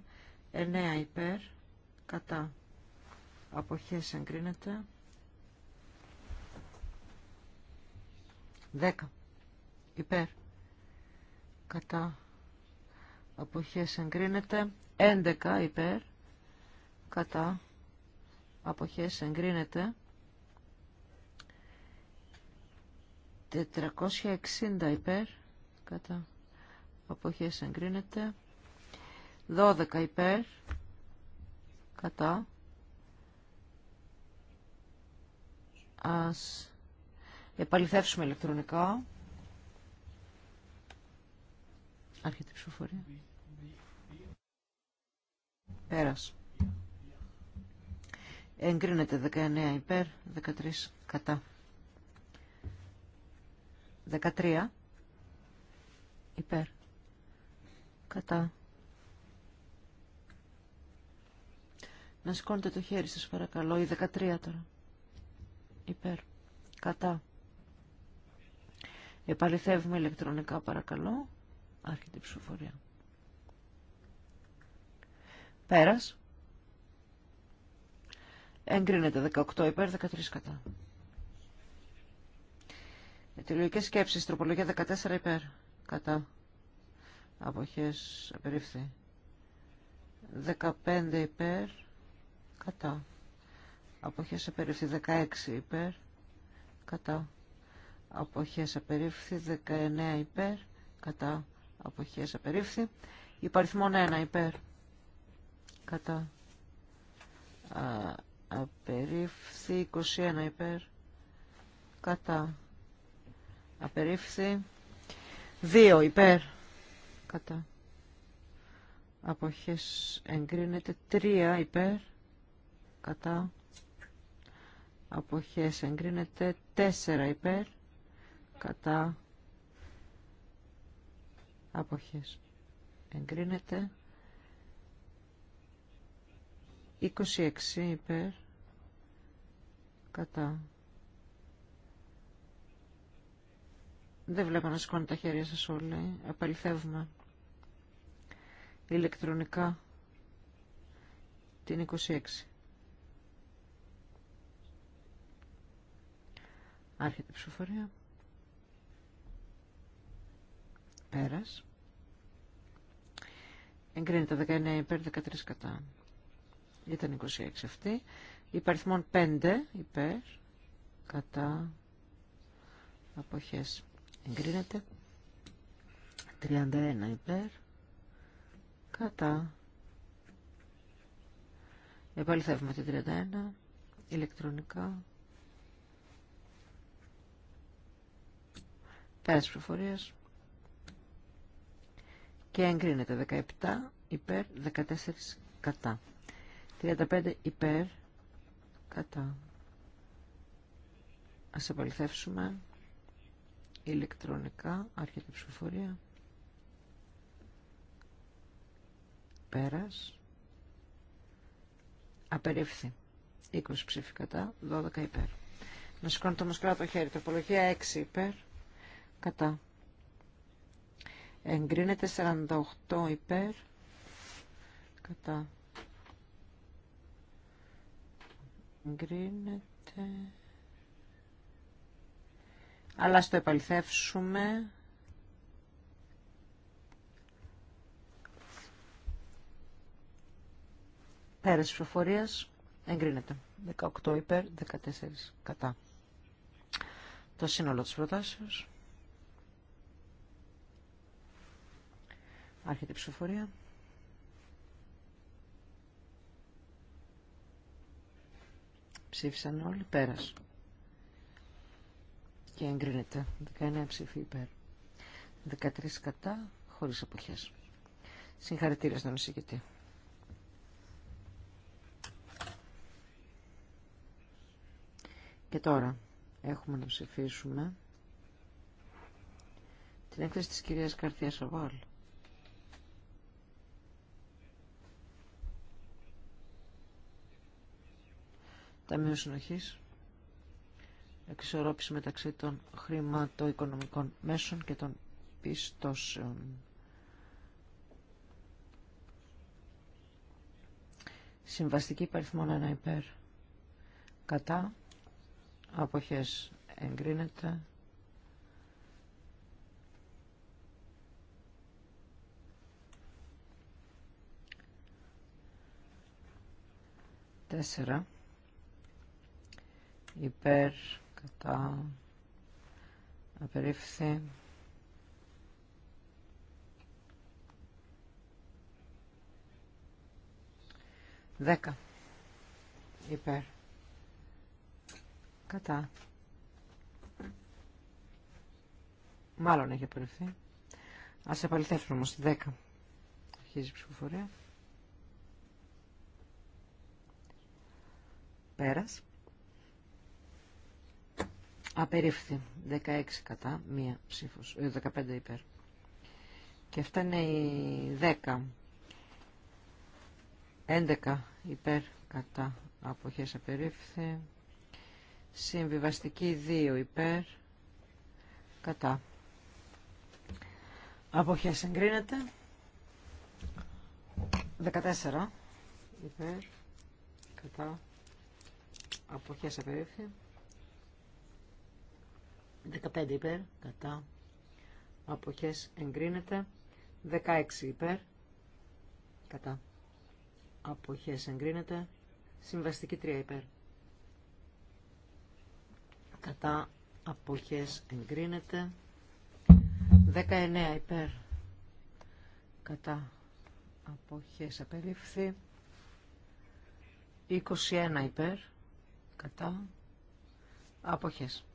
9 υπέρ κατά αποχές εγκρίνεται 10 υπέρ κατά αποχές εγκρίνεται 11 υπέρ κατά αποχές εγκρίνεται 460 υπέρ κατά αποχές εγκρίνεται 12 υπέρ κατά ας επαληθεύσουμε ηλεκτρονικά άρχεται η ψηφοφορία πέρας εγκρίνεται 19 υπέρ 13 κατά 13 υπέρ κατά Να σηκώνετε το χέρι σας παρακαλώ. Η 13 τώρα. Υπέρ. Κατά. Επαληθεύουμε ηλεκτρονικά παρακαλώ. Άρχεται η ψηφοφορία. Πέρας. Εγκρίνεται 18 υπέρ, 13 κατά. Ετυλογικές σκέψεις, τροπολογία 14 υπέρ, κατά. Αποχές, απερίφθη. 15 υπέρ, κατά. Αποχές απερίφθη 16 υπέρ, κατά. Αποχές απερίφθη 19 υπέρ, κατά. Αποχές απερίφθη. Υπαριθμόν 1 υπέρ, κατά. απερίφθη 21 υπέρ, κατά. Απερίφθη 2 υπέρ, κατά. Αποχές εγκρίνεται 3 υπέρ, κατά αποχές εγκρίνεται 4 υπέρ κατά αποχές εγκρίνεται 26 υπέρ κατά δεν βλέπω να σηκώνει τα χέρια σας όλοι επαληθεύουμε ηλεκτρονικά την 26 Άρχεται η ψηφοφορία. Πέρας. Εγκρίνεται 19 υπέρ 13 κατά. Ήταν 26 αυτή. Υπαριθμών 5 υπέρ κατά αποχές. Εγκρίνεται 31 υπέρ κατά. Επαληθεύουμε τη 31 ηλεκτρονικά. Πέρας προφορίας. Και εγκρίνεται 17 υπέρ, 14 κατά. 35 υπέρ, κατά. Ας επαληθεύσουμε ηλεκτρονικά, άρχεται η ψηφοφορία. Πέρας. Απερίφθη. 20 ψήφι κατά, 12 υπέρ. Να σηκώνω το μασκρά το χέρι. Τροπολογία 6 υπέρ κατά. Εγκρίνεται 48 υπέρ, κατά. Εγκρίνεται... Αλλά στο επαληθεύσουμε... Πέρας ψηφοφορίας εγκρίνεται. 18 υπέρ, 14 κατά. Το σύνολο της προτάσεως. Άρχεται η ψηφοφορία. Ψήφισαν όλοι. Πέρας. Και εγκρίνεται. 19 ψήφοι υπέρ. 13 κατά, χωρίς αποχές. Συγχαρητήρια στον εισηγητή. Και τώρα έχουμε να ψηφίσουμε την έκθεση της κυρίας Καρθίας Σαββόλ Ταμείο Συνοχής, εξορρόπηση μεταξύ των χρηματοοικονομικών μέσων και των πιστώσεων. Συμβαστική παριθμόνα 1 υπέρ. Κατά. Αποχές εγκρίνεται. Τέσσερα υπέρ, κατά, απερίφθη. Δέκα, υπέρ, κατά. Μάλλον έχει απερίφθει. Ας επαληθεύσουμε όμως, δέκα. Αρχίζει η ψηφοφορία. Πέρας. Απερίφθη. 16 κατά, μία ψήφος, 15 ε, υπέρ. Και αυτά είναι οι 10. 11 υπέρ κατά αποχές απερίφθη. Συμβιβαστική 2 υπέρ κατά. Αποχές εγκρίνεται. 14 υπέρ κατά αποχές απερίφθη. 15 υπέρ, κατά, αποχές εγκρίνεται. 16 υπέρ, κατά, αποχές εγκρίνεται. Συμβαστική 3 υπέρ, κατά, αποχές εγκρίνεται. 19 υπέρ, κατά, αποχές απερίφθη. 21 υπέρ, κατά, αποχές.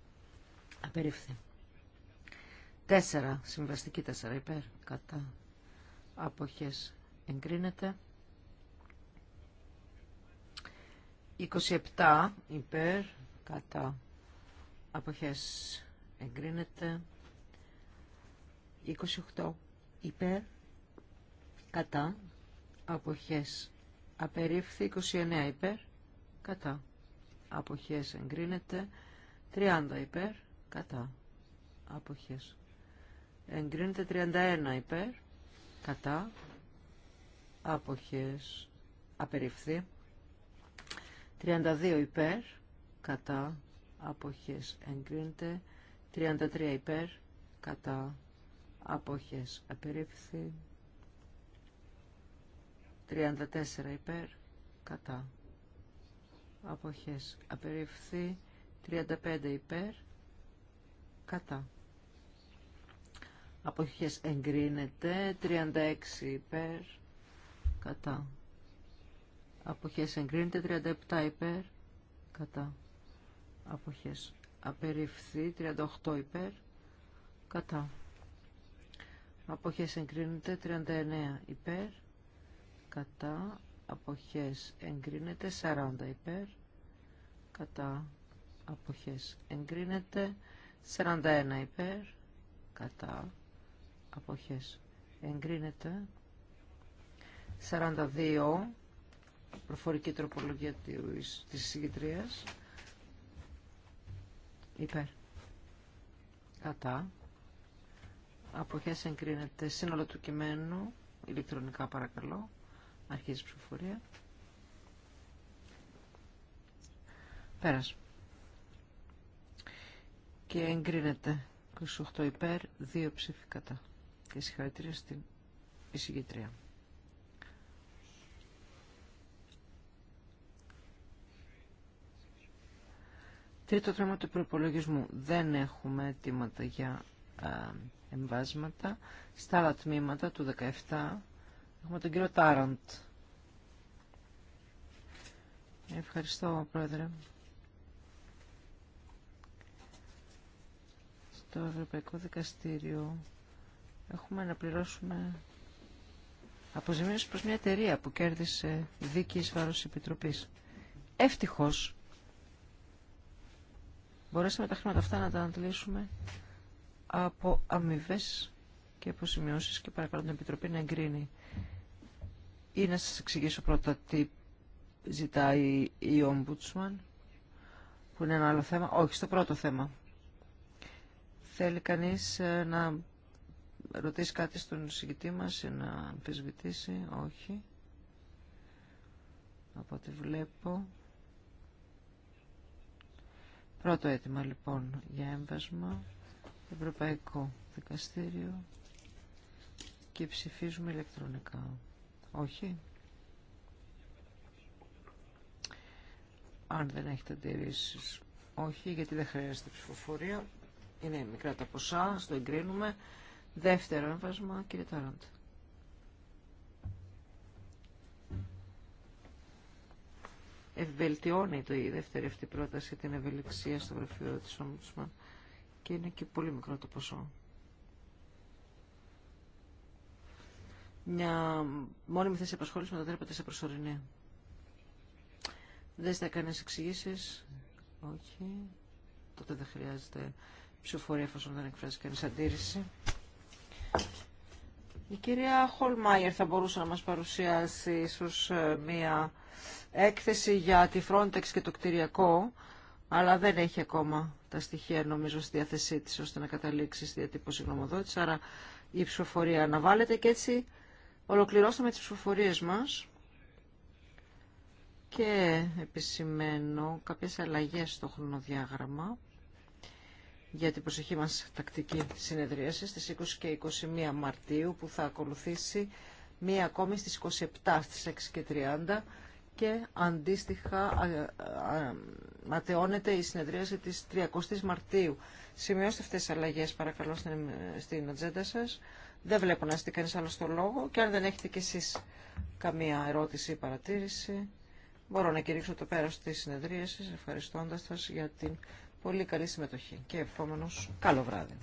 Απερίφθη. 4. Συμβαστική 4 υπέρ. Κατά αποχές εγκρίνεται. 27 υπέρ. Κατά αποχές εγκρίνεται. 28 υπέρ. Κατά αποχές απερίφθη. 29 υπέρ. Κατά αποχές εγκρίνεται. 30 υπέρ κατά αποχές εγκρίνεται 31 υπέρ κατά αποχές απεριφθεί 32 υπέρ κατά αποχές εγκρίνεται 33 υπέρ κατά αποχές απερίφθη 34 υπέρ κατά αποχές απερίφθη 35 υπέρ κατά. Αποχές εγκρίνεται 36 υπέρ κατά. Αποχές εγκρίνεται 37 υπέρ κατά. Αποχές απεριφθεί 38 υπέρ κατά. Αποχές εγκρίνεται 39 υπέρ κατά. Αποχές εγκρίνεται 40 υπέρ κατά. Αποχές εγκρίνεται 41 υπέρ, κατά, αποχές εγκρίνεται. 42, προφορική τροπολογία της συγκεντρίας, υπέρ, κατά, αποχές εγκρίνεται. Σύνολο του κειμένου, ηλεκτρονικά παρακαλώ, αρχίζει η ψηφοφορία. Πέρας και εγκρίνεται 28 υπέρ, 2 ψήφοι κατά. Και συγχαρητήρια στην εισηγητρία. Τρίτο τμήμα του προπολογισμού. Δεν έχουμε αιτήματα για εμβάσματα. Στα άλλα τμήματα του 17 έχουμε τον κύριο Τάραντ. Ευχαριστώ, Πρόεδρε. το Ευρωπαϊκό Δικαστήριο έχουμε να πληρώσουμε αποζημίωση προς μια εταιρεία που κέρδισε δίκη εις βάρος επιτροπής. Ευτυχώς μπορέσαμε τα χρήματα αυτά να τα αντλήσουμε από αμοιβέ και αποζημιώσεις και παρακαλώ την Επιτροπή να εγκρίνει ή να σας εξηγήσω πρώτα τι ζητάει η Ombudsman που είναι ένα άλλο θέμα. Όχι, στο πρώτο θέμα. Θέλει κανείς ε, να ρωτήσει κάτι στον συγκητή μας ή να αμφισβητήσει. Όχι. Από ό,τι βλέπω. Πρώτο αίτημα λοιπόν για έμβασμα. Ευρωπαϊκό Δικαστήριο. Και ψηφίζουμε ηλεκτρονικά. Όχι. Αν δεν έχετε αντιρρήσεις. Όχι, γιατί δεν χρειάζεται ψηφοφορία. Είναι μικρά τα ποσά, στο εγκρίνουμε. Δεύτερο έμβασμα, κύριε Τάραντ. Ευελτιώνει το η δεύτερη αυτή πρόταση την ευελιξία στο γραφείο της Ομπλουσμαν και είναι και πολύ μικρό το ποσό. Μια μόνιμη θέση απασχόληση μετατρέπεται σε προσωρινή. Δεν θα κάνει εξηγήσει. Όχι. Τότε δεν χρειάζεται ψηφοφορία εφόσον δεν εκφράζει κανείς αντίρρηση. Η κυρία Χολμάιερ θα μπορούσε να μας παρουσιάσει ίσως ε, μία έκθεση για τη Frontex και το κτηριακό, αλλά δεν έχει ακόμα τα στοιχεία νομίζω στη διάθεσή της ώστε να καταλήξει στη διατύπωση γνωμοδότης, άρα η ψηφοφορία αναβάλλεται και έτσι ολοκληρώσαμε τις ψηφοφορίες μας και επισημαίνω κάποιες αλλαγές στο χρονοδιάγραμμα για την προσεχή μας τακτική συνεδρίαση στις 20 και 21 Μαρτίου που θα ακολουθήσει μία ακόμη στις 27 στις 6 και 30 και αντίστοιχα ματαιώνεται η συνεδρίαση της 30 Μαρτίου. Σημειώστε αυτές τις αλλαγές παρακαλώ στην, στην ατζέντα σας. Δεν βλέπω να είστε κανείς άλλο στο λόγο και αν δεν έχετε κι εσείς καμία ερώτηση ή παρατήρηση μπορώ να κηρύξω το πέρας της συνεδρίασης ευχαριστώντας σας για την πολύ καλή συμμετοχή και επόμενος καλό βράδυ.